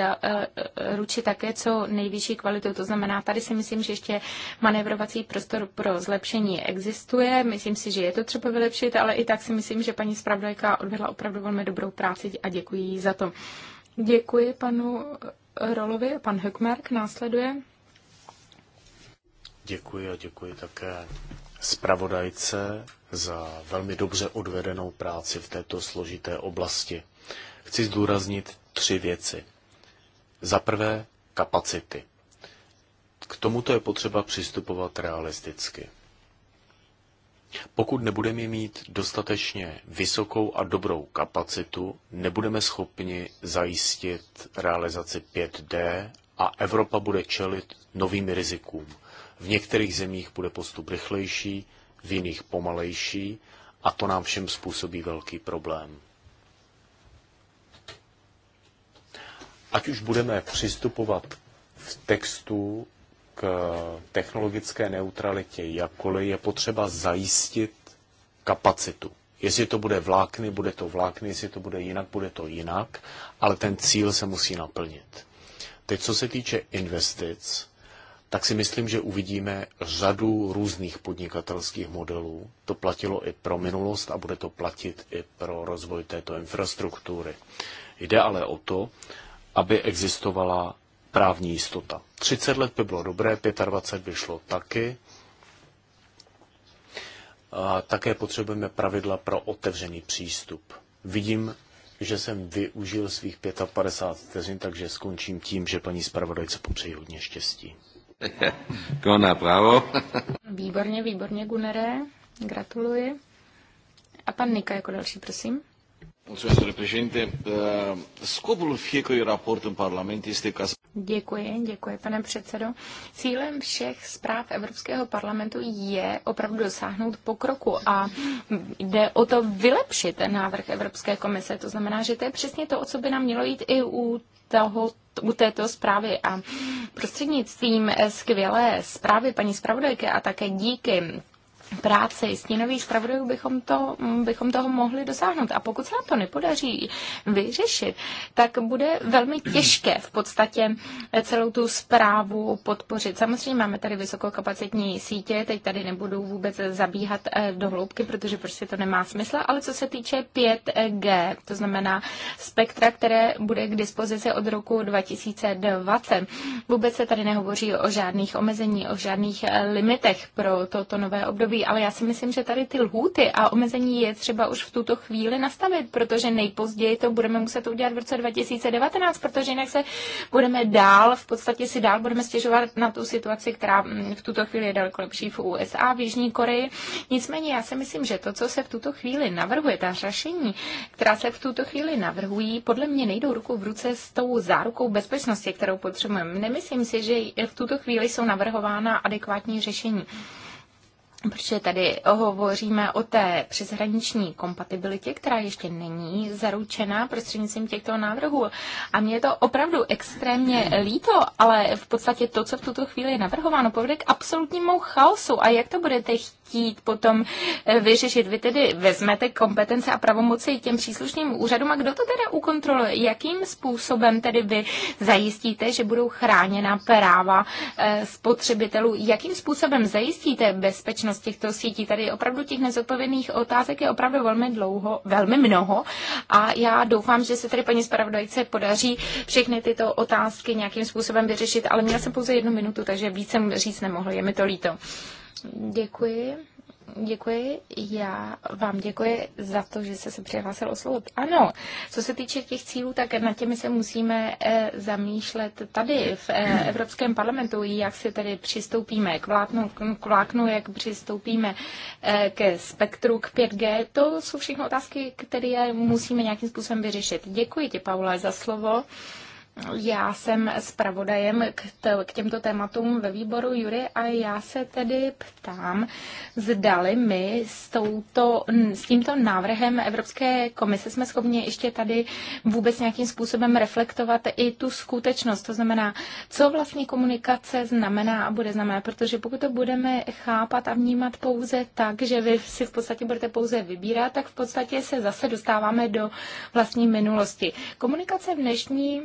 ručit také co nejvyšší kvalitu. To znamená, tady si myslím, že ještě manévrovací prostor pro zlepšení existuje. Myslím si, že je to třeba vylepšit, ale i tak si myslím, že paní zpravodajka odvedla opravdu velmi dobrou práci a děkuji jí za to. Děkuji panu Rolovi. Pan Hökmark následuje. Děkuji a děkuji také zpravodajce za velmi dobře odvedenou práci v této složité oblasti. Chci zdůraznit tři věci. Za prvé, kapacity. K tomuto je potřeba přistupovat realisticky. Pokud nebudeme mít dostatečně vysokou a dobrou kapacitu, nebudeme schopni zajistit realizaci 5D a Evropa bude čelit novým rizikům. V některých zemích bude postup rychlejší, v jiných pomalejší a to nám všem způsobí velký problém. Ať už budeme přistupovat v textu k technologické neutralitě jakkoliv, je potřeba zajistit kapacitu. Jestli to bude vlákny, bude to vlákny, jestli to bude jinak, bude to jinak, ale ten cíl se musí naplnit. Teď, co se týče investic, tak si myslím, že uvidíme řadu různých podnikatelských modelů. To platilo i pro minulost a bude to platit i pro rozvoj této infrastruktury. Jde ale o to, aby existovala právní jistota. 30 let by bylo dobré, 25 by šlo taky. A také potřebujeme pravidla pro otevřený přístup. Vidím, že jsem využil svých 55 vteřin, takže skončím tím, že paní zpravodajce popřeji hodně štěstí. Kona, bravo. Výborně, výborně, Gunere. Gratuluji. A pan Nika jako další, prosím. Mulțumesc, domnule președinte. Eh, scopul fiecărui raport în Parlament este ca să... Děkuji, děkuji, pane předsedo. Cílem všech zpráv Evropského parlamentu je opravdu dosáhnout pokroku a jde o to vylepšit ten návrh Evropské komise. To znamená, že to je přesně to, o co by nám mělo jít i u toho, u této zprávy a prostřednictvím skvělé zprávy paní zpravodajky a také díky práci stínových zpravodajů bychom, to, bychom toho mohli dosáhnout. A pokud se nám to nepodaří vyřešit, tak bude velmi těžké v podstatě celou tu zprávu podpořit. Samozřejmě máme tady vysokokapacitní sítě, teď tady nebudu vůbec zabíhat eh, do hloubky, protože prostě to nemá smysl, ale co se týče 5G, to znamená spektra, které bude k dispozici od roku 2020, vůbec se tady nehovoří o žádných omezení, o žádných eh, limitech pro toto nové období ale já si myslím, že tady ty lhůty a omezení je třeba už v tuto chvíli nastavit, protože nejpozději to budeme muset udělat v roce 2019, protože jinak se budeme dál, v podstatě si dál budeme stěžovat na tu situaci, která mm, v tuto chvíli je daleko lepší v USA, v Jižní Koreji. Nicméně já si myslím, že to, co se v tuto chvíli navrhuje, ta řešení, která se v tuto chvíli navrhují, podle mě nejdou ruku v ruce s tou zárukou bezpečnosti, kterou potřebujeme. Nemyslím si, že v tuto chvíli jsou navrhována adekvátní řešení protože tady hovoříme o té přeshraniční kompatibilitě, která ještě není zaručena prostřednictvím těchto návrhů. A mně je to opravdu extrémně líto, ale v podstatě to, co v tuto chvíli je navrhováno, povede k absolutnímu chaosu. A jak to budete chtít? chtít potom eh, vyřešit. Vy tedy vezmete kompetence a pravomoci těm příslušným úřadům a kdo to teda ukontroluje? Jakým způsobem tedy vy zajistíte, že budou chráněna práva eh, spotřebitelů? Jakým způsobem zajistíte bezpečnost těchto sítí? Tady opravdu těch nezodpovědných otázek je opravdu velmi dlouho, velmi mnoho a já doufám, že se tedy paní zpravodajce podaří všechny tyto otázky nějakým způsobem vyřešit, ale měla jsem pouze jednu minutu, takže víc jsem říct nemohl, je mi to líto. Děkuji. Děkuji. Já vám děkuji za to, že jste se přihlásil o slovo. Ano, co se týče těch cílů, tak nad těmi se musíme eh, zamýšlet tady v eh, Evropském parlamentu, jak si tedy přistoupíme k vláknu, k vláknu jak přistoupíme eh, ke spektru, k 5G. To jsou všechno otázky, které musíme nějakým způsobem vyřešit. Děkuji ti, Paula, za slovo. Já jsem zpravodajem k těmto tématům ve výboru Jury a já se tedy ptám, zdali my s, touto, s tímto návrhem Evropské komise jsme schopni ještě tady vůbec nějakým způsobem reflektovat i tu skutečnost. To znamená, co vlastně komunikace znamená a bude znamenat, protože pokud to budeme chápat a vnímat pouze tak, že vy si v podstatě budete pouze vybírat, tak v podstatě se zase dostáváme do vlastní minulosti. Komunikace v dnešní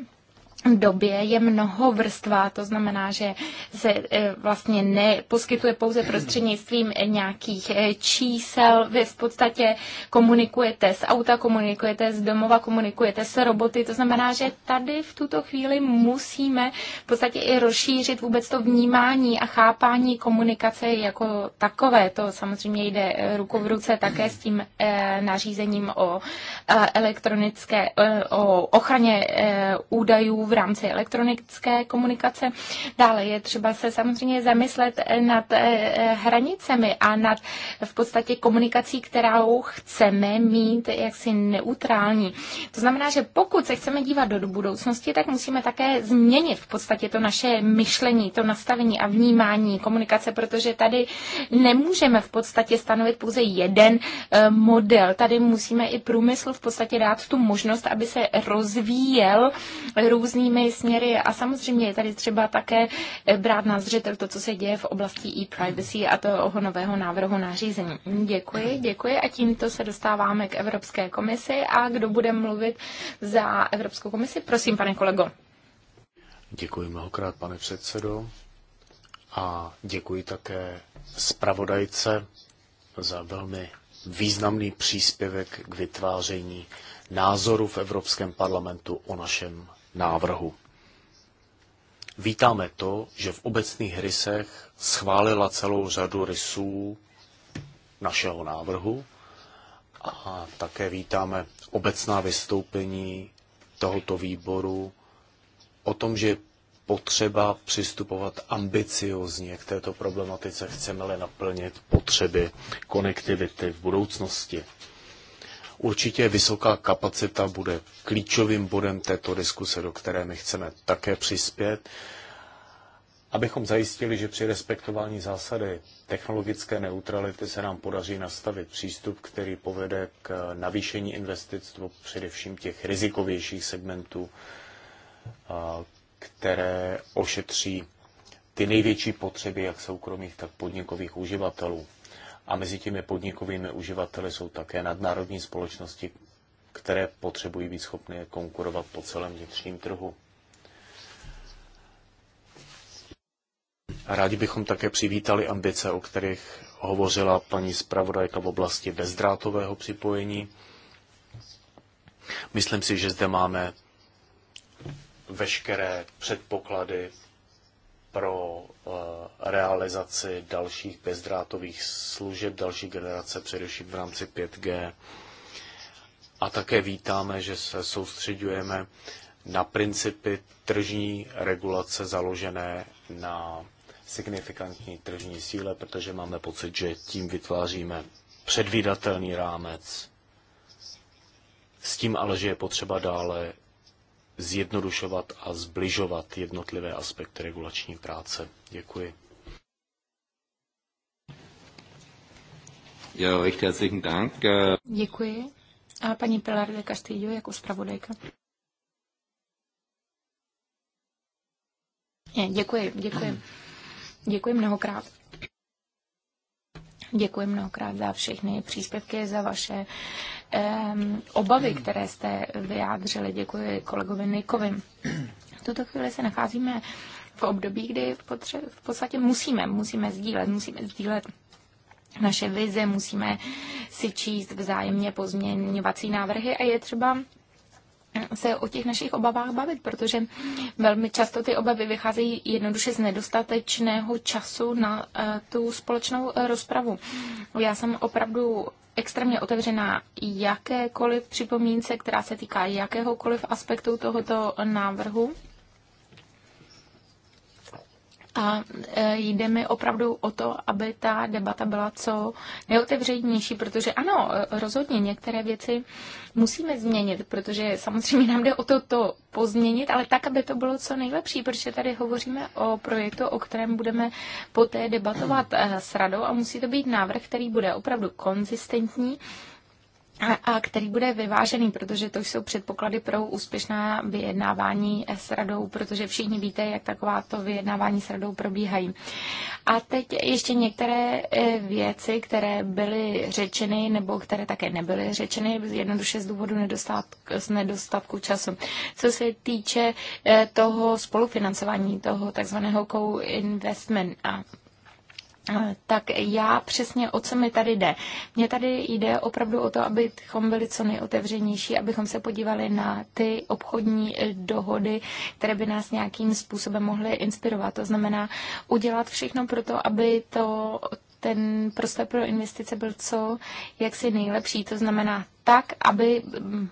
době je mnoho vrstva to znamená, že se eh, vlastně neposkytuje pouze prostřednictvím nějakých eh, čísel. Vy v podstatě komunikujete z auta, komunikujete z domova, komunikujete s roboty, to znamená, že tady v tuto chvíli musíme v podstatě i rozšířit vůbec to vnímání a chápání komunikace jako takové. To samozřejmě jde eh, ruku v ruce také s tím nařízením o elektronické, o ochraně údajů v rámci elektronické komunikace. Dále je třeba se samozřejmě zamyslet nad eh, hranicemi a nad v podstatě komunikací, kterou chceme mít jaksi neutrální. To znamená, že pokud se chceme dívat do budoucnosti, tak musíme také změnit v podstatě to naše myšlení, to nastavení a vnímání komunikace, protože tady nemůžeme v podstatě stanovit pouze jeden eh, model. Tady musíme i průmysl v podstatě dát tu možnost, aby se rozvíjel různě různými směry a samozřejmě je tady třeba také eh, brát na zřetel to, co se děje v oblasti e-privacy a toho nového návrhu nařízení. Děkuji, děkuji a tímto se dostáváme k Evropské komisi a kdo bude mluvit za Evropskou komisi? Prosím, pane kolego. Děkuji mnohokrát, pane předsedo. A děkuji také zpravodajce za velmi významný příspěvek k vytváření názoru v Evropském parlamentu o našem návrhu. Vítáme to, že v obecných rysech schválila celou řadu rysů našeho návrhu a také vítáme obecná vystoupení tohoto výboru o tom, že potřeba přistupovat ambiciozně k této problematice, chceme-li naplnit potřeby konektivity v budoucnosti. Určitě vysoká kapacita bude klíčovým bodem této diskuse, do které my chceme také přispět, abychom zajistili, že při respektování zásady technologické neutrality se nám podaří nastavit přístup, který povede k navýšení investic, především těch rizikovějších segmentů, které ošetří ty největší potřeby jak soukromých, tak podnikových uživatelů a mezi těmi podnikovými uživateli jsou také nadnárodní společnosti, které potřebují být schopné konkurovat po celém vnitřním trhu. A rádi bychom také přivítali ambice, o kterých hovořila paní zpravodajka v oblasti bezdrátového připojení. Myslím si, že zde máme veškeré předpoklady pro eh, realizaci dalších bezdrátových služeb, další generace, především v rámci 5G. A také vítáme, že se soustředujeme na principy tržní regulace založené na signifikantní tržní síle, protože máme pocit, že tím vytváříme předvídatelný rámec. S tím ale, že je potřeba dále zjednodušovat a zbližovat jednotlivé aspekty regulační práce. Děkuji. Děkuji. A paní Pilar de Castillo jako zpravodajka. Děkuji, děkuji. Děkuji mnohokrát. Děkuji mnohokrát za všechny příspěvky, za vaše obavy, které jste vyjádřili. Děkuji kolegovi Nikovi. V tuto chvíli se nacházíme v období, kdy v, potře- v podstatě musíme, musíme sdílet, musíme sdílet naše vize, musíme si číst vzájemně pozměňovací návrhy a je třeba se o těch našich obavách bavit, protože velmi často ty obavy vycházejí jednoduše z nedostatečného času na eh, tu společnou eh, rozpravu. Já jsem opravdu extrémně otevřená jakékoliv připomínce, která se týká jakéhokoliv aspektu tohoto návrhu. A e, jde mi opravdu o to, aby ta debata byla co neotevřenější, protože ano, e, rozhodně některé věci musíme změnit, protože samozřejmě nám jde o to, to pozměnit, ale tak, aby to bylo co nejlepší, protože tady hovoříme o projektu, o kterém budeme poté debatovat e, s radou a musí to být návrh, který bude opravdu konzistentní a který bude vyvážený, protože to jsou předpoklady pro úspěšná vyjednávání s radou, protože všichni víte, jak takováto vyjednávání s radou probíhají. A teď ještě některé e, věci, které byly řečeny nebo které také nebyly řečeny, jednoduše z důvodu nedostatku, z nedostatku času. Co se týče e, toho spolufinancování, toho takzvaného co-investment a tak já přesně o co mi tady jde. Mně tady jde opravdu o to, abychom byli co nejotevřenější, abychom se podívali na ty obchodní eh, dohody, které by nás nějakým způsobem mohly inspirovat. To znamená udělat všechno pro to, aby to, ten prostor pro investice byl co jaksi nejlepší. To znamená tak, aby mm,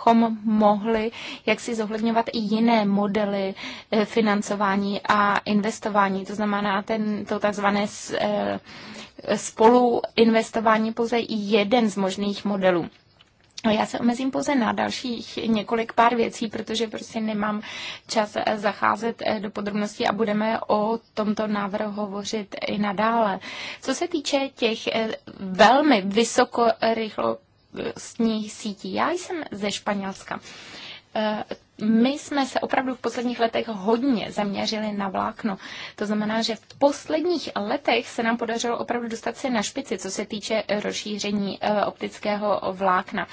bychom mohli jak si zohledňovat i jiné modely eh, financování a investování. To znamená ten, to takzvané eh, spoluinvestování pouze jeden z možných modelů. Já se omezím pouze na dalších několik pár věcí, protože prostě nemám čas eh, zacházet do podrobností a budeme o tomto návrhu hovořit i nadále. Co se týče těch velmi vysokorychlo vlastních sítí. Já jsem ze Španělska. E, my jsme se opravdu v posledních letech hodně zaměřili na vlákno. To znamená, že v posledních letech se nám podařilo opravdu dostat se na špici, co se týče rozšíření e, optického vlákna.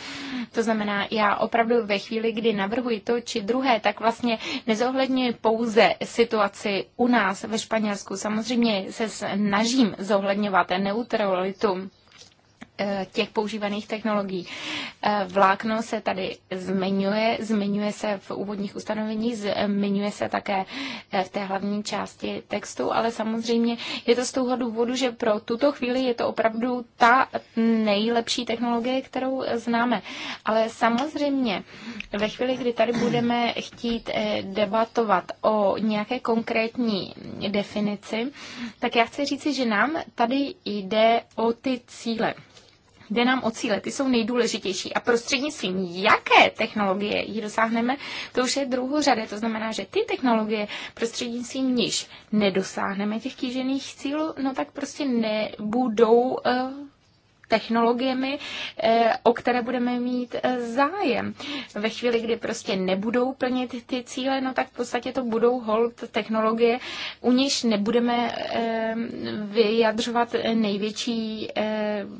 To znamená, já opravdu ve chvíli, kdy navrhuji to či druhé, tak vlastně nezohledňuji pouze situaci u nás ve Španělsku. Samozřejmě se snažím zohledňovat neutralitu Eh, těch používaných technologií. Eh, vlákno se tady zmiňuje, zmiňuje se v úvodních ustanoveních, zmiňuje se také eh, v té hlavní části textu, ale samozřejmě je to z toho důvodu, že pro tuto chvíli je to opravdu ta nejlepší technologie, kterou známe. Ale samozřejmě ve chvíli, kdy tady budeme chtít debatovat o nějaké konkrétní definici, tak já chci říci, že nám tady jde o ty cíle. Jde nám o cíle, ty jsou nejdůležitější. A prostřednictvím jaké technologie ji dosáhneme, to už je druhou řadě To znamená, že ty technologie prostřednictvím níž nedosáhneme těch kýžených cílů, no tak prostě nebudou uh, technologiemi, eh, o které budeme mít eh, zájem. Ve chvíli, kdy prostě nebudou plnit ty cíle, no tak v podstatě to budou hold technologie, u níž nebudeme eh, vyjadřovat největší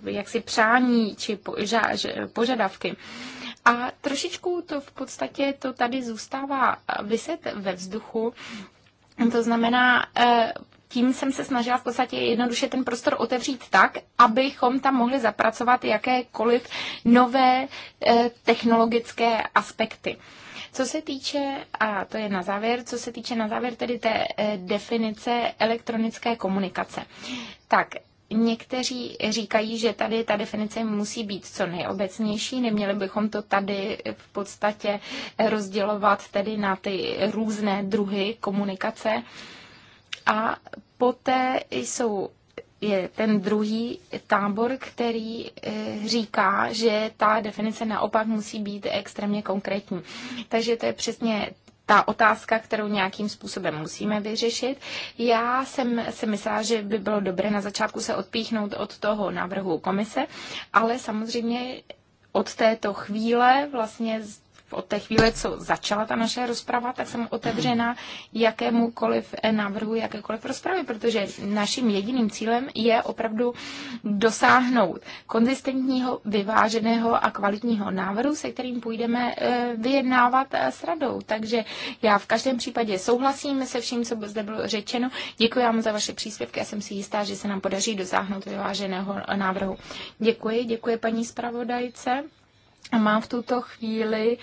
jaksi přání či požadavky. A trošičku to v podstatě to tady zůstává vyset ve vzduchu, to znamená, tím jsem se snažila v podstatě jednoduše ten prostor otevřít tak, abychom tam mohli zapracovat jakékoliv nové eh, technologické aspekty. Co se týče, a to je na závěr, co se týče na závěr tedy té eh, definice elektronické komunikace. Tak, Někteří říkají, že tady ta definice musí být co nejobecnější, neměli bychom to tady v podstatě rozdělovat tedy na ty různé druhy komunikace. A poté jsou je ten druhý tábor, který eh, říká, že ta definice naopak musí být extrémně konkrétní. Takže to je přesně ta otázka, kterou nějakým způsobem musíme vyřešit. Já jsem si myslela, že by bylo dobré na začátku se odpíchnout od toho návrhu komise, ale samozřejmě od této chvíle vlastně od té chvíle, co začala ta naše rozprava, tak jsem otevřena jakémukoliv návrhu, jakékoliv rozpravy, protože naším jediným cílem je opravdu dosáhnout konzistentního, vyváženého a kvalitního návrhu, se kterým půjdeme eh, vyjednávat eh, s radou. Takže já v každém případě souhlasím se vším, co zde bylo řečeno. Děkuji vám za vaše příspěvky a jsem si jistá, že se nám podaří dosáhnout vyváženého návrhu. Děkuji, děkuji paní zpravodajce. A mám v tuto chvíli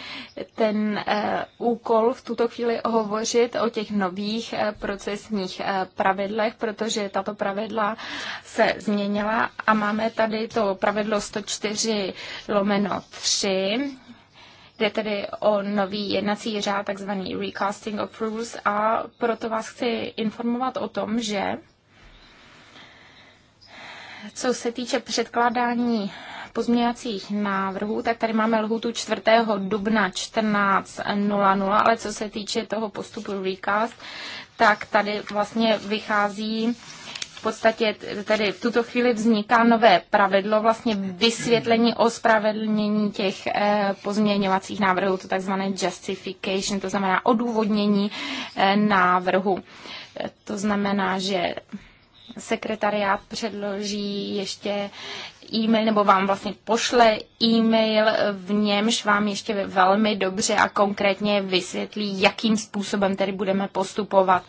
ten eh, úkol, v tuto chvíli hovořit o těch nových eh, procesních eh, pravidlech, protože tato pravidla se změnila a máme tady to pravidlo 104 lomeno 3, jde tedy o nový jednací řád, takzvaný recasting of rules a proto vás chci informovat o tom, že co se týče předkládání pozměňovacích návrhů, tak tady máme lhutu 4. dubna 14.00, ale co se týče toho postupu recast, tak tady vlastně vychází v podstatě tedy v tuto chvíli vzniká nové pravidlo, vlastně vysvětlení, ospravedlnění těch eh, pozměňovacích návrhů, to takzvané justification, to znamená odůvodnění eh, návrhu. To znamená, že sekretariát předloží ještě e-mail nebo vám vlastně pošle e-mail, v němž vám ještě velmi dobře a konkrétně vysvětlí, jakým způsobem tedy budeme postupovat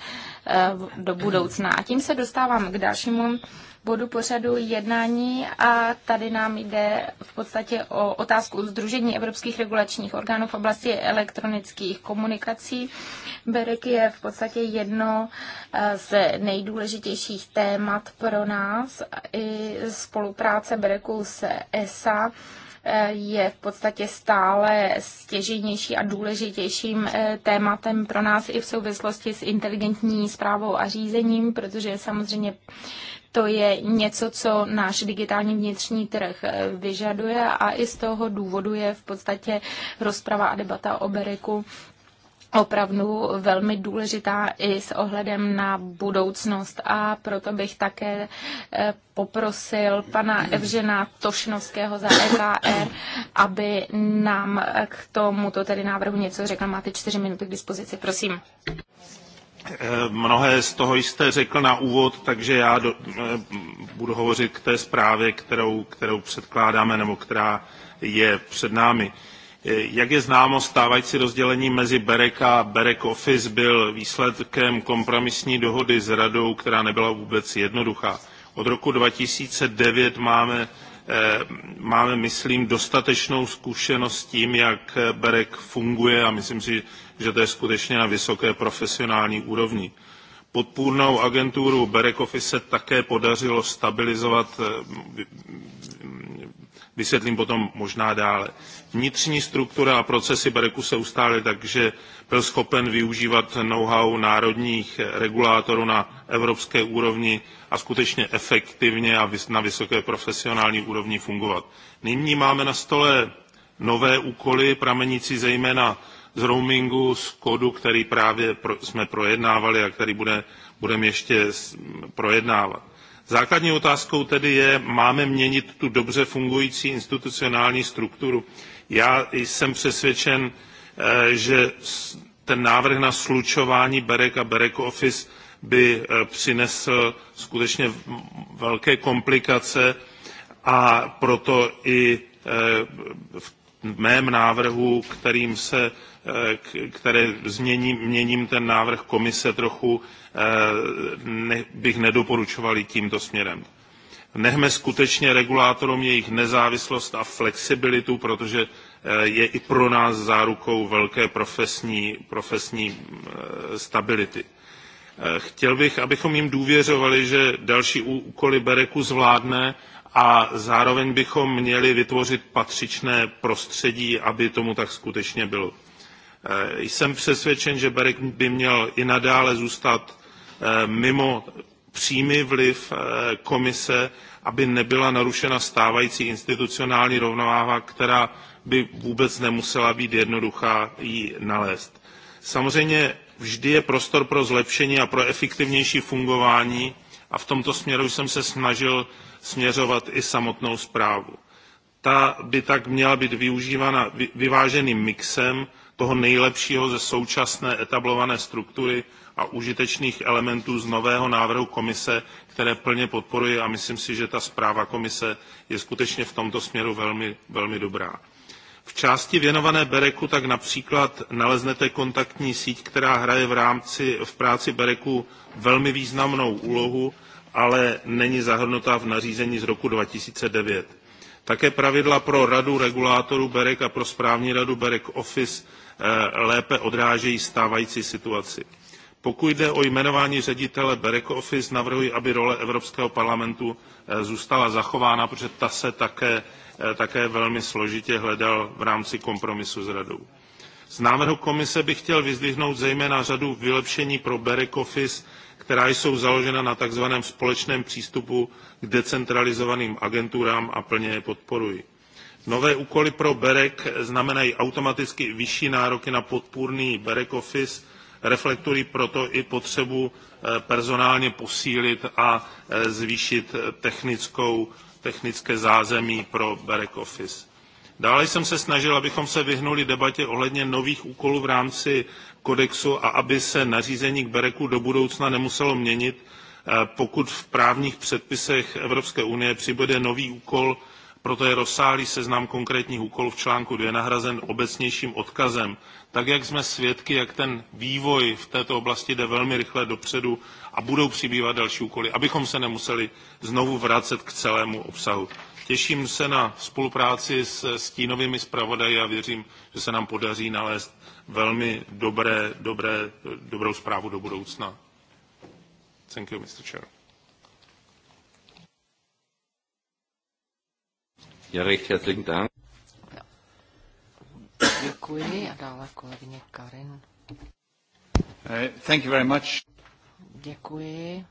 eh, do budoucna. A tím se dostávám k dalšímu bodu pořadu jednání a tady nám jde v podstatě o otázku Združení evropských regulačních orgánů v oblasti elektronických komunikací. Berek je v podstatě jedno eh, z nejdůležitějších témat pro nás. I spolupráce Bereku s ESA eh, je v podstatě stále stěžejnější a důležitějším eh, tématem pro nás i v souvislosti s inteligentní zprávou a řízením, protože samozřejmě to je něco, co náš digitální vnitřní trh eh, vyžaduje a i z toho důvodu je v podstatě rozprava a debata o Beriku opravdu velmi důležitá i s ohledem na budoucnost a proto bych také eh, poprosil pana Evžena Tošnovského za EKR, aby nám k tomuto tedy návrhu něco řekl. Máte čtyři minuty k dispozici, prosím. Eh, mnohé z toho jste řekl na úvod, takže já do, eh, budu hovořit k té zprávě, kterou, kterou předkládáme nebo která je před námi. Eh, jak je známo, stávající rozdělení mezi BEREC a BEREC Office byl výsledkem kompromisní dohody s radou, která nebyla vůbec jednoduchá. Od roku 2009 máme, máme myslím, dostatečnou zkušenost s tím, jak BEREC funguje a myslím si, že to je skutečně na vysoké profesionální úrovni. Podpůrnou agenturu Berekovi se také podařilo stabilizovat, eh, vysvětlím potom možná dále. Vnitřní struktura a procesy Bereku se ustály tak, že byl schopen využívat know-how národních regulátorů na evropské úrovni a skutečně efektivně a na vysoké profesionální úrovni fungovat. Nyní máme na stole nové úkoly, pramenící zejména z roamingu, z kodu, který právě pro, jsme projednávali a který bude, budeme ještě projednávat. Základní otázkou tedy je, máme měnit tu dobře fungující institucionální strukturu. Já jsem přesvědčen, eh, že ten návrh na slučování Berek a Berek Office by eh, přinesl skutečně velké komplikace a proto i eh, v mém návrhu, kterým se, eh, které změním, měním ten návrh komise trochu, eh, ne, bych nedoporučoval tímto směrem. Nechme skutečně regulátorům jejich nezávislost a flexibilitu, protože eh, je i pro nás zárukou velké profesní, profesní stability. Chtěl bych, abychom jim důvěřovali, že další úkoly Bereku zvládne, a zároveň bychom měli vytvořit patřičné prostředí, aby tomu tak skutečně bylo. Eh, jsem přesvědčen, že Berek by měl i nadále zůstat eh, mimo přímý vliv eh, komise, aby nebyla narušena stávající institucionální rovnováha, která by vůbec nemusela být jednoduchá ji nalézt. Samozřejmě vždy je prostor pro zlepšení a pro efektivnější fungování a v tomto směru jsem se snažil směřovat i samotnou zprávu. Ta by tak měla být využívána vyváženým mixem toho nejlepšího ze současné etablované struktury a užitečných elementů z nového návrhu komise, které plně podporuji a myslím si, že ta zpráva komise je skutečně v tomto směru velmi, velmi dobrá. V části věnované Bereku tak například naleznete kontaktní síť, která hraje v rámci v práci Bereku velmi významnou úlohu ale není zahrnuta v nařízení z roku 2009. Také pravidla pro radu regulátorů BEREC a pro správní radu BEREC Office eh, lépe odrážejí stávající situaci. Pokud jde o jmenování ředitele BEREC Office, navrhuji, aby role Evropského parlamentu eh, zůstala zachována, protože ta se také, eh, také velmi složitě hledal v rámci kompromisu s radou. Z návrhu komise bych chtěl vyzdvihnout zejména řadu vylepšení pro BEREC Office, která jsou založena na tzv. společném přístupu k decentralizovaným agenturám a plně je podporuji. Nové úkoly pro BEREC znamenají automaticky vyšší nároky na podpůrný BEREC Office, reflektují proto i potřebu eh, personálně posílit a eh, zvýšit technickou, technické zázemí pro BEREC Office Dále jsem se snažil, abychom se vyhnuli debatě ohledně nových úkolů v rámci kodexu a aby se nařízení k Bereku do budoucna nemuselo měnit, eh, pokud v právních předpisech Evropské unie přibude nový úkol, proto je rozsáhlý seznam konkrétních úkolů v článku 2 nahrazen obecnějším odkazem. Tak, jak jsme svědky, jak ten vývoj v této oblasti jde velmi rychle dopředu a budou přibývat další úkoly, abychom se nemuseli znovu vracet k celému obsahu. Těším se na spolupráci s stínovými zpravodaji a věřím, že se nám podaří nalézt velmi dobré, dobré, dobrou zprávu do budoucna. Thank you, Mr. Chair. Ja, recht herzlichen Děkuji a dále kolegyně Karin. Uh, thank you very much. Děkuji.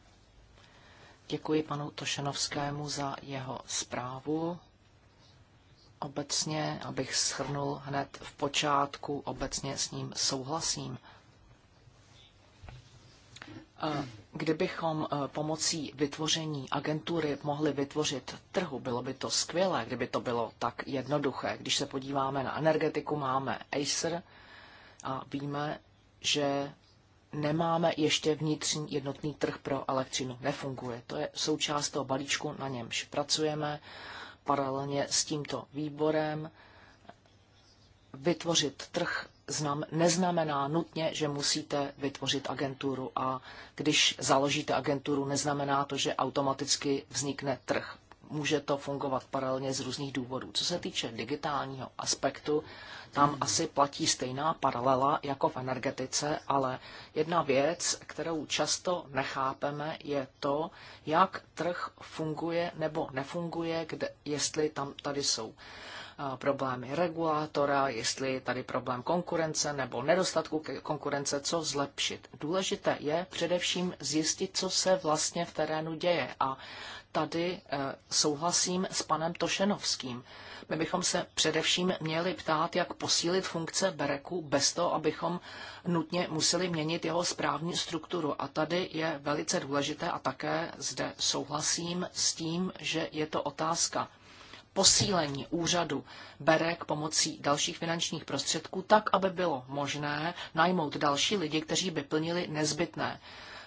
Děkuji panu Tošenovskému za jeho zprávu. Obecně, abych shrnul hned v počátku, obecně s ním souhlasím. Eh, kdybychom eh, pomocí vytvoření agentury mohli vytvořit trhu, bylo by to skvělé, kdyby to bylo tak jednoduché. Když se podíváme na energetiku, máme Acer a víme, že nemáme ještě vnitřní jednotný trh pro elektřinu. Nefunguje. To je součást toho balíčku, na němž pracujeme paralelně s tímto výborem. Vytvořit trh znam, neznamená nutně, že musíte vytvořit agenturu a když založíte agenturu, neznamená to, že automaticky vznikne trh může to fungovat paralelně z různých důvodů. Co se týče digitálního aspektu, tam asi platí stejná paralela jako v energetice, ale jedna věc, kterou často nechápeme, je to, jak trh funguje nebo nefunguje, kde, jestli tam tady jsou eh, problémy regulátora, jestli je tady problém konkurence nebo nedostatku konkurence, co zlepšit. Důležité je především zjistit, co se vlastně v terénu děje a tady eh, souhlasím s panem Tošenovským. My bychom se především měli ptát, jak posílit funkce Bereku bez toho, abychom nutně museli měnit jeho správní strukturu. A tady je velice důležité a také zde souhlasím s tím, že je to otázka posílení úřadu Berek pomocí dalších finančních prostředků, tak, aby bylo možné najmout další lidi, kteří by plnili nezbytné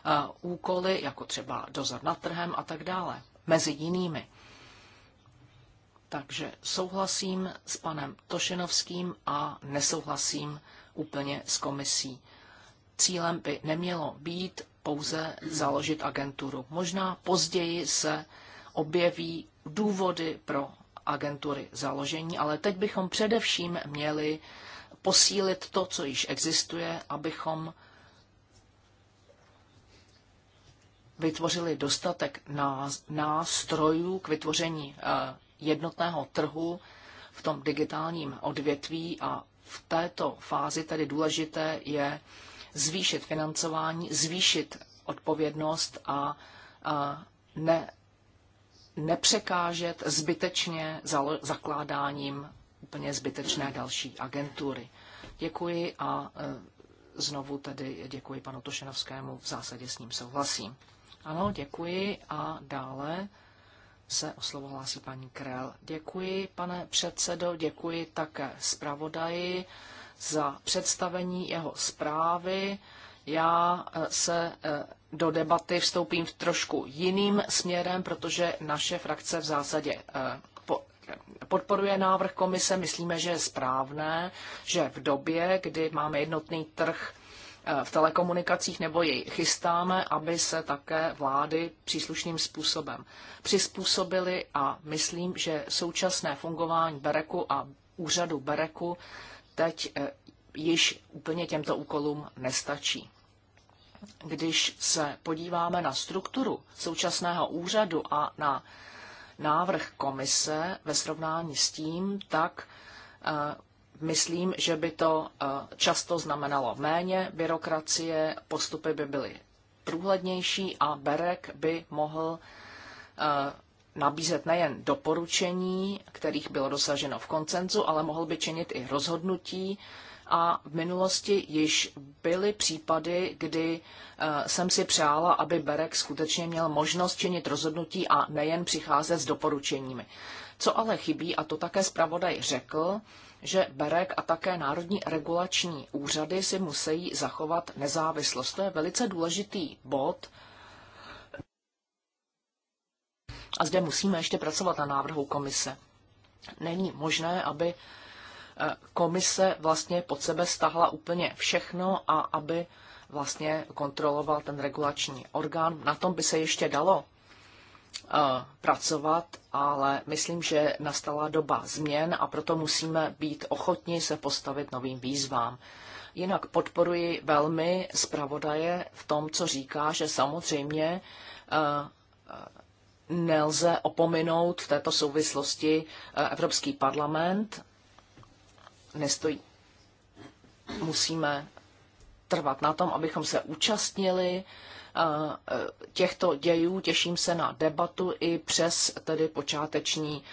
eh, úkoly, jako třeba dozor nad trhem a tak dále mezi jinými. Takže souhlasím s panem Tošinovským a nesouhlasím úplně s komisí. Cílem by nemělo být pouze založit agenturu. Možná později se objeví důvody pro agentury založení, ale teď bychom především měli posílit to, co již existuje, abychom vytvořili dostatek nástrojů k vytvoření eh, jednotného trhu v tom digitálním odvětví a v této fázi tedy důležité je zvýšit financování, zvýšit odpovědnost a, eh, ne, nepřekážet zbytečně zakládáním úplně zbytečné další agentury. Děkuji a eh, znovu tedy děkuji panu Tošenovskému, v zásadě s ním souhlasím. Ano, děkuji a dále se o slovo hlásí paní Krel. Děkuji, pane předsedo, děkuji také zpravodaji za představení jeho zprávy. Já e, se e, do debaty vstoupím v trošku jiným směrem, protože naše frakce v zásadě e, podporuje návrh komise. Myslíme, že je správné, že v době, kdy máme jednotný trh Eh, v telekomunikacích nebo jej chystáme, aby se také vlády příslušným způsobem přizpůsobily a myslím, že současné fungování Bereku a úřadu Bereku teď eh, již úplně těmto úkolům nestačí. Když se podíváme na strukturu současného úřadu a na návrh komise ve srovnání s tím, tak eh, myslím, že by to eh, často znamenalo méně byrokracie, postupy by byly průhlednější a Berek by mohl eh, nabízet nejen doporučení, kterých bylo dosaženo v koncenzu, ale mohl by činit i rozhodnutí. A v minulosti již byly případy, kdy eh, jsem si přála, aby Berek skutečně měl možnost činit rozhodnutí a nejen přicházet s doporučeními. Co ale chybí, a to také zpravodaj řekl, že BEREK a také národní regulační úřady si musí zachovat nezávislost. To je velice důležitý bod. A zde musíme ještě pracovat na návrhu komise. Není možné, aby eh, komise vlastně pod sebe stahla úplně všechno a aby vlastně kontroloval ten regulační orgán. Na tom by se ještě dalo pracovat, ale myslím, že nastala doba změn a proto musíme být ochotni se postavit novým výzvám. Jinak podporuji velmi zpravodaje v tom, co říká, že samozřejmě nelze opominout v této souvislosti Evropský parlament. Nestojí. Musíme trvat na tom, abychom se účastnili uh, E, těchto dějů. Těším se na debatu i přes tedy počáteční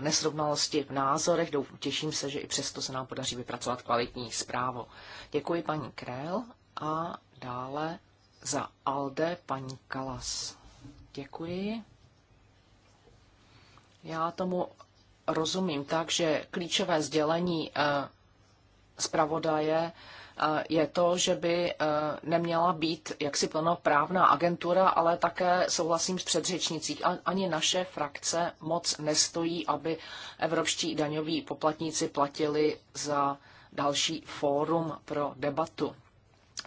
nesrovnalosti v názorech. Těším se, že i přesto se nám podaří vypracovat kvalitní zprávu. Děkuji paní Krél a dále za Alde paní Kalas. Děkuji. Já tomu rozumím tak, že klíčové sdělení e, zpravodaje je to, že by e, neměla být jaksi plnoprávná agentura, ale také souhlasím s předřečnicí. Ani naše frakce moc nestojí, aby evropští daňoví poplatníci platili za další fórum pro debatu.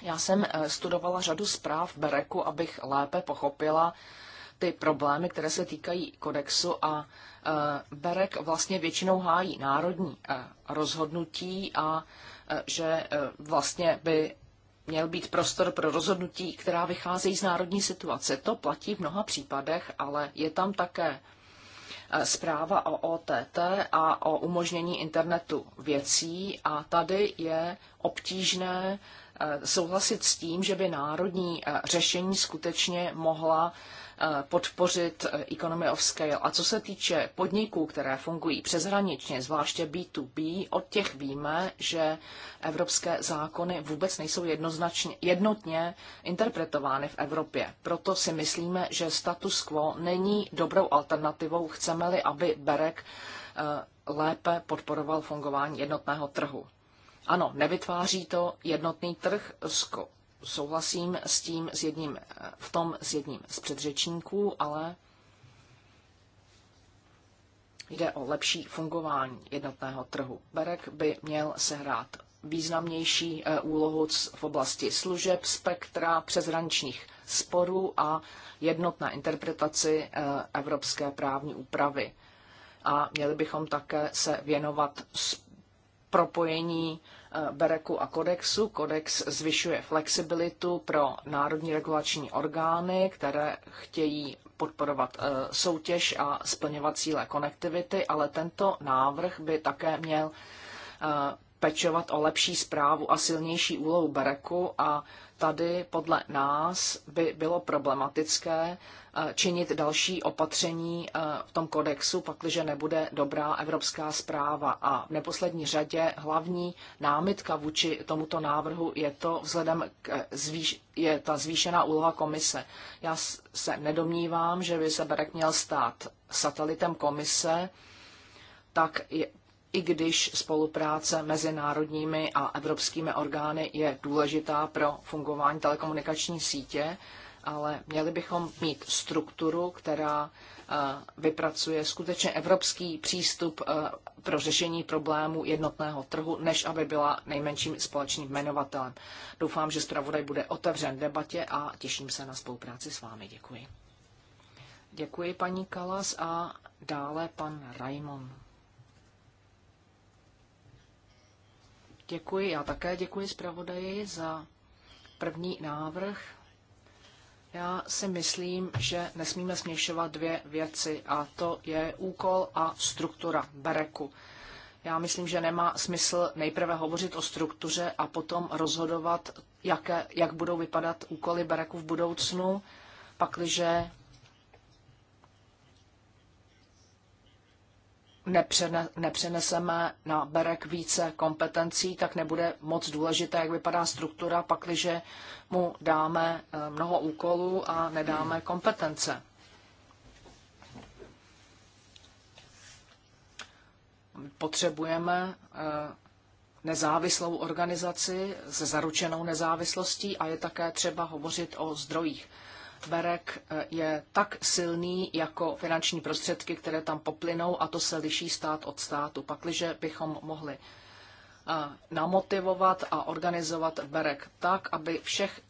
Já jsem e, studovala řadu zpráv Bereku, abych lépe pochopila ty problémy, které se týkají kodexu a e, Berek vlastně většinou hájí národní rozhodnutí a že eh, vlastně by měl být prostor pro rozhodnutí, která vycházejí z národní situace. To platí v mnoha případech, ale je tam také eh, zpráva o OTT a o umožnění internetu věcí a tady je obtížné eh, souhlasit s tím, že by národní řešení skutečně mohla Eh, podpořit eh, economy of scale. A co se týče podniků, které fungují přeshraničně, zvláště B2B, od těch víme, že evropské zákony vůbec nejsou jednoznačně, jednotně interpretovány v Evropě. Proto si myslíme, že status quo není dobrou alternativou, chceme-li, aby Berek eh, lépe podporoval fungování jednotného trhu. Ano, nevytváří to jednotný trh souhlasím s tím, s jedním, v tom s jedním z předřečníků, ale jde o lepší fungování jednotného trhu. Berek by měl sehrát významnější eh, úlohu v oblasti služeb, spektra, přezrančních sporů a jednotné interpretaci eh, evropské právní úpravy. A měli bychom také se věnovat propojení Bereku a Kodexu. Kodex zvyšuje flexibilitu pro národní regulační orgány, které chtějí podporovat eh, soutěž a splňovat cíle konektivity, ale tento návrh by také měl eh, pečovat o lepší zprávu a silnější úlohu Bereku a tady podle nás by bylo problematické eh, činit další opatření eh, v tom kodexu, pakliže nebude dobrá evropská zpráva. A v neposlední řadě hlavní námitka vůči tomuto návrhu je to vzhledem k eh, zvýš- je ta zvýšená úloha komise. Já se nedomnívám, že by se Berek měl stát satelitem komise, tak i když spolupráce mezi národními a evropskými orgány je důležitá pro fungování telekomunikační sítě, ale měli bychom mít strukturu, která eh, vypracuje skutečně evropský přístup eh, pro řešení problémů jednotného trhu, než aby byla nejmenším společným jmenovatelem. Doufám, že zpravodaj bude otevřen debatě a těším se na spolupráci s vámi. Děkuji. Děkuji paní Kalas a dále pan Raimond. Děkuji, já také děkuji zpravodaji za první návrh. Já si myslím, že nesmíme směšovat dvě věci a to je úkol a struktura bereku. Já myslím, že nemá smysl nejprve hovořit o struktuře a potom rozhodovat, jaké, jak budou vypadat úkoly bereku v budoucnu, pakliže nepřeneseme na berek více kompetencí, tak nebude moc důležité, jak vypadá struktura, pakliže mu dáme eh, mnoho úkolů a nedáme kompetence. Potřebujeme eh, nezávislou organizaci se zaručenou nezávislostí a je také třeba hovořit o zdrojích berek eh, je tak silný jako finanční prostředky, které tam poplynou a to se liší stát od státu. Pakliže bychom mohli eh, namotivovat a organizovat berek tak, aby všech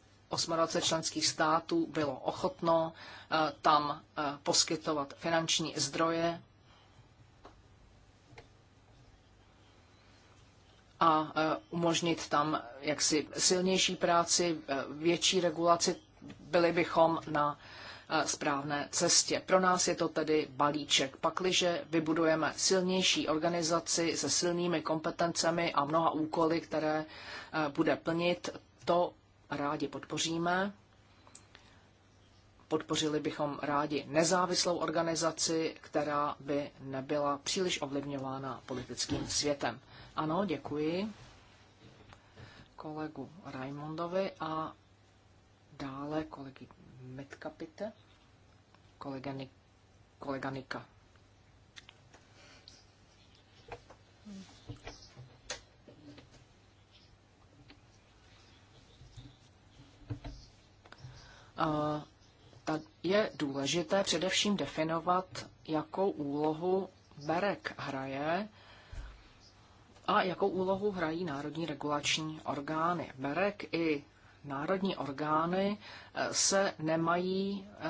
28 členských států bylo ochotno eh, tam poskytovat finanční zdroje, a umožnit tam jaksi silnější práci, větší regulaci, byli bychom na eh, správné cestě. Pro nás je to tedy balíček. Pakliže vybudujeme silnější organizaci se silnými kompetencemi a mnoha úkoly, které eh, bude plnit, to rádi podpoříme. Podpořili bychom rádi nezávislou organizaci, která by nebyla příliš ovlivňována politickým světem. Ano, děkuji kolegu Raimondovi a Dále kolegy Metkapite, kolega, Ni- kolega Nika. je důležité především definovat, jakou úlohu Berek hraje a jakou úlohu hrají národní regulační orgány. Berek i národní orgány eh, se nemají eh,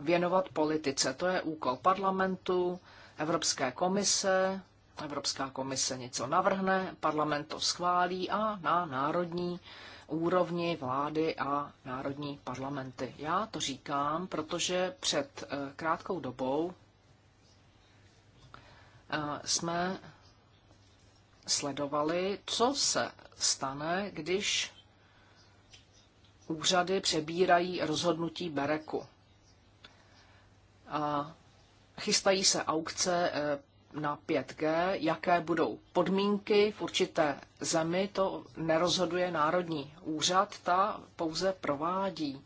věnovat politice. To je úkol parlamentu, Evropské komise, Evropská komise něco navrhne, parlament to schválí a na národní úrovni vlády a národní parlamenty. Já to říkám, protože před eh, krátkou dobou jsme sledovali, co se stane, když úřady přebírají rozhodnutí Bereku. A chystají se aukce eh, na 5G, jaké budou podmínky v určité zemi, to nerozhoduje Národní úřad, ta pouze provádí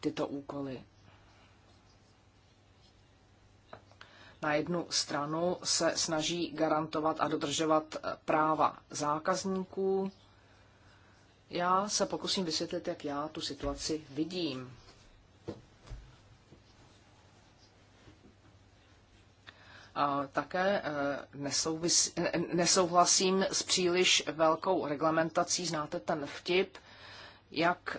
tyto úkoly. Na jednu stranu se snaží garantovat a dodržovat eh, práva zákazníků, já se pokusím vysvětlit, jak já tu situaci vidím. A také eh, nesouhlasím s příliš velkou reglementací. Znáte ten vtip, jak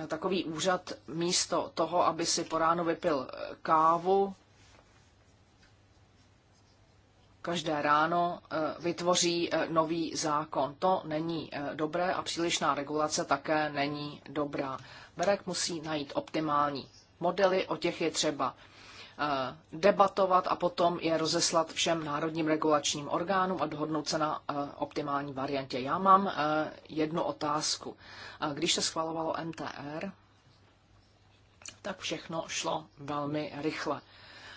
eh, takový úřad místo toho, aby si po ránu vypil eh, kávu, každé ráno eh, vytvoří eh, nový zákon. To není eh, dobré a přílišná regulace také není dobrá. Berek musí najít optimální modely, o těch je třeba debatovat a potom je rozeslat všem národním regulačním orgánům a dohodnout se na optimální variantě. Já mám jednu otázku. Když se schvalovalo MTR, tak všechno šlo velmi rychle.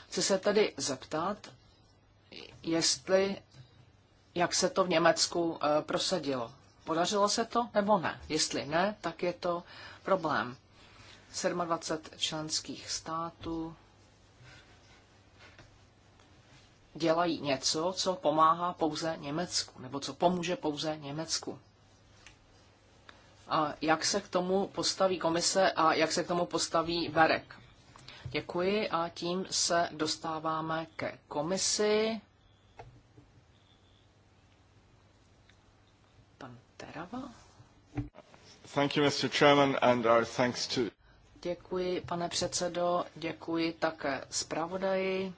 Chci se tedy zeptat, jestli, jak se to v Německu eh, prosadilo. Podařilo se to nebo ne? Jestli ne, tak je to problém. 27 členských států dělají něco, co pomáhá pouze Německu, nebo co pomůže pouze Německu. A jak se k tomu postaví komise a jak se k tomu postaví Berek? Děkuji a tím se dostáváme ke komisi. Pan Terava. Thank you, Mr. Chairman, and our thanks to... Děkuji, pane předsedo, děkuji také zpravodaji.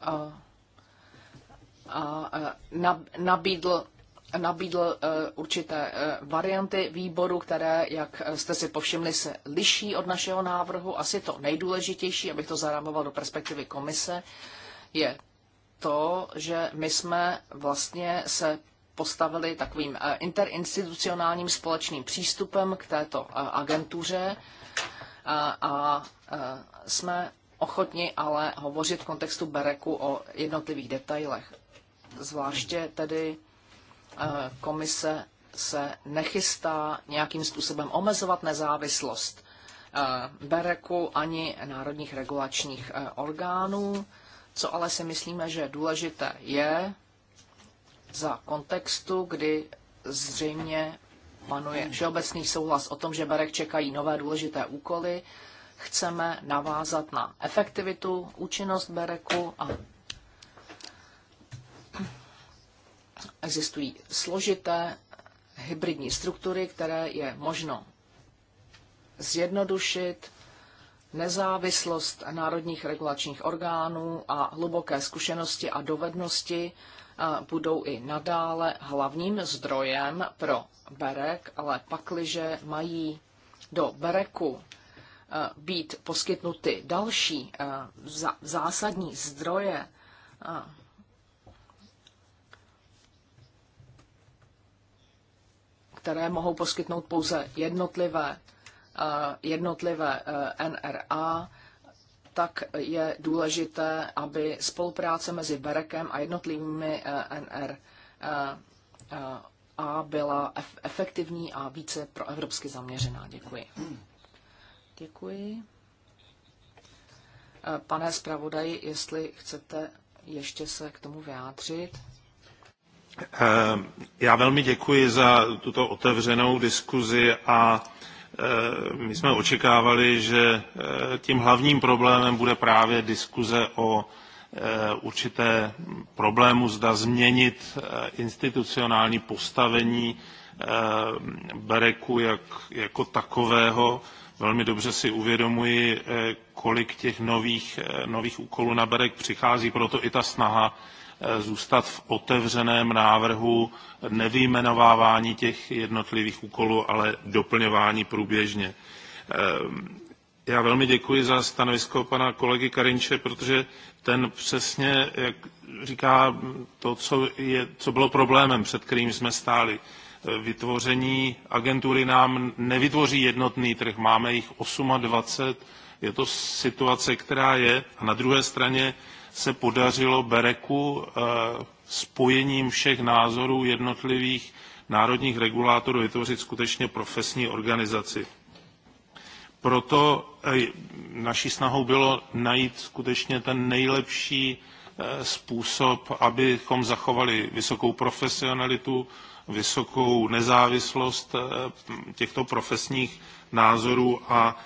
A, a, nabídl nabídl eh, určité eh, varianty výboru, které, jak eh, jste si povšimli, se liší od našeho návrhu. Asi to nejdůležitější, abych to zarámoval do perspektivy komise, je to, že my jsme vlastně se postavili takovým interinstitucionálním společným přístupem k této agentuře a jsme ochotni ale hovořit v kontextu Bereku o jednotlivých detailech. Zvláště tedy komise se nechystá nějakým způsobem omezovat nezávislost e, Bereku ani národních regulačních e, orgánů. Co ale si myslíme, že důležité je za kontextu, kdy zřejmě panuje všeobecný souhlas o tom, že Berek čekají nové důležité úkoly, chceme navázat na efektivitu, účinnost Bereku a Existují složité hybridní struktury, které je možno zjednodušit, nezávislost národních regulačních orgánů a hluboké zkušenosti a dovednosti eh, budou i nadále hlavním zdrojem pro berek, ale pakliže mají do bereku eh, být poskytnuty další eh, zásadní zdroje které mohou poskytnout pouze jednotlivé, eh, jednotlivé eh, NRA, tak je důležité, aby spolupráce mezi Berekem a jednotlivými eh, NRA byla efektivní a více proevropsky zaměřená. Děkuji. Děkuji. Pane zpravodaji, jestli chcete ještě se k tomu vyjádřit. Eh, já velmi děkuji za tuto otevřenou diskuzi a eh, my jsme očekávali, že eh, tím hlavním problémem bude právě diskuze o určité problému, zda změnit institucionální postavení Bereku jak, jako takového. Velmi dobře si uvědomuji, kolik těch nových, nových úkolů na Berek přichází, proto i ta snaha zůstat v otevřeném návrhu nevyjmenovávání těch jednotlivých úkolů, ale doplňování průběžně. Eh, já velmi děkuji za stanovisko pana kolegy Karinče, protože ten přesně jak říká to, co, je, co bylo problémem, před kterým jsme stáli. Eh, vytvoření agentury nám nevytvoří jednotný trh, máme jich 28, je to situace, která je. A na druhé straně se podařilo Bereku eh, spojením všech názorů jednotlivých národních regulátorů vytvořit skutečně profesní organizaci. Proto eh, naší snahou bylo najít skutečně ten nejlepší eh, způsob, abychom zachovali vysokou profesionalitu, vysokou nezávislost eh, těchto profesních názorů a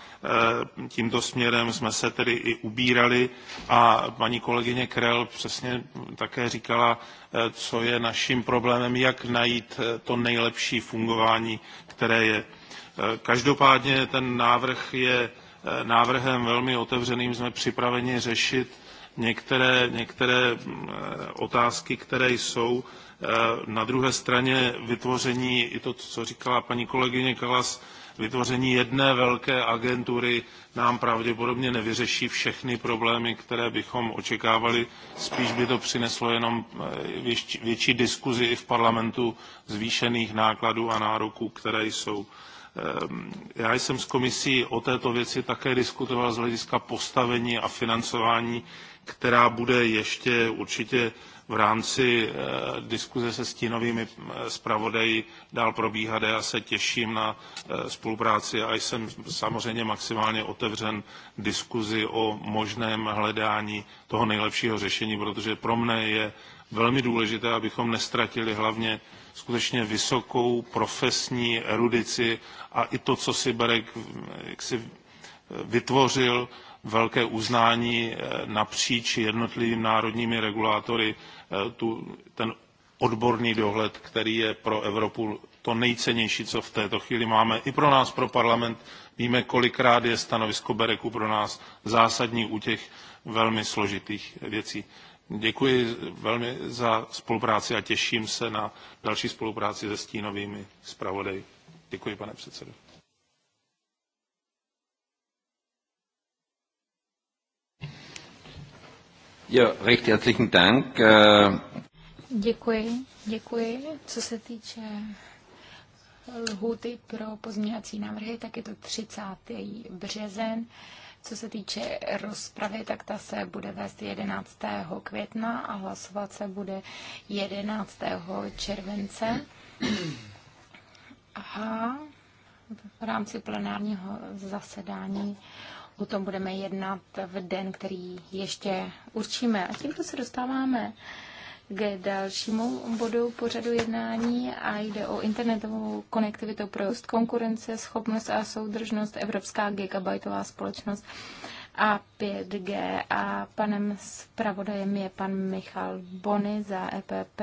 eh, tímto směrem jsme se tedy i ubírali a paní kolegyně Krel přesně také říkala, eh, co je naším problémem, jak najít to nejlepší fungování, které je. Každopádně ten návrh je návrhem velmi otevřeným, jsme připraveni řešit některé, některé mm, otázky, které jsou Eh, na druhé straně vytvoření, i to, co říkala paní kolegyně Kalas, vytvoření jedné velké agentury nám pravděpodobně nevyřeší všechny problémy, které bychom očekávali. Spíš by to přineslo jenom eh, větší, větší diskuzi i v parlamentu zvýšených nákladů a nároků, které jsou. Eh, já jsem s komisí o této věci také diskutoval z hlediska postavení a financování, která bude ještě určitě v rámci eh, diskuze se stínovými eh, zpravodaji dál probíhat. Já se těším na eh, spolupráci a jsem samozřejmě maximálně otevřen diskuzi o možném hledání toho nejlepšího řešení, protože pro mne je velmi důležité, abychom nestratili hlavně skutečně vysokou profesní erudici a i to, co si Berek jaksi vytvořil, velké uznání napříč jednotlivými národními regulátory Eh, tu, ten odborný dohled, který je pro Evropu to nejcennější, co v této chvíli máme. I pro nás, pro parlament, víme, kolikrát je stanovisko Bereku pro nás zásadní u těch velmi složitých věcí. Děkuji velmi za spolupráci a těším se na další spolupráci se stínovými zpravodaji. Děkuji, pane předsedo. Jo, recht herzlichen Dank. Äh, děkuji, děkuji. Co se týče lhuty pro pozměňovací návrhy, tak je to 30. březen. Co se týče rozpravy, tak ta se bude vést 11. května a hlasovat se bude 11. července. A v rámci plenárního zasedání O tom budeme jednat v den, který ještě určíme. A tímto se dostáváme k dalšímu bodu pořadu jednání a jde o internetovou konektivitu pro růst konkurence, schopnost a soudržnost Evropská gigabajtová společnost a 5G. A panem zpravodajem je pan Michal Bony za EPP.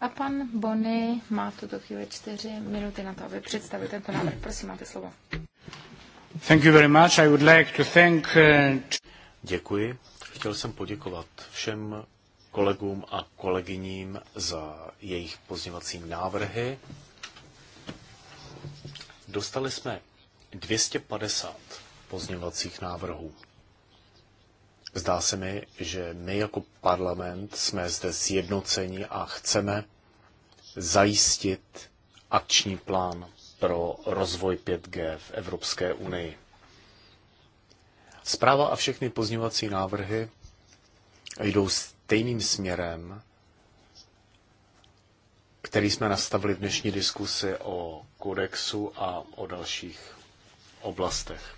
A pan Bony má v tuto chvíli čtyři minuty na to, aby představil tento návrh. Prosím, máte slovo. Děkuji. Chtěl jsem poděkovat všem kolegům a kolegyním za jejich pozněvací návrhy. Dostali jsme 250 pozněvacích návrhů. Zdá se mi, že my jako parlament jsme zde sjednoceni a chceme zajistit akční plán pro rozvoj 5G v Evropské unii. Zpráva a všechny pozňovací návrhy jdou stejným směrem, který jsme nastavili v dnešní diskusi o kodexu a o dalších oblastech.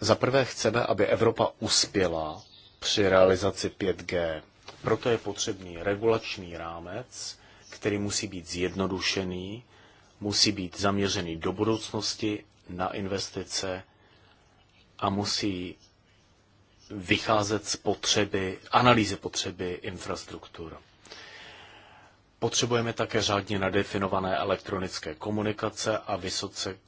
Za prvé chceme, aby Evropa uspěla při realizaci 5G. Proto je potřebný regulační rámec, který musí být zjednodušený, musí být zaměřený do budoucnosti na investice a musí vycházet z potřeby, analýzy potřeby infrastruktur. Potřebujeme také řádně nadefinované elektronické komunikace a vysoce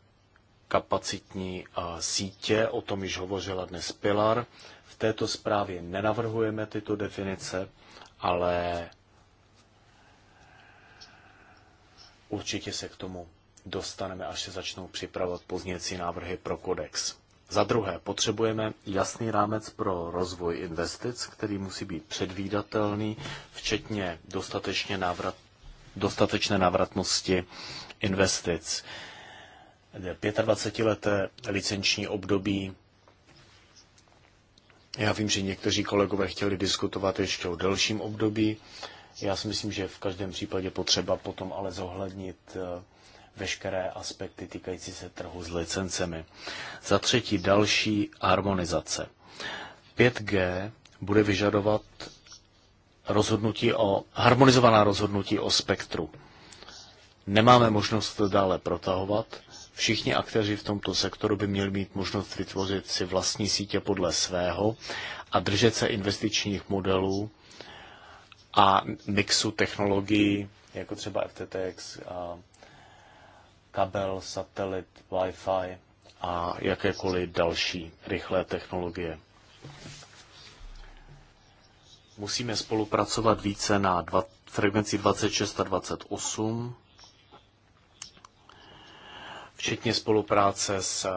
kapacitní sítě, o tom již hovořila dnes Pilar. V této zprávě nenavrhujeme tyto definice, ale Určitě se k tomu dostaneme, až se začnou připravovat pozněcí návrhy pro kodex. Za druhé, potřebujeme jasný rámec pro rozvoj investic, který musí být předvídatelný, včetně dostatečně návrat, dostatečné návratnosti investic. 25-leté licenční období. Já vím, že někteří kolegové chtěli diskutovat ještě o delším období. Já si myslím, že v každém případě potřeba potom ale zohlednit eh, veškeré aspekty týkající se trhu s licencemi. Za třetí další harmonizace. 5G bude vyžadovat rozhodnutí o, harmonizovaná rozhodnutí o spektru. Nemáme možnost to dále protahovat. Všichni aktéři v tomto sektoru by měli mít možnost vytvořit si vlastní sítě podle svého a držet se investičních modelů, a mixu technologií, jako třeba FTTX, a kabel, satelit, Wi-Fi a jakékoliv další rychlé technologie. Musíme spolupracovat více na dva, frekvenci 26 a 28, včetně spolupráce s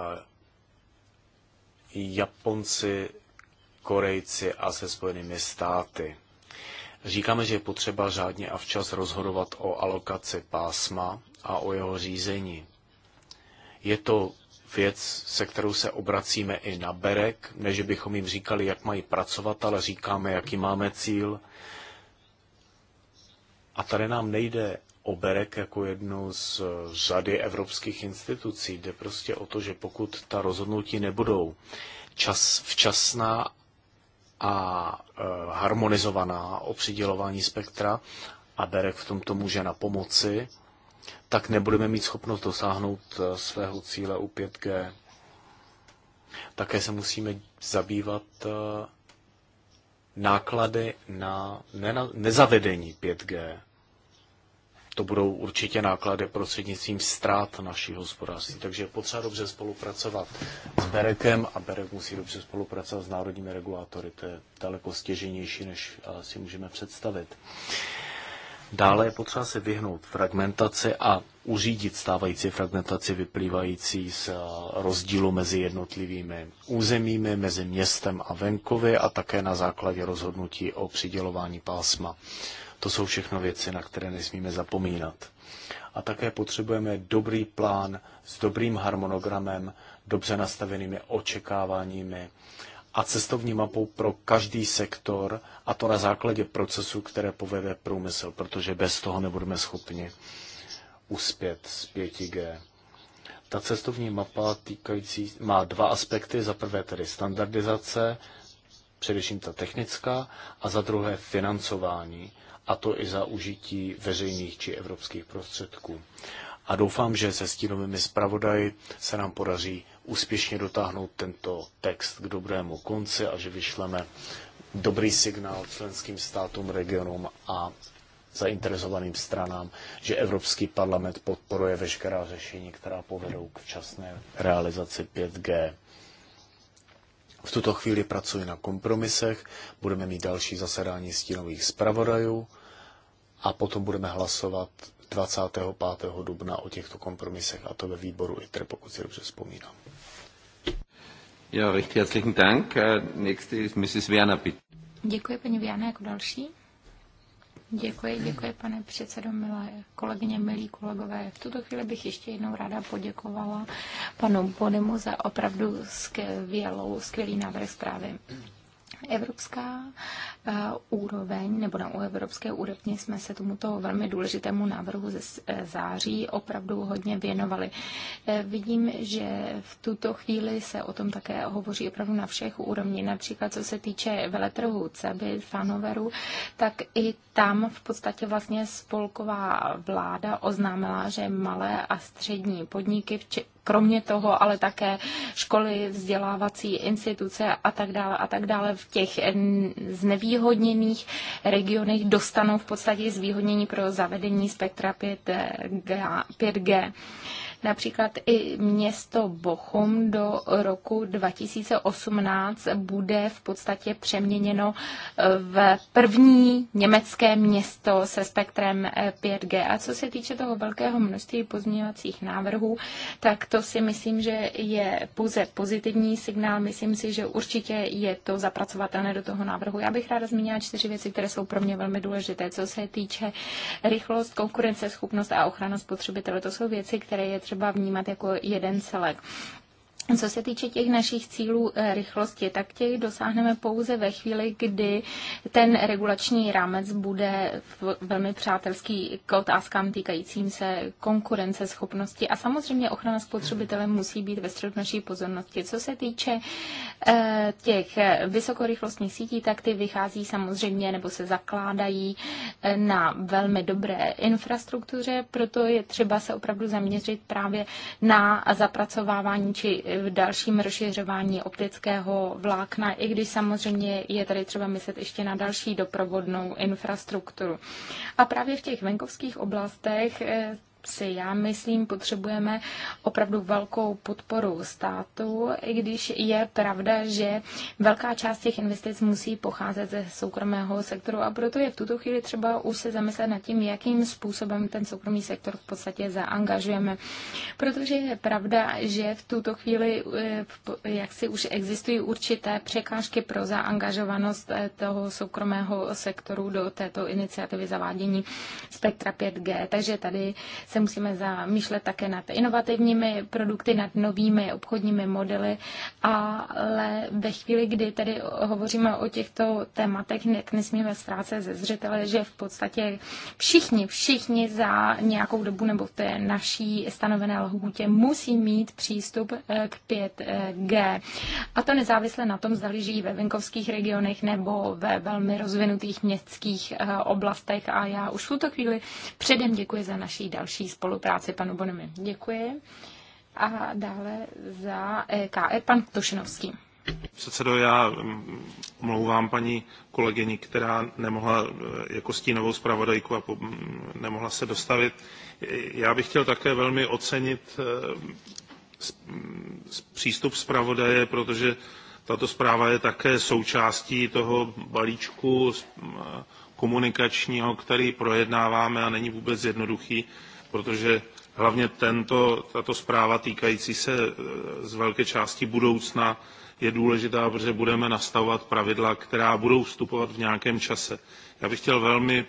Japonci, Korejci a se Spojenými státy. Říkáme, že je potřeba řádně a včas rozhodovat o alokaci pásma a o jeho řízení. Je to věc, se kterou se obracíme i na Berek, než bychom jim říkali, jak mají pracovat, ale říkáme, jaký máme cíl. A tady nám nejde o Berek jako jednu z řady evropských institucí. Jde prostě o to, že pokud ta rozhodnutí nebudou čas, včasná a e, harmonizovaná o přidělování spektra a BEREK v tomto může na pomoci, tak nebudeme mít schopnost dosáhnout e, svého cíle u 5G. Také se musíme zabývat e, náklady na nezavedení 5G to budou určitě náklady prostřednictvím ztrát našich hospodářství. Takže je potřeba dobře spolupracovat s Berekem a Berek musí dobře spolupracovat s národními regulátory. To je daleko stěženější, než eh, si můžeme představit. Dále je potřeba se vyhnout fragmentaci a uřídit stávající fragmentaci vyplývající z eh, rozdílu mezi jednotlivými územími, mezi městem a venkovy a také na základě rozhodnutí o přidělování pásma to jsou všechno věci, na které nesmíme zapomínat. A také potřebujeme dobrý plán s dobrým harmonogramem, dobře nastavenými očekáváními a cestovní mapou pro každý sektor, a to na základě procesu, které povede průmysl, protože bez toho nebudeme schopni uspět z 5G. Ta cestovní mapa týkající má dva aspekty. Za prvé tedy standardizace, především ta technická, a za druhé financování a to i za užití veřejných či evropských prostředků. A doufám, že se stínovými zpravodaji se nám podaří úspěšně dotáhnout tento text k dobrému konci a že vyšleme dobrý signál členským státům, regionům a zainteresovaným stranám, že Evropský parlament podporuje veškerá řešení, která povedou k včasné realizaci 5G. V tuto chvíli pracuji na kompromisech, budeme mít další zasedání stínových zpravodajů a potom budeme hlasovat 25. dubna o těchto kompromisech, a to ve výboru ITRE, pokud si dobře vzpomínám. Jo, recht herzlichen Dank. Äh, nächste ist Mrs. Werner, bitte. Děkuji, paní Viana, jako další. Děkuji, děkuji, pane předsedo, milé kolegyně, milí kolegové. V tuto chvíli bych ještě jednou ráda poděkovala panu Bonemu za opravdu skvělou, skvělý návrh zprávy. Evropská eh, úroveň nebo na evropské úrovni jsme se tomuto velmi důležitému návrhu ze eh, září opravdu hodně věnovali. Eh, vidím, že v tuto chvíli se o tom také hovoří opravdu na všech úrovních. Například co se týče veletrhu CEBY, Fanoveru, tak i tam v podstatě vlastně spolková vláda oznámila, že malé a střední podniky, kromě toho ale také školy, vzdělávací instituce a tak dále a tak dále v těch znevýhodněných regionech dostanou v podstatě zvýhodnění pro zavedení spektra 5G. Eh, 5G. Například i město Bochum do roku 2018 bude v podstatě přeměněno eh, v první německé město se spektrem 5G. Eh, a co se týče toho velkého množství pozměňovacích návrhů, tak to si myslím, že je pouze pozitivní signál. Myslím si, že určitě je to zapracovatelné do toho návrhu. Já bych ráda zmínila čtyři věci, které jsou pro mě velmi důležité. Co se týče rychlost, konkurenceschopnost a ochrana spotřebitele, to jsou věci, které je třeba třeba vnímat jako jeden celek. Co se týče těch našich cílů eh, rychlosti, tak těch dosáhneme pouze ve chvíli, kdy ten regulační rámec bude velmi přátelský k otázkám týkajícím se konkurence, schopnosti a samozřejmě ochrana spotřebitele musí být ve středu naší pozornosti. Co se týče eh, těch vysokorychlostních sítí, tak ty vychází samozřejmě nebo se zakládají eh, na velmi dobré infrastruktuře, proto je třeba se opravdu zaměřit právě na zapracovávání či v dalším rozšiřování optického vlákna, i když samozřejmě je tady třeba myslet ještě na další doprovodnou infrastrukturu. A právě v těch venkovských oblastech eh, psy. Já myslím, potřebujeme opravdu velkou podporu státu, i když je pravda, že velká část těch investic musí pocházet ze soukromého sektoru a proto je v tuto chvíli třeba už se zamyslet nad tím, jakým způsobem ten soukromý sektor v podstatě zaangažujeme. Protože je pravda, že v tuto chvíli eh, jak si už existují určité překážky pro zaangažovanost eh, toho soukromého sektoru do této iniciativy zavádění spektra 5G. Takže tady se musíme zamýšlet také nad inovativními produkty, nad novými obchodními modely, ale ve chvíli, kdy tedy hovoříme o těchto tématech, nesmíme ztrácet ze zřetele, že v podstatě všichni, všichni za nějakou dobu nebo v té naší stanovené lhůtě musí mít přístup eh, k 5G. Eh, A to nezávisle na tom, zda žijí ve venkovských regionech nebo ve velmi rozvinutých městských eh, oblastech. A já už v tuto chvíli předem děkuji za naší další vaší spolupráci panu Bonemi. Děkuji. A dále za EKR e, pan Tošinovský. Předsedo, já omlouvám mm, paní kolegyni, která nemohla eh, jako stínovou zpravodajku a mm, nemohla se dostavit. Já bych chtěl také velmi ocenit eh, mm, přístup zpravodaje, protože tato zpráva je také součástí toho balíčku komunikačního, který projednáváme a není vůbec jednoduchý protože hlavně tento, tato zpráva týkající se e, z velké části budoucna je důležitá, protože budeme nastavovat pravidla, která budou vstupovat v nějakém čase. Já bych chtěl velmi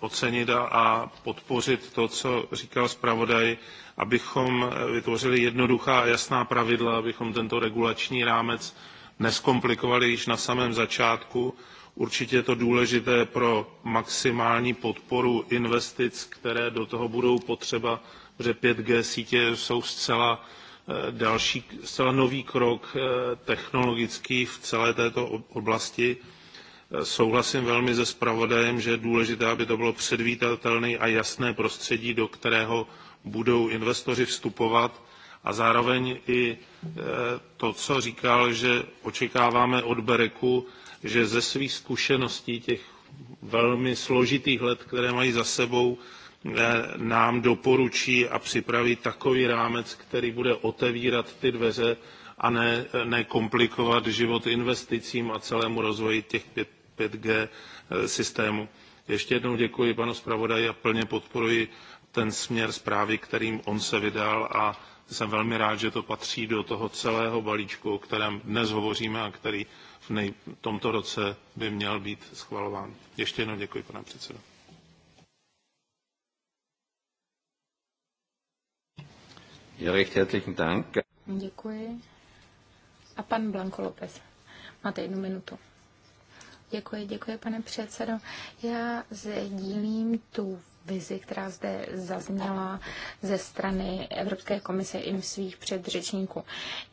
ocenit a podpořit to, co říkal zpravodaj, abychom e, vytvořili jednoduchá a jasná pravidla, abychom tento regulační rámec neskomplikovali již na samém začátku Určitě je to důležité pro maximální podporu investic, které do toho budou potřeba, protože 5G sítě jsou zcela eh, další, zcela nový krok eh, technologický v celé této oblasti. Eh, souhlasím velmi se zpravodajem, že je důležité, aby to bylo předvídatelné a jasné prostředí, do kterého budou investoři vstupovat. A zároveň i to, co říkal, že očekáváme od Bereku, že ze svých zkušeností těch velmi složitých let, které mají za sebou, eh, nám doporučí a připraví takový rámec, který bude otevírat ty dveře a ne, ne komplikovat život investicím a celému rozvoji těch 5, 5G eh, systémů. Ještě jednou děkuji panu zpravodaji a plně podporuji ten směr zprávy, kterým on se vydal a jsem velmi rád, že to patří do toho celého balíčku, o kterém dnes hovoříme a který v nej, tomto roce by měl být schvalován. Ještě jednou děkuji, pane předsedo. Děkuji. A pan Blanco López. Máte jednu minutu. Děkuji, děkuji, pane předsedo. Já sdílím tu vizi, která zde zazněla ze strany Evropské komise i svých předřečníků.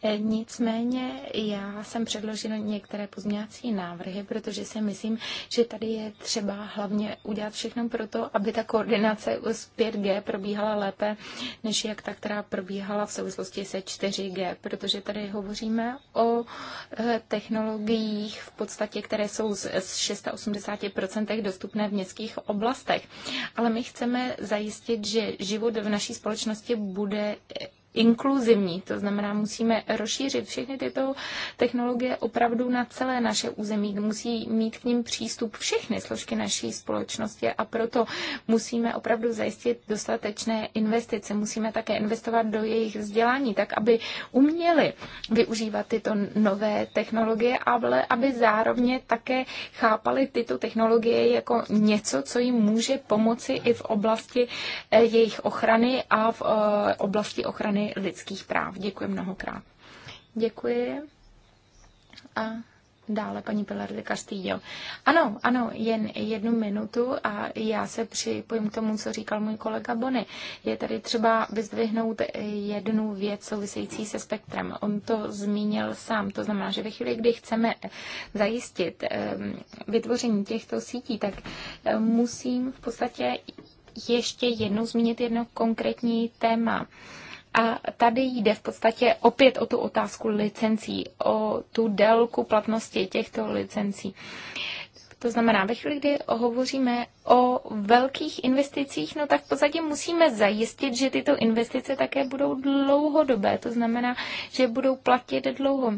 E, nicméně já jsem předložila některé pozměňovací návrhy, protože si myslím, že tady je třeba hlavně udělat všechno pro to, aby ta koordinace s 5G probíhala lépe, než jak ta, která probíhala v souvislosti se 4G, protože tady hovoříme o e, technologiích v podstatě, které jsou z 86% dostupné v městských oblastech. Ale my chceme zajistit, že život v naší společnosti bude inkluzivní, to znamená, musíme rozšířit všechny tyto technologie opravdu na celé naše území. Musí mít k ním přístup všechny složky naší společnosti a proto musíme opravdu zajistit dostatečné investice. Musíme také investovat do jejich vzdělání, tak aby uměli využívat tyto nové technologie, ale aby zároveň také chápali tyto technologie jako něco, co jim může pomoci i v oblasti eh, jejich ochrany a v eh, oblasti ochrany ochrany lidských práv. Děkuji mnohokrát. Děkuji. A dále paní Pilar de Castillo. Ano, ano, jen jednu minutu a já se připojím k tomu, co říkal můj kolega Bony. Je tady třeba vyzdvihnout jednu věc související se spektrem. On to zmínil sám, to znamená, že ve chvíli, kdy chceme zajistit ehm, vytvoření těchto sítí, tak ehm, musím v podstatě ještě jednou zmínit jedno konkrétní téma. A tady jde v podstatě opět o tu otázku licencí, o tu délku platnosti těchto licencí. To znamená, ve chvíli, kdy hovoříme o velkých investicích, no tak v podstatě musíme zajistit, že tyto investice také budou dlouhodobé. To znamená, že budou platit dlouho.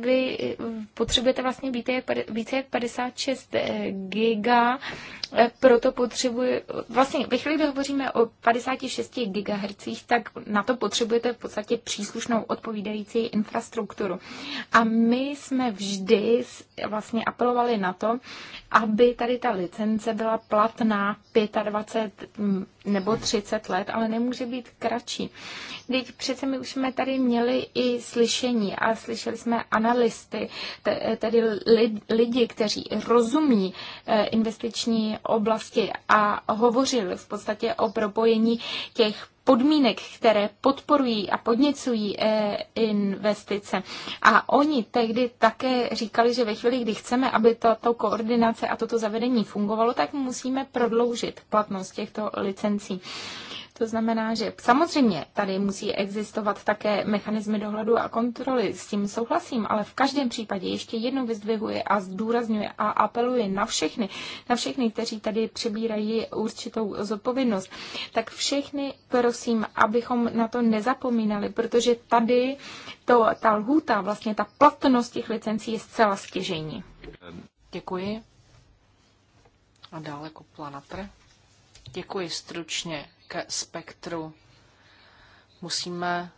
Vy potřebujete vlastně více jak 56 eh, giga, eh, proto potřebuje, vlastně ve chvíli, kdy hovoříme o 56 GHz, tak na to potřebujete v podstatě příslušnou odpovídající infrastrukturu. A my jsme vždy vlastně apelovali na to, aby tady ta licence byla platná 25 mm, nebo 30 let, ale nemůže být kratší. Teď přece my už jsme tady měli i slyšení a slyšeli jsme analysty, tedy lidi, kteří rozumí eh, investiční oblasti a hovořili v podstatě o propojení těch podmínek, které podporují a podněcují eh, investice. A oni tehdy také říkali, že ve chvíli, kdy chceme, aby tato koordinace a toto zavedení fungovalo, tak musíme prodloužit platnost těchto licencí. To znamená, že samozřejmě tady musí existovat také mechanismy dohledu a kontroly, s tím souhlasím, ale v každém případě ještě jednou vyzdvihuje a zdůrazňuje a apeluje na všechny, na všechny, kteří tady přebírají určitou zodpovědnost, tak všechny prosím, abychom na to nezapomínali, protože tady to, ta lhůta, vlastně ta platnost těch licencí je zcela stěžení. Děkuji. A dále Kopla na Děkuji stručně ke spektru. Musíme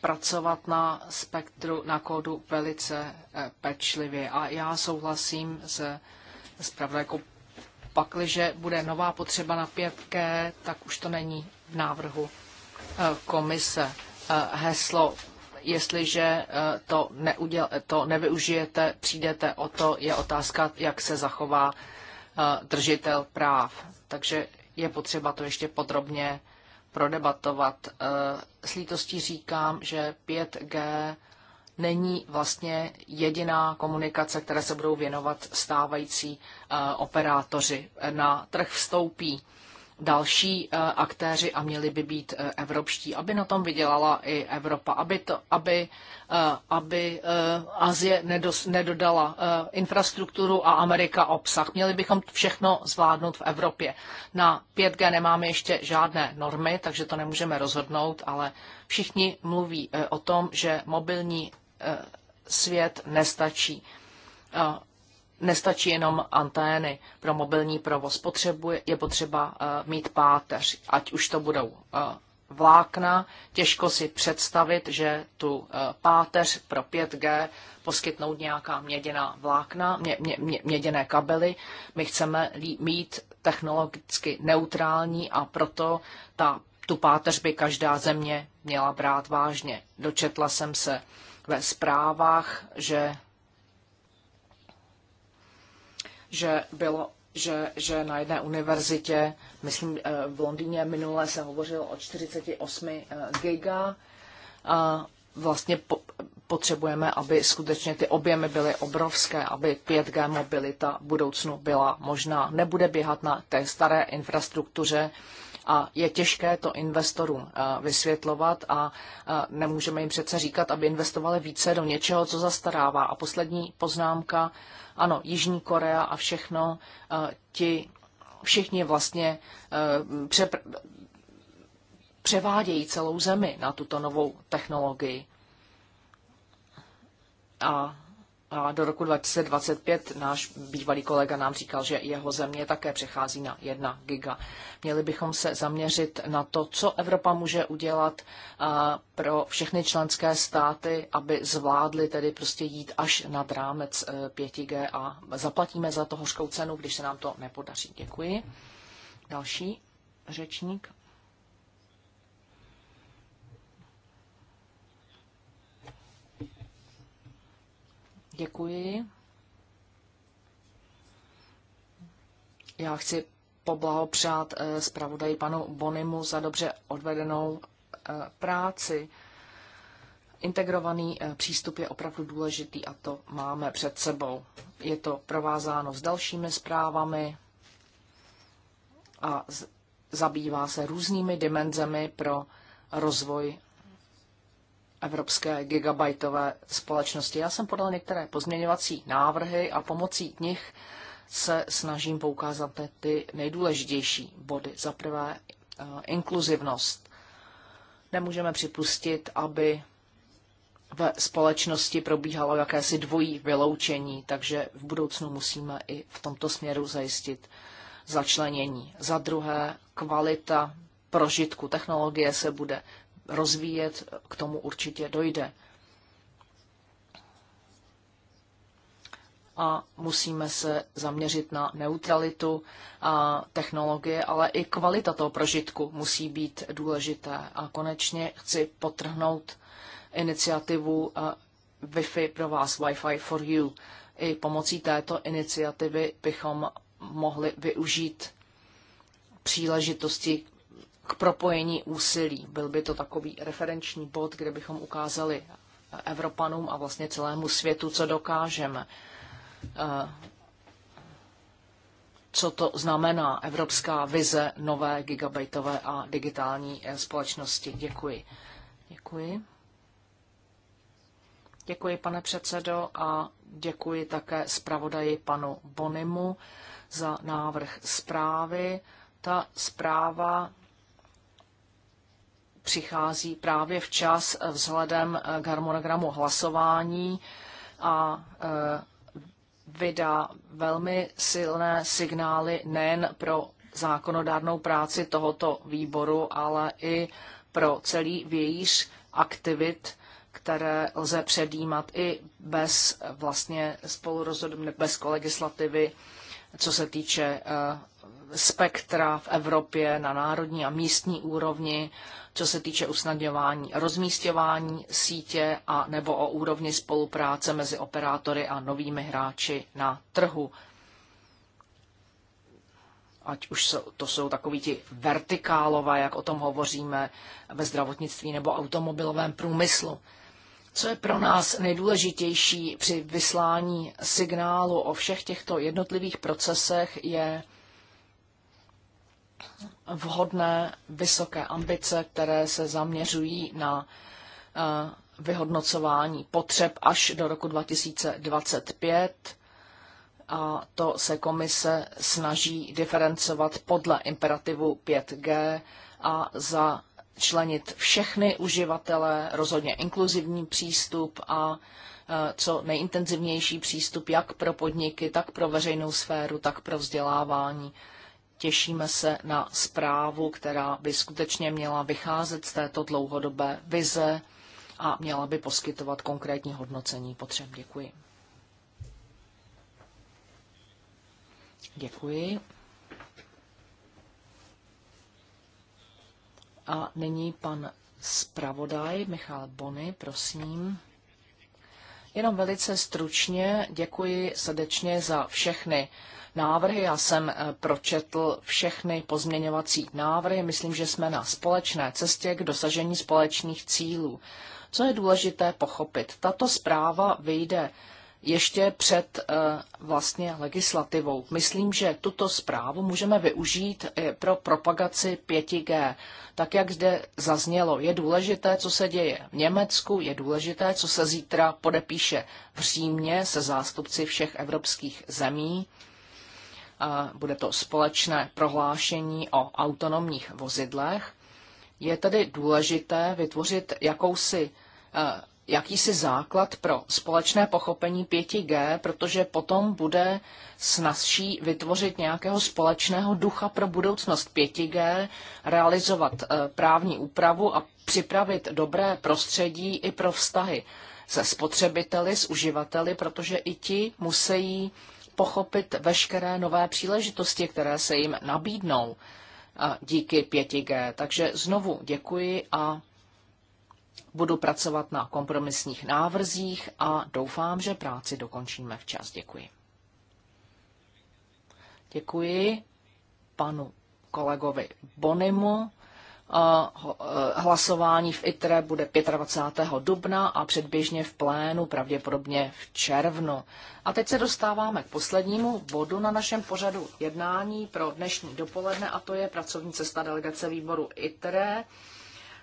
pracovat na spektru, na kódu velice eh, pečlivě. A já souhlasím se zpravodajkou. Pakliže bude nová potřeba na 5G, tak už to není v návrhu eh, komise. Eh, heslo, jestliže to, neuděl, to nevyužijete, přijdete o to, je otázka, jak se zachová držitel práv. Takže je potřeba to ještě podrobně prodebatovat. Eh, s lítostí říkám, že 5G není vlastně jediná komunikace, které se budou věnovat stávající eh, operátoři. Na trh vstoupí další eh, aktéři a měli by být eh, evropští, aby na tom vydělala i Evropa, aby, to, aby, eh, aby Azie nedos, nedodala infrastrukturu a Amerika obsah. Měli bychom všechno zvládnout v Evropě. Na 5G nemáme ještě žádné normy, takže to nemůžeme rozhodnout, ale všichni mluví o tom, že mobilní svět nestačí nestačí jenom antény pro mobilní provoz. Potřebuje, je potřeba eh, mít páteř, ať už to budou eh, vlákna. Těžko si představit, že tu eh, páteř pro 5G poskytnout nějaká měděná vlákna, mě, mě, mě, měděné kabely. My chceme mít technologicky neutrální a proto ta, tu páteř by každá země měla brát vážně. Dočetla jsem se ve zprávách, že že bylo že, že na jedné univerzitě, myslím eh, v Londýně minule se hovořilo o 48 eh, giga. A vlastně potřebujeme, aby skutečně ty objemy byly obrovské, aby 5G mobilita v budoucnu byla možná. Nebude běhat na té staré infrastruktuře, a je těžké to investorům eh, vysvětlovat a eh, nemůžeme jim přece říkat, aby investovali více do něčeho, co zastarává. A poslední poznámka, ano, Jižní Korea a všechno, eh, ti všichni vlastně přepr- převádějí celou zemi na tuto novou technologii. A a do roku 2025 náš bývalý kolega nám říkal, že jeho země také přechází na 1 giga. Měli bychom se zaměřit na to, co Evropa může udělat pro všechny členské státy, aby zvládly tedy prostě jít až nad rámec 5G e, a zaplatíme za to hořkou cenu, když se nám to nepodaří. Děkuji. Další řečník. Děkuji. Já chci poblahopřát eh, zpravodaji panu Bonimu za dobře odvedenou eh, práci. Integrovaný eh, přístup je opravdu důležitý a to máme před sebou. Je to provázáno s dalšími zprávami a zabývá se různými dimenzemi pro rozvoj evropské gigabajtové společnosti. Já jsem podal některé pozměňovací návrhy a pomocí nich se snažím poukázat ty nejdůležitější body. Za prvé eh, inkluzivnost. Nemůžeme připustit, aby ve společnosti probíhalo jakési dvojí vyloučení, takže v budoucnu musíme i v tomto směru zajistit začlenění. Za druhé, kvalita prožitku technologie se bude rozvíjet, k tomu určitě dojde. A musíme se zaměřit na neutralitu a technologie, ale i kvalita toho prožitku musí být důležité. A konečně chci potrhnout iniciativu eh, Wi-Fi pro vás, Wi-Fi for you. I pomocí této iniciativy bychom mohli využít příležitosti k propojení úsilí. Byl by to takový referenční bod, kde bychom ukázali Evropanům a vlastně celému světu, co dokážeme. Eh, co to znamená evropská vize nové gigabajtové a digitální eh, společnosti? Děkuji. Děkuji. Děkuji, pane předsedo, a děkuji také zpravodaji panu Bonimu za návrh zprávy. Ta zpráva přichází právě včas vzhledem eh, k harmonogramu hlasování a eh, vydá velmi silné signály nejen pro zákonodárnou práci tohoto výboru, ale i pro celý vějíř aktivit, které lze předjímat i bez eh, vlastně spolurozhodu, bez kolegislativy, co se týče spektra v Evropě na národní a místní úrovni, co se týče usnadňování rozmístěvání sítě a nebo o úrovni spolupráce mezi operátory a novými hráči na trhu. Ať už to jsou takoví ti vertikálové, jak o tom hovoříme ve zdravotnictví nebo automobilovém průmyslu. Co je pro nás nejdůležitější při vyslání signálu o všech těchto jednotlivých procesech, je vhodné vysoké ambice, které se zaměřují na eh, vyhodnocování potřeb až do roku 2025 a to se komise snaží diferencovat podle imperativu 5G a začlenit všechny uživatele, rozhodně inkluzivní přístup a eh, co nejintenzivnější přístup jak pro podniky, tak pro veřejnou sféru, tak pro vzdělávání těšíme se na zprávu, která by skutečně měla vycházet z této dlouhodobé vize a měla by poskytovat konkrétní hodnocení potřeb. Děkuji. Děkuji. A nyní pan zpravodaj Michal Bony, prosím. Jenom velice stručně děkuji srdečně za všechny návrhy. Já jsem eh, pročetl všechny pozměňovací návrhy. Myslím, že jsme na společné cestě k dosažení společných cílů. Co je důležité pochopit? Tato zpráva vyjde ještě před eh, vlastně legislativou. Myslím, že tuto zprávu můžeme využít eh, pro propagaci 5G. Tak, jak zde zaznělo, je důležité, co se děje v Německu, je důležité, co se zítra podepíše v Římě se zástupci všech evropských zemí. Bude to společné prohlášení o autonomních vozidlech. Je tedy důležité vytvořit jakousi eh, jakýsi základ pro společné pochopení 5G, protože potom bude snazší vytvořit nějakého společného ducha pro budoucnost 5G, realizovat eh, právní úpravu a připravit dobré prostředí i pro vztahy se spotřebiteli, s uživateli, protože i ti musí pochopit veškeré nové příležitosti, které se jim nabídnou eh, díky 5G. Takže znovu děkuji a Budu pracovat na kompromisních návrzích a doufám, že práci dokončíme včas. Děkuji. Děkuji panu kolegovi Bonimu. E, hlasování v ITRE bude 25. dubna a předběžně v plénu pravděpodobně v červnu. A teď se dostáváme k poslednímu bodu na našem pořadu jednání pro dnešní dopoledne a to je pracovní cesta delegace výboru ITRE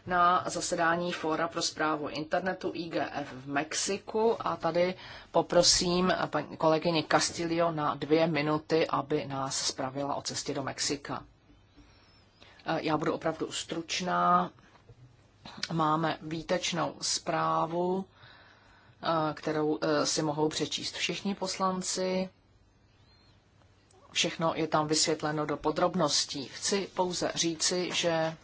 na zasedání Fóra pro zprávu internetu IGF v Mexiku a tady poprosím paní kolegyni Castillo na dvě minuty, aby nás zpravila o cestě do Mexika. Eh, já budu opravdu stručná. Máme výtečnou zprávu, eh, kterou eh, si mohou přečíst všichni poslanci. Všechno je tam vysvětleno do podrobností. Chci pouze říci, že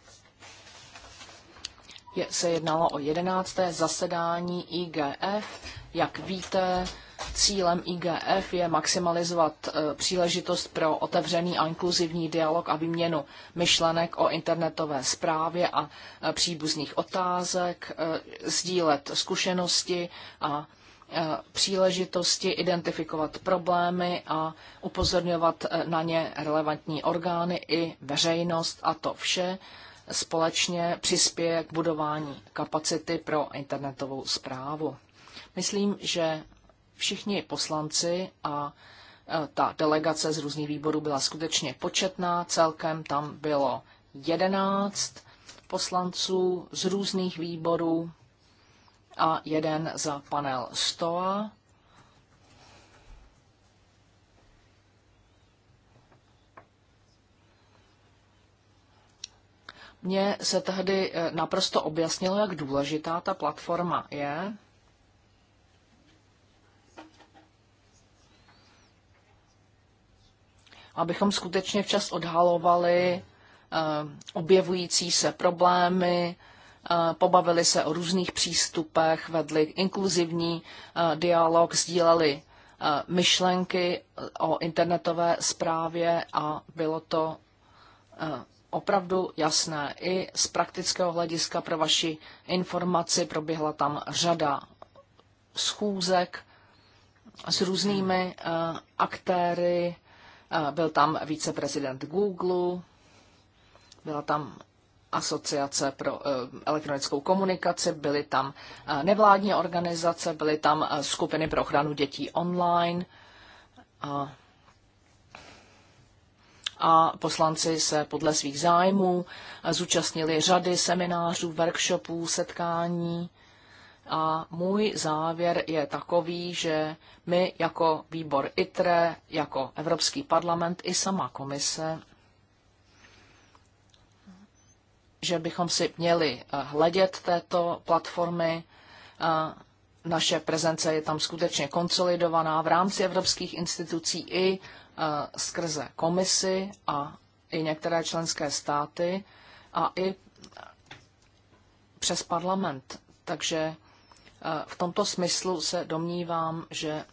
je, se jednalo o jedenácté zasedání IGF. Jak víte, cílem IGF je maximalizovat eh, příležitost pro otevřený a inkluzivní dialog a výměnu myšlenek o internetové správě a eh, příbuzných otázek, eh, sdílet zkušenosti a příležitosti identifikovat problémy a upozorňovat na ně relevantní orgány i veřejnost a to vše společně přispěje k budování kapacity pro internetovou zprávu. Myslím, že všichni poslanci a e, ta delegace z různých výborů byla skutečně početná, celkem tam bylo 11 poslanců z různých výborů a jeden za panel STOA. Mně se tehdy eh, naprosto objasnilo, jak důležitá ta platforma je. Abychom skutečně včas odhalovali eh, objevující se problémy, eh, pobavili se o různých přístupech, vedli inkluzivní dialog, sdíleli myšlenky o internetové zprávě a bylo to opravdu jasné. I z praktického hlediska pro vaši informaci proběhla tam řada schůzek s různými eh, aktéry. Eh, byl tam viceprezident Google, byla tam asociace pro eh, elektronickou komunikaci, byly tam nevládní organizace, byly tam skupiny pro ochranu dětí online a poslanci se podle svých zájmů zúčastnili řady seminářů, workshopů, setkání. A můj závěr je takový, že my jako výbor ITRE, jako Evropský parlament i sama komise, že bychom si měli eh, hledět této platformy. Eh, naše prezence je tam skutečně konsolidovaná v rámci evropských institucí i Eh, skrze komisi a i některé členské státy a i přes parlament. Takže eh, v tomto smyslu se domnívám, že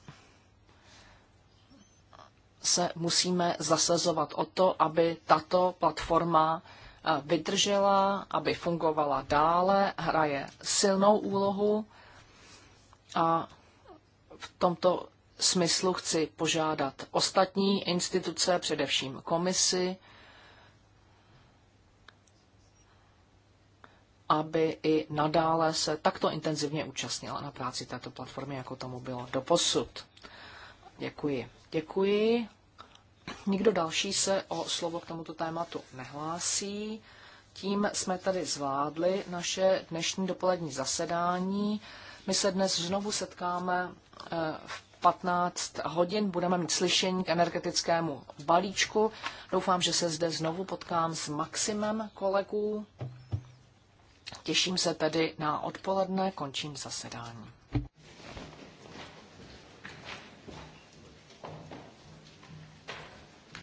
se musíme zasazovat o to, aby tato platforma eh, vydržela, aby fungovala dále, hraje silnou úlohu a v tomto smyslu chci požádat ostatní instituce, především komisi, aby i nadále se takto intenzivně účastnila na práci této platformy, jako tomu bylo do posud. Děkuji. Děkuji. Nikdo další se o slovo k tomuto tématu nehlásí. Tím jsme tady zvládli naše dnešní dopolední zasedání. My se dnes znovu setkáme eh, v 15 hodin budeme mít slyšení k energetickému balíčku. Doufám, že se zde znovu potkám s Maximem kolegů. Těším se tedy na odpoledne, končím zasedání.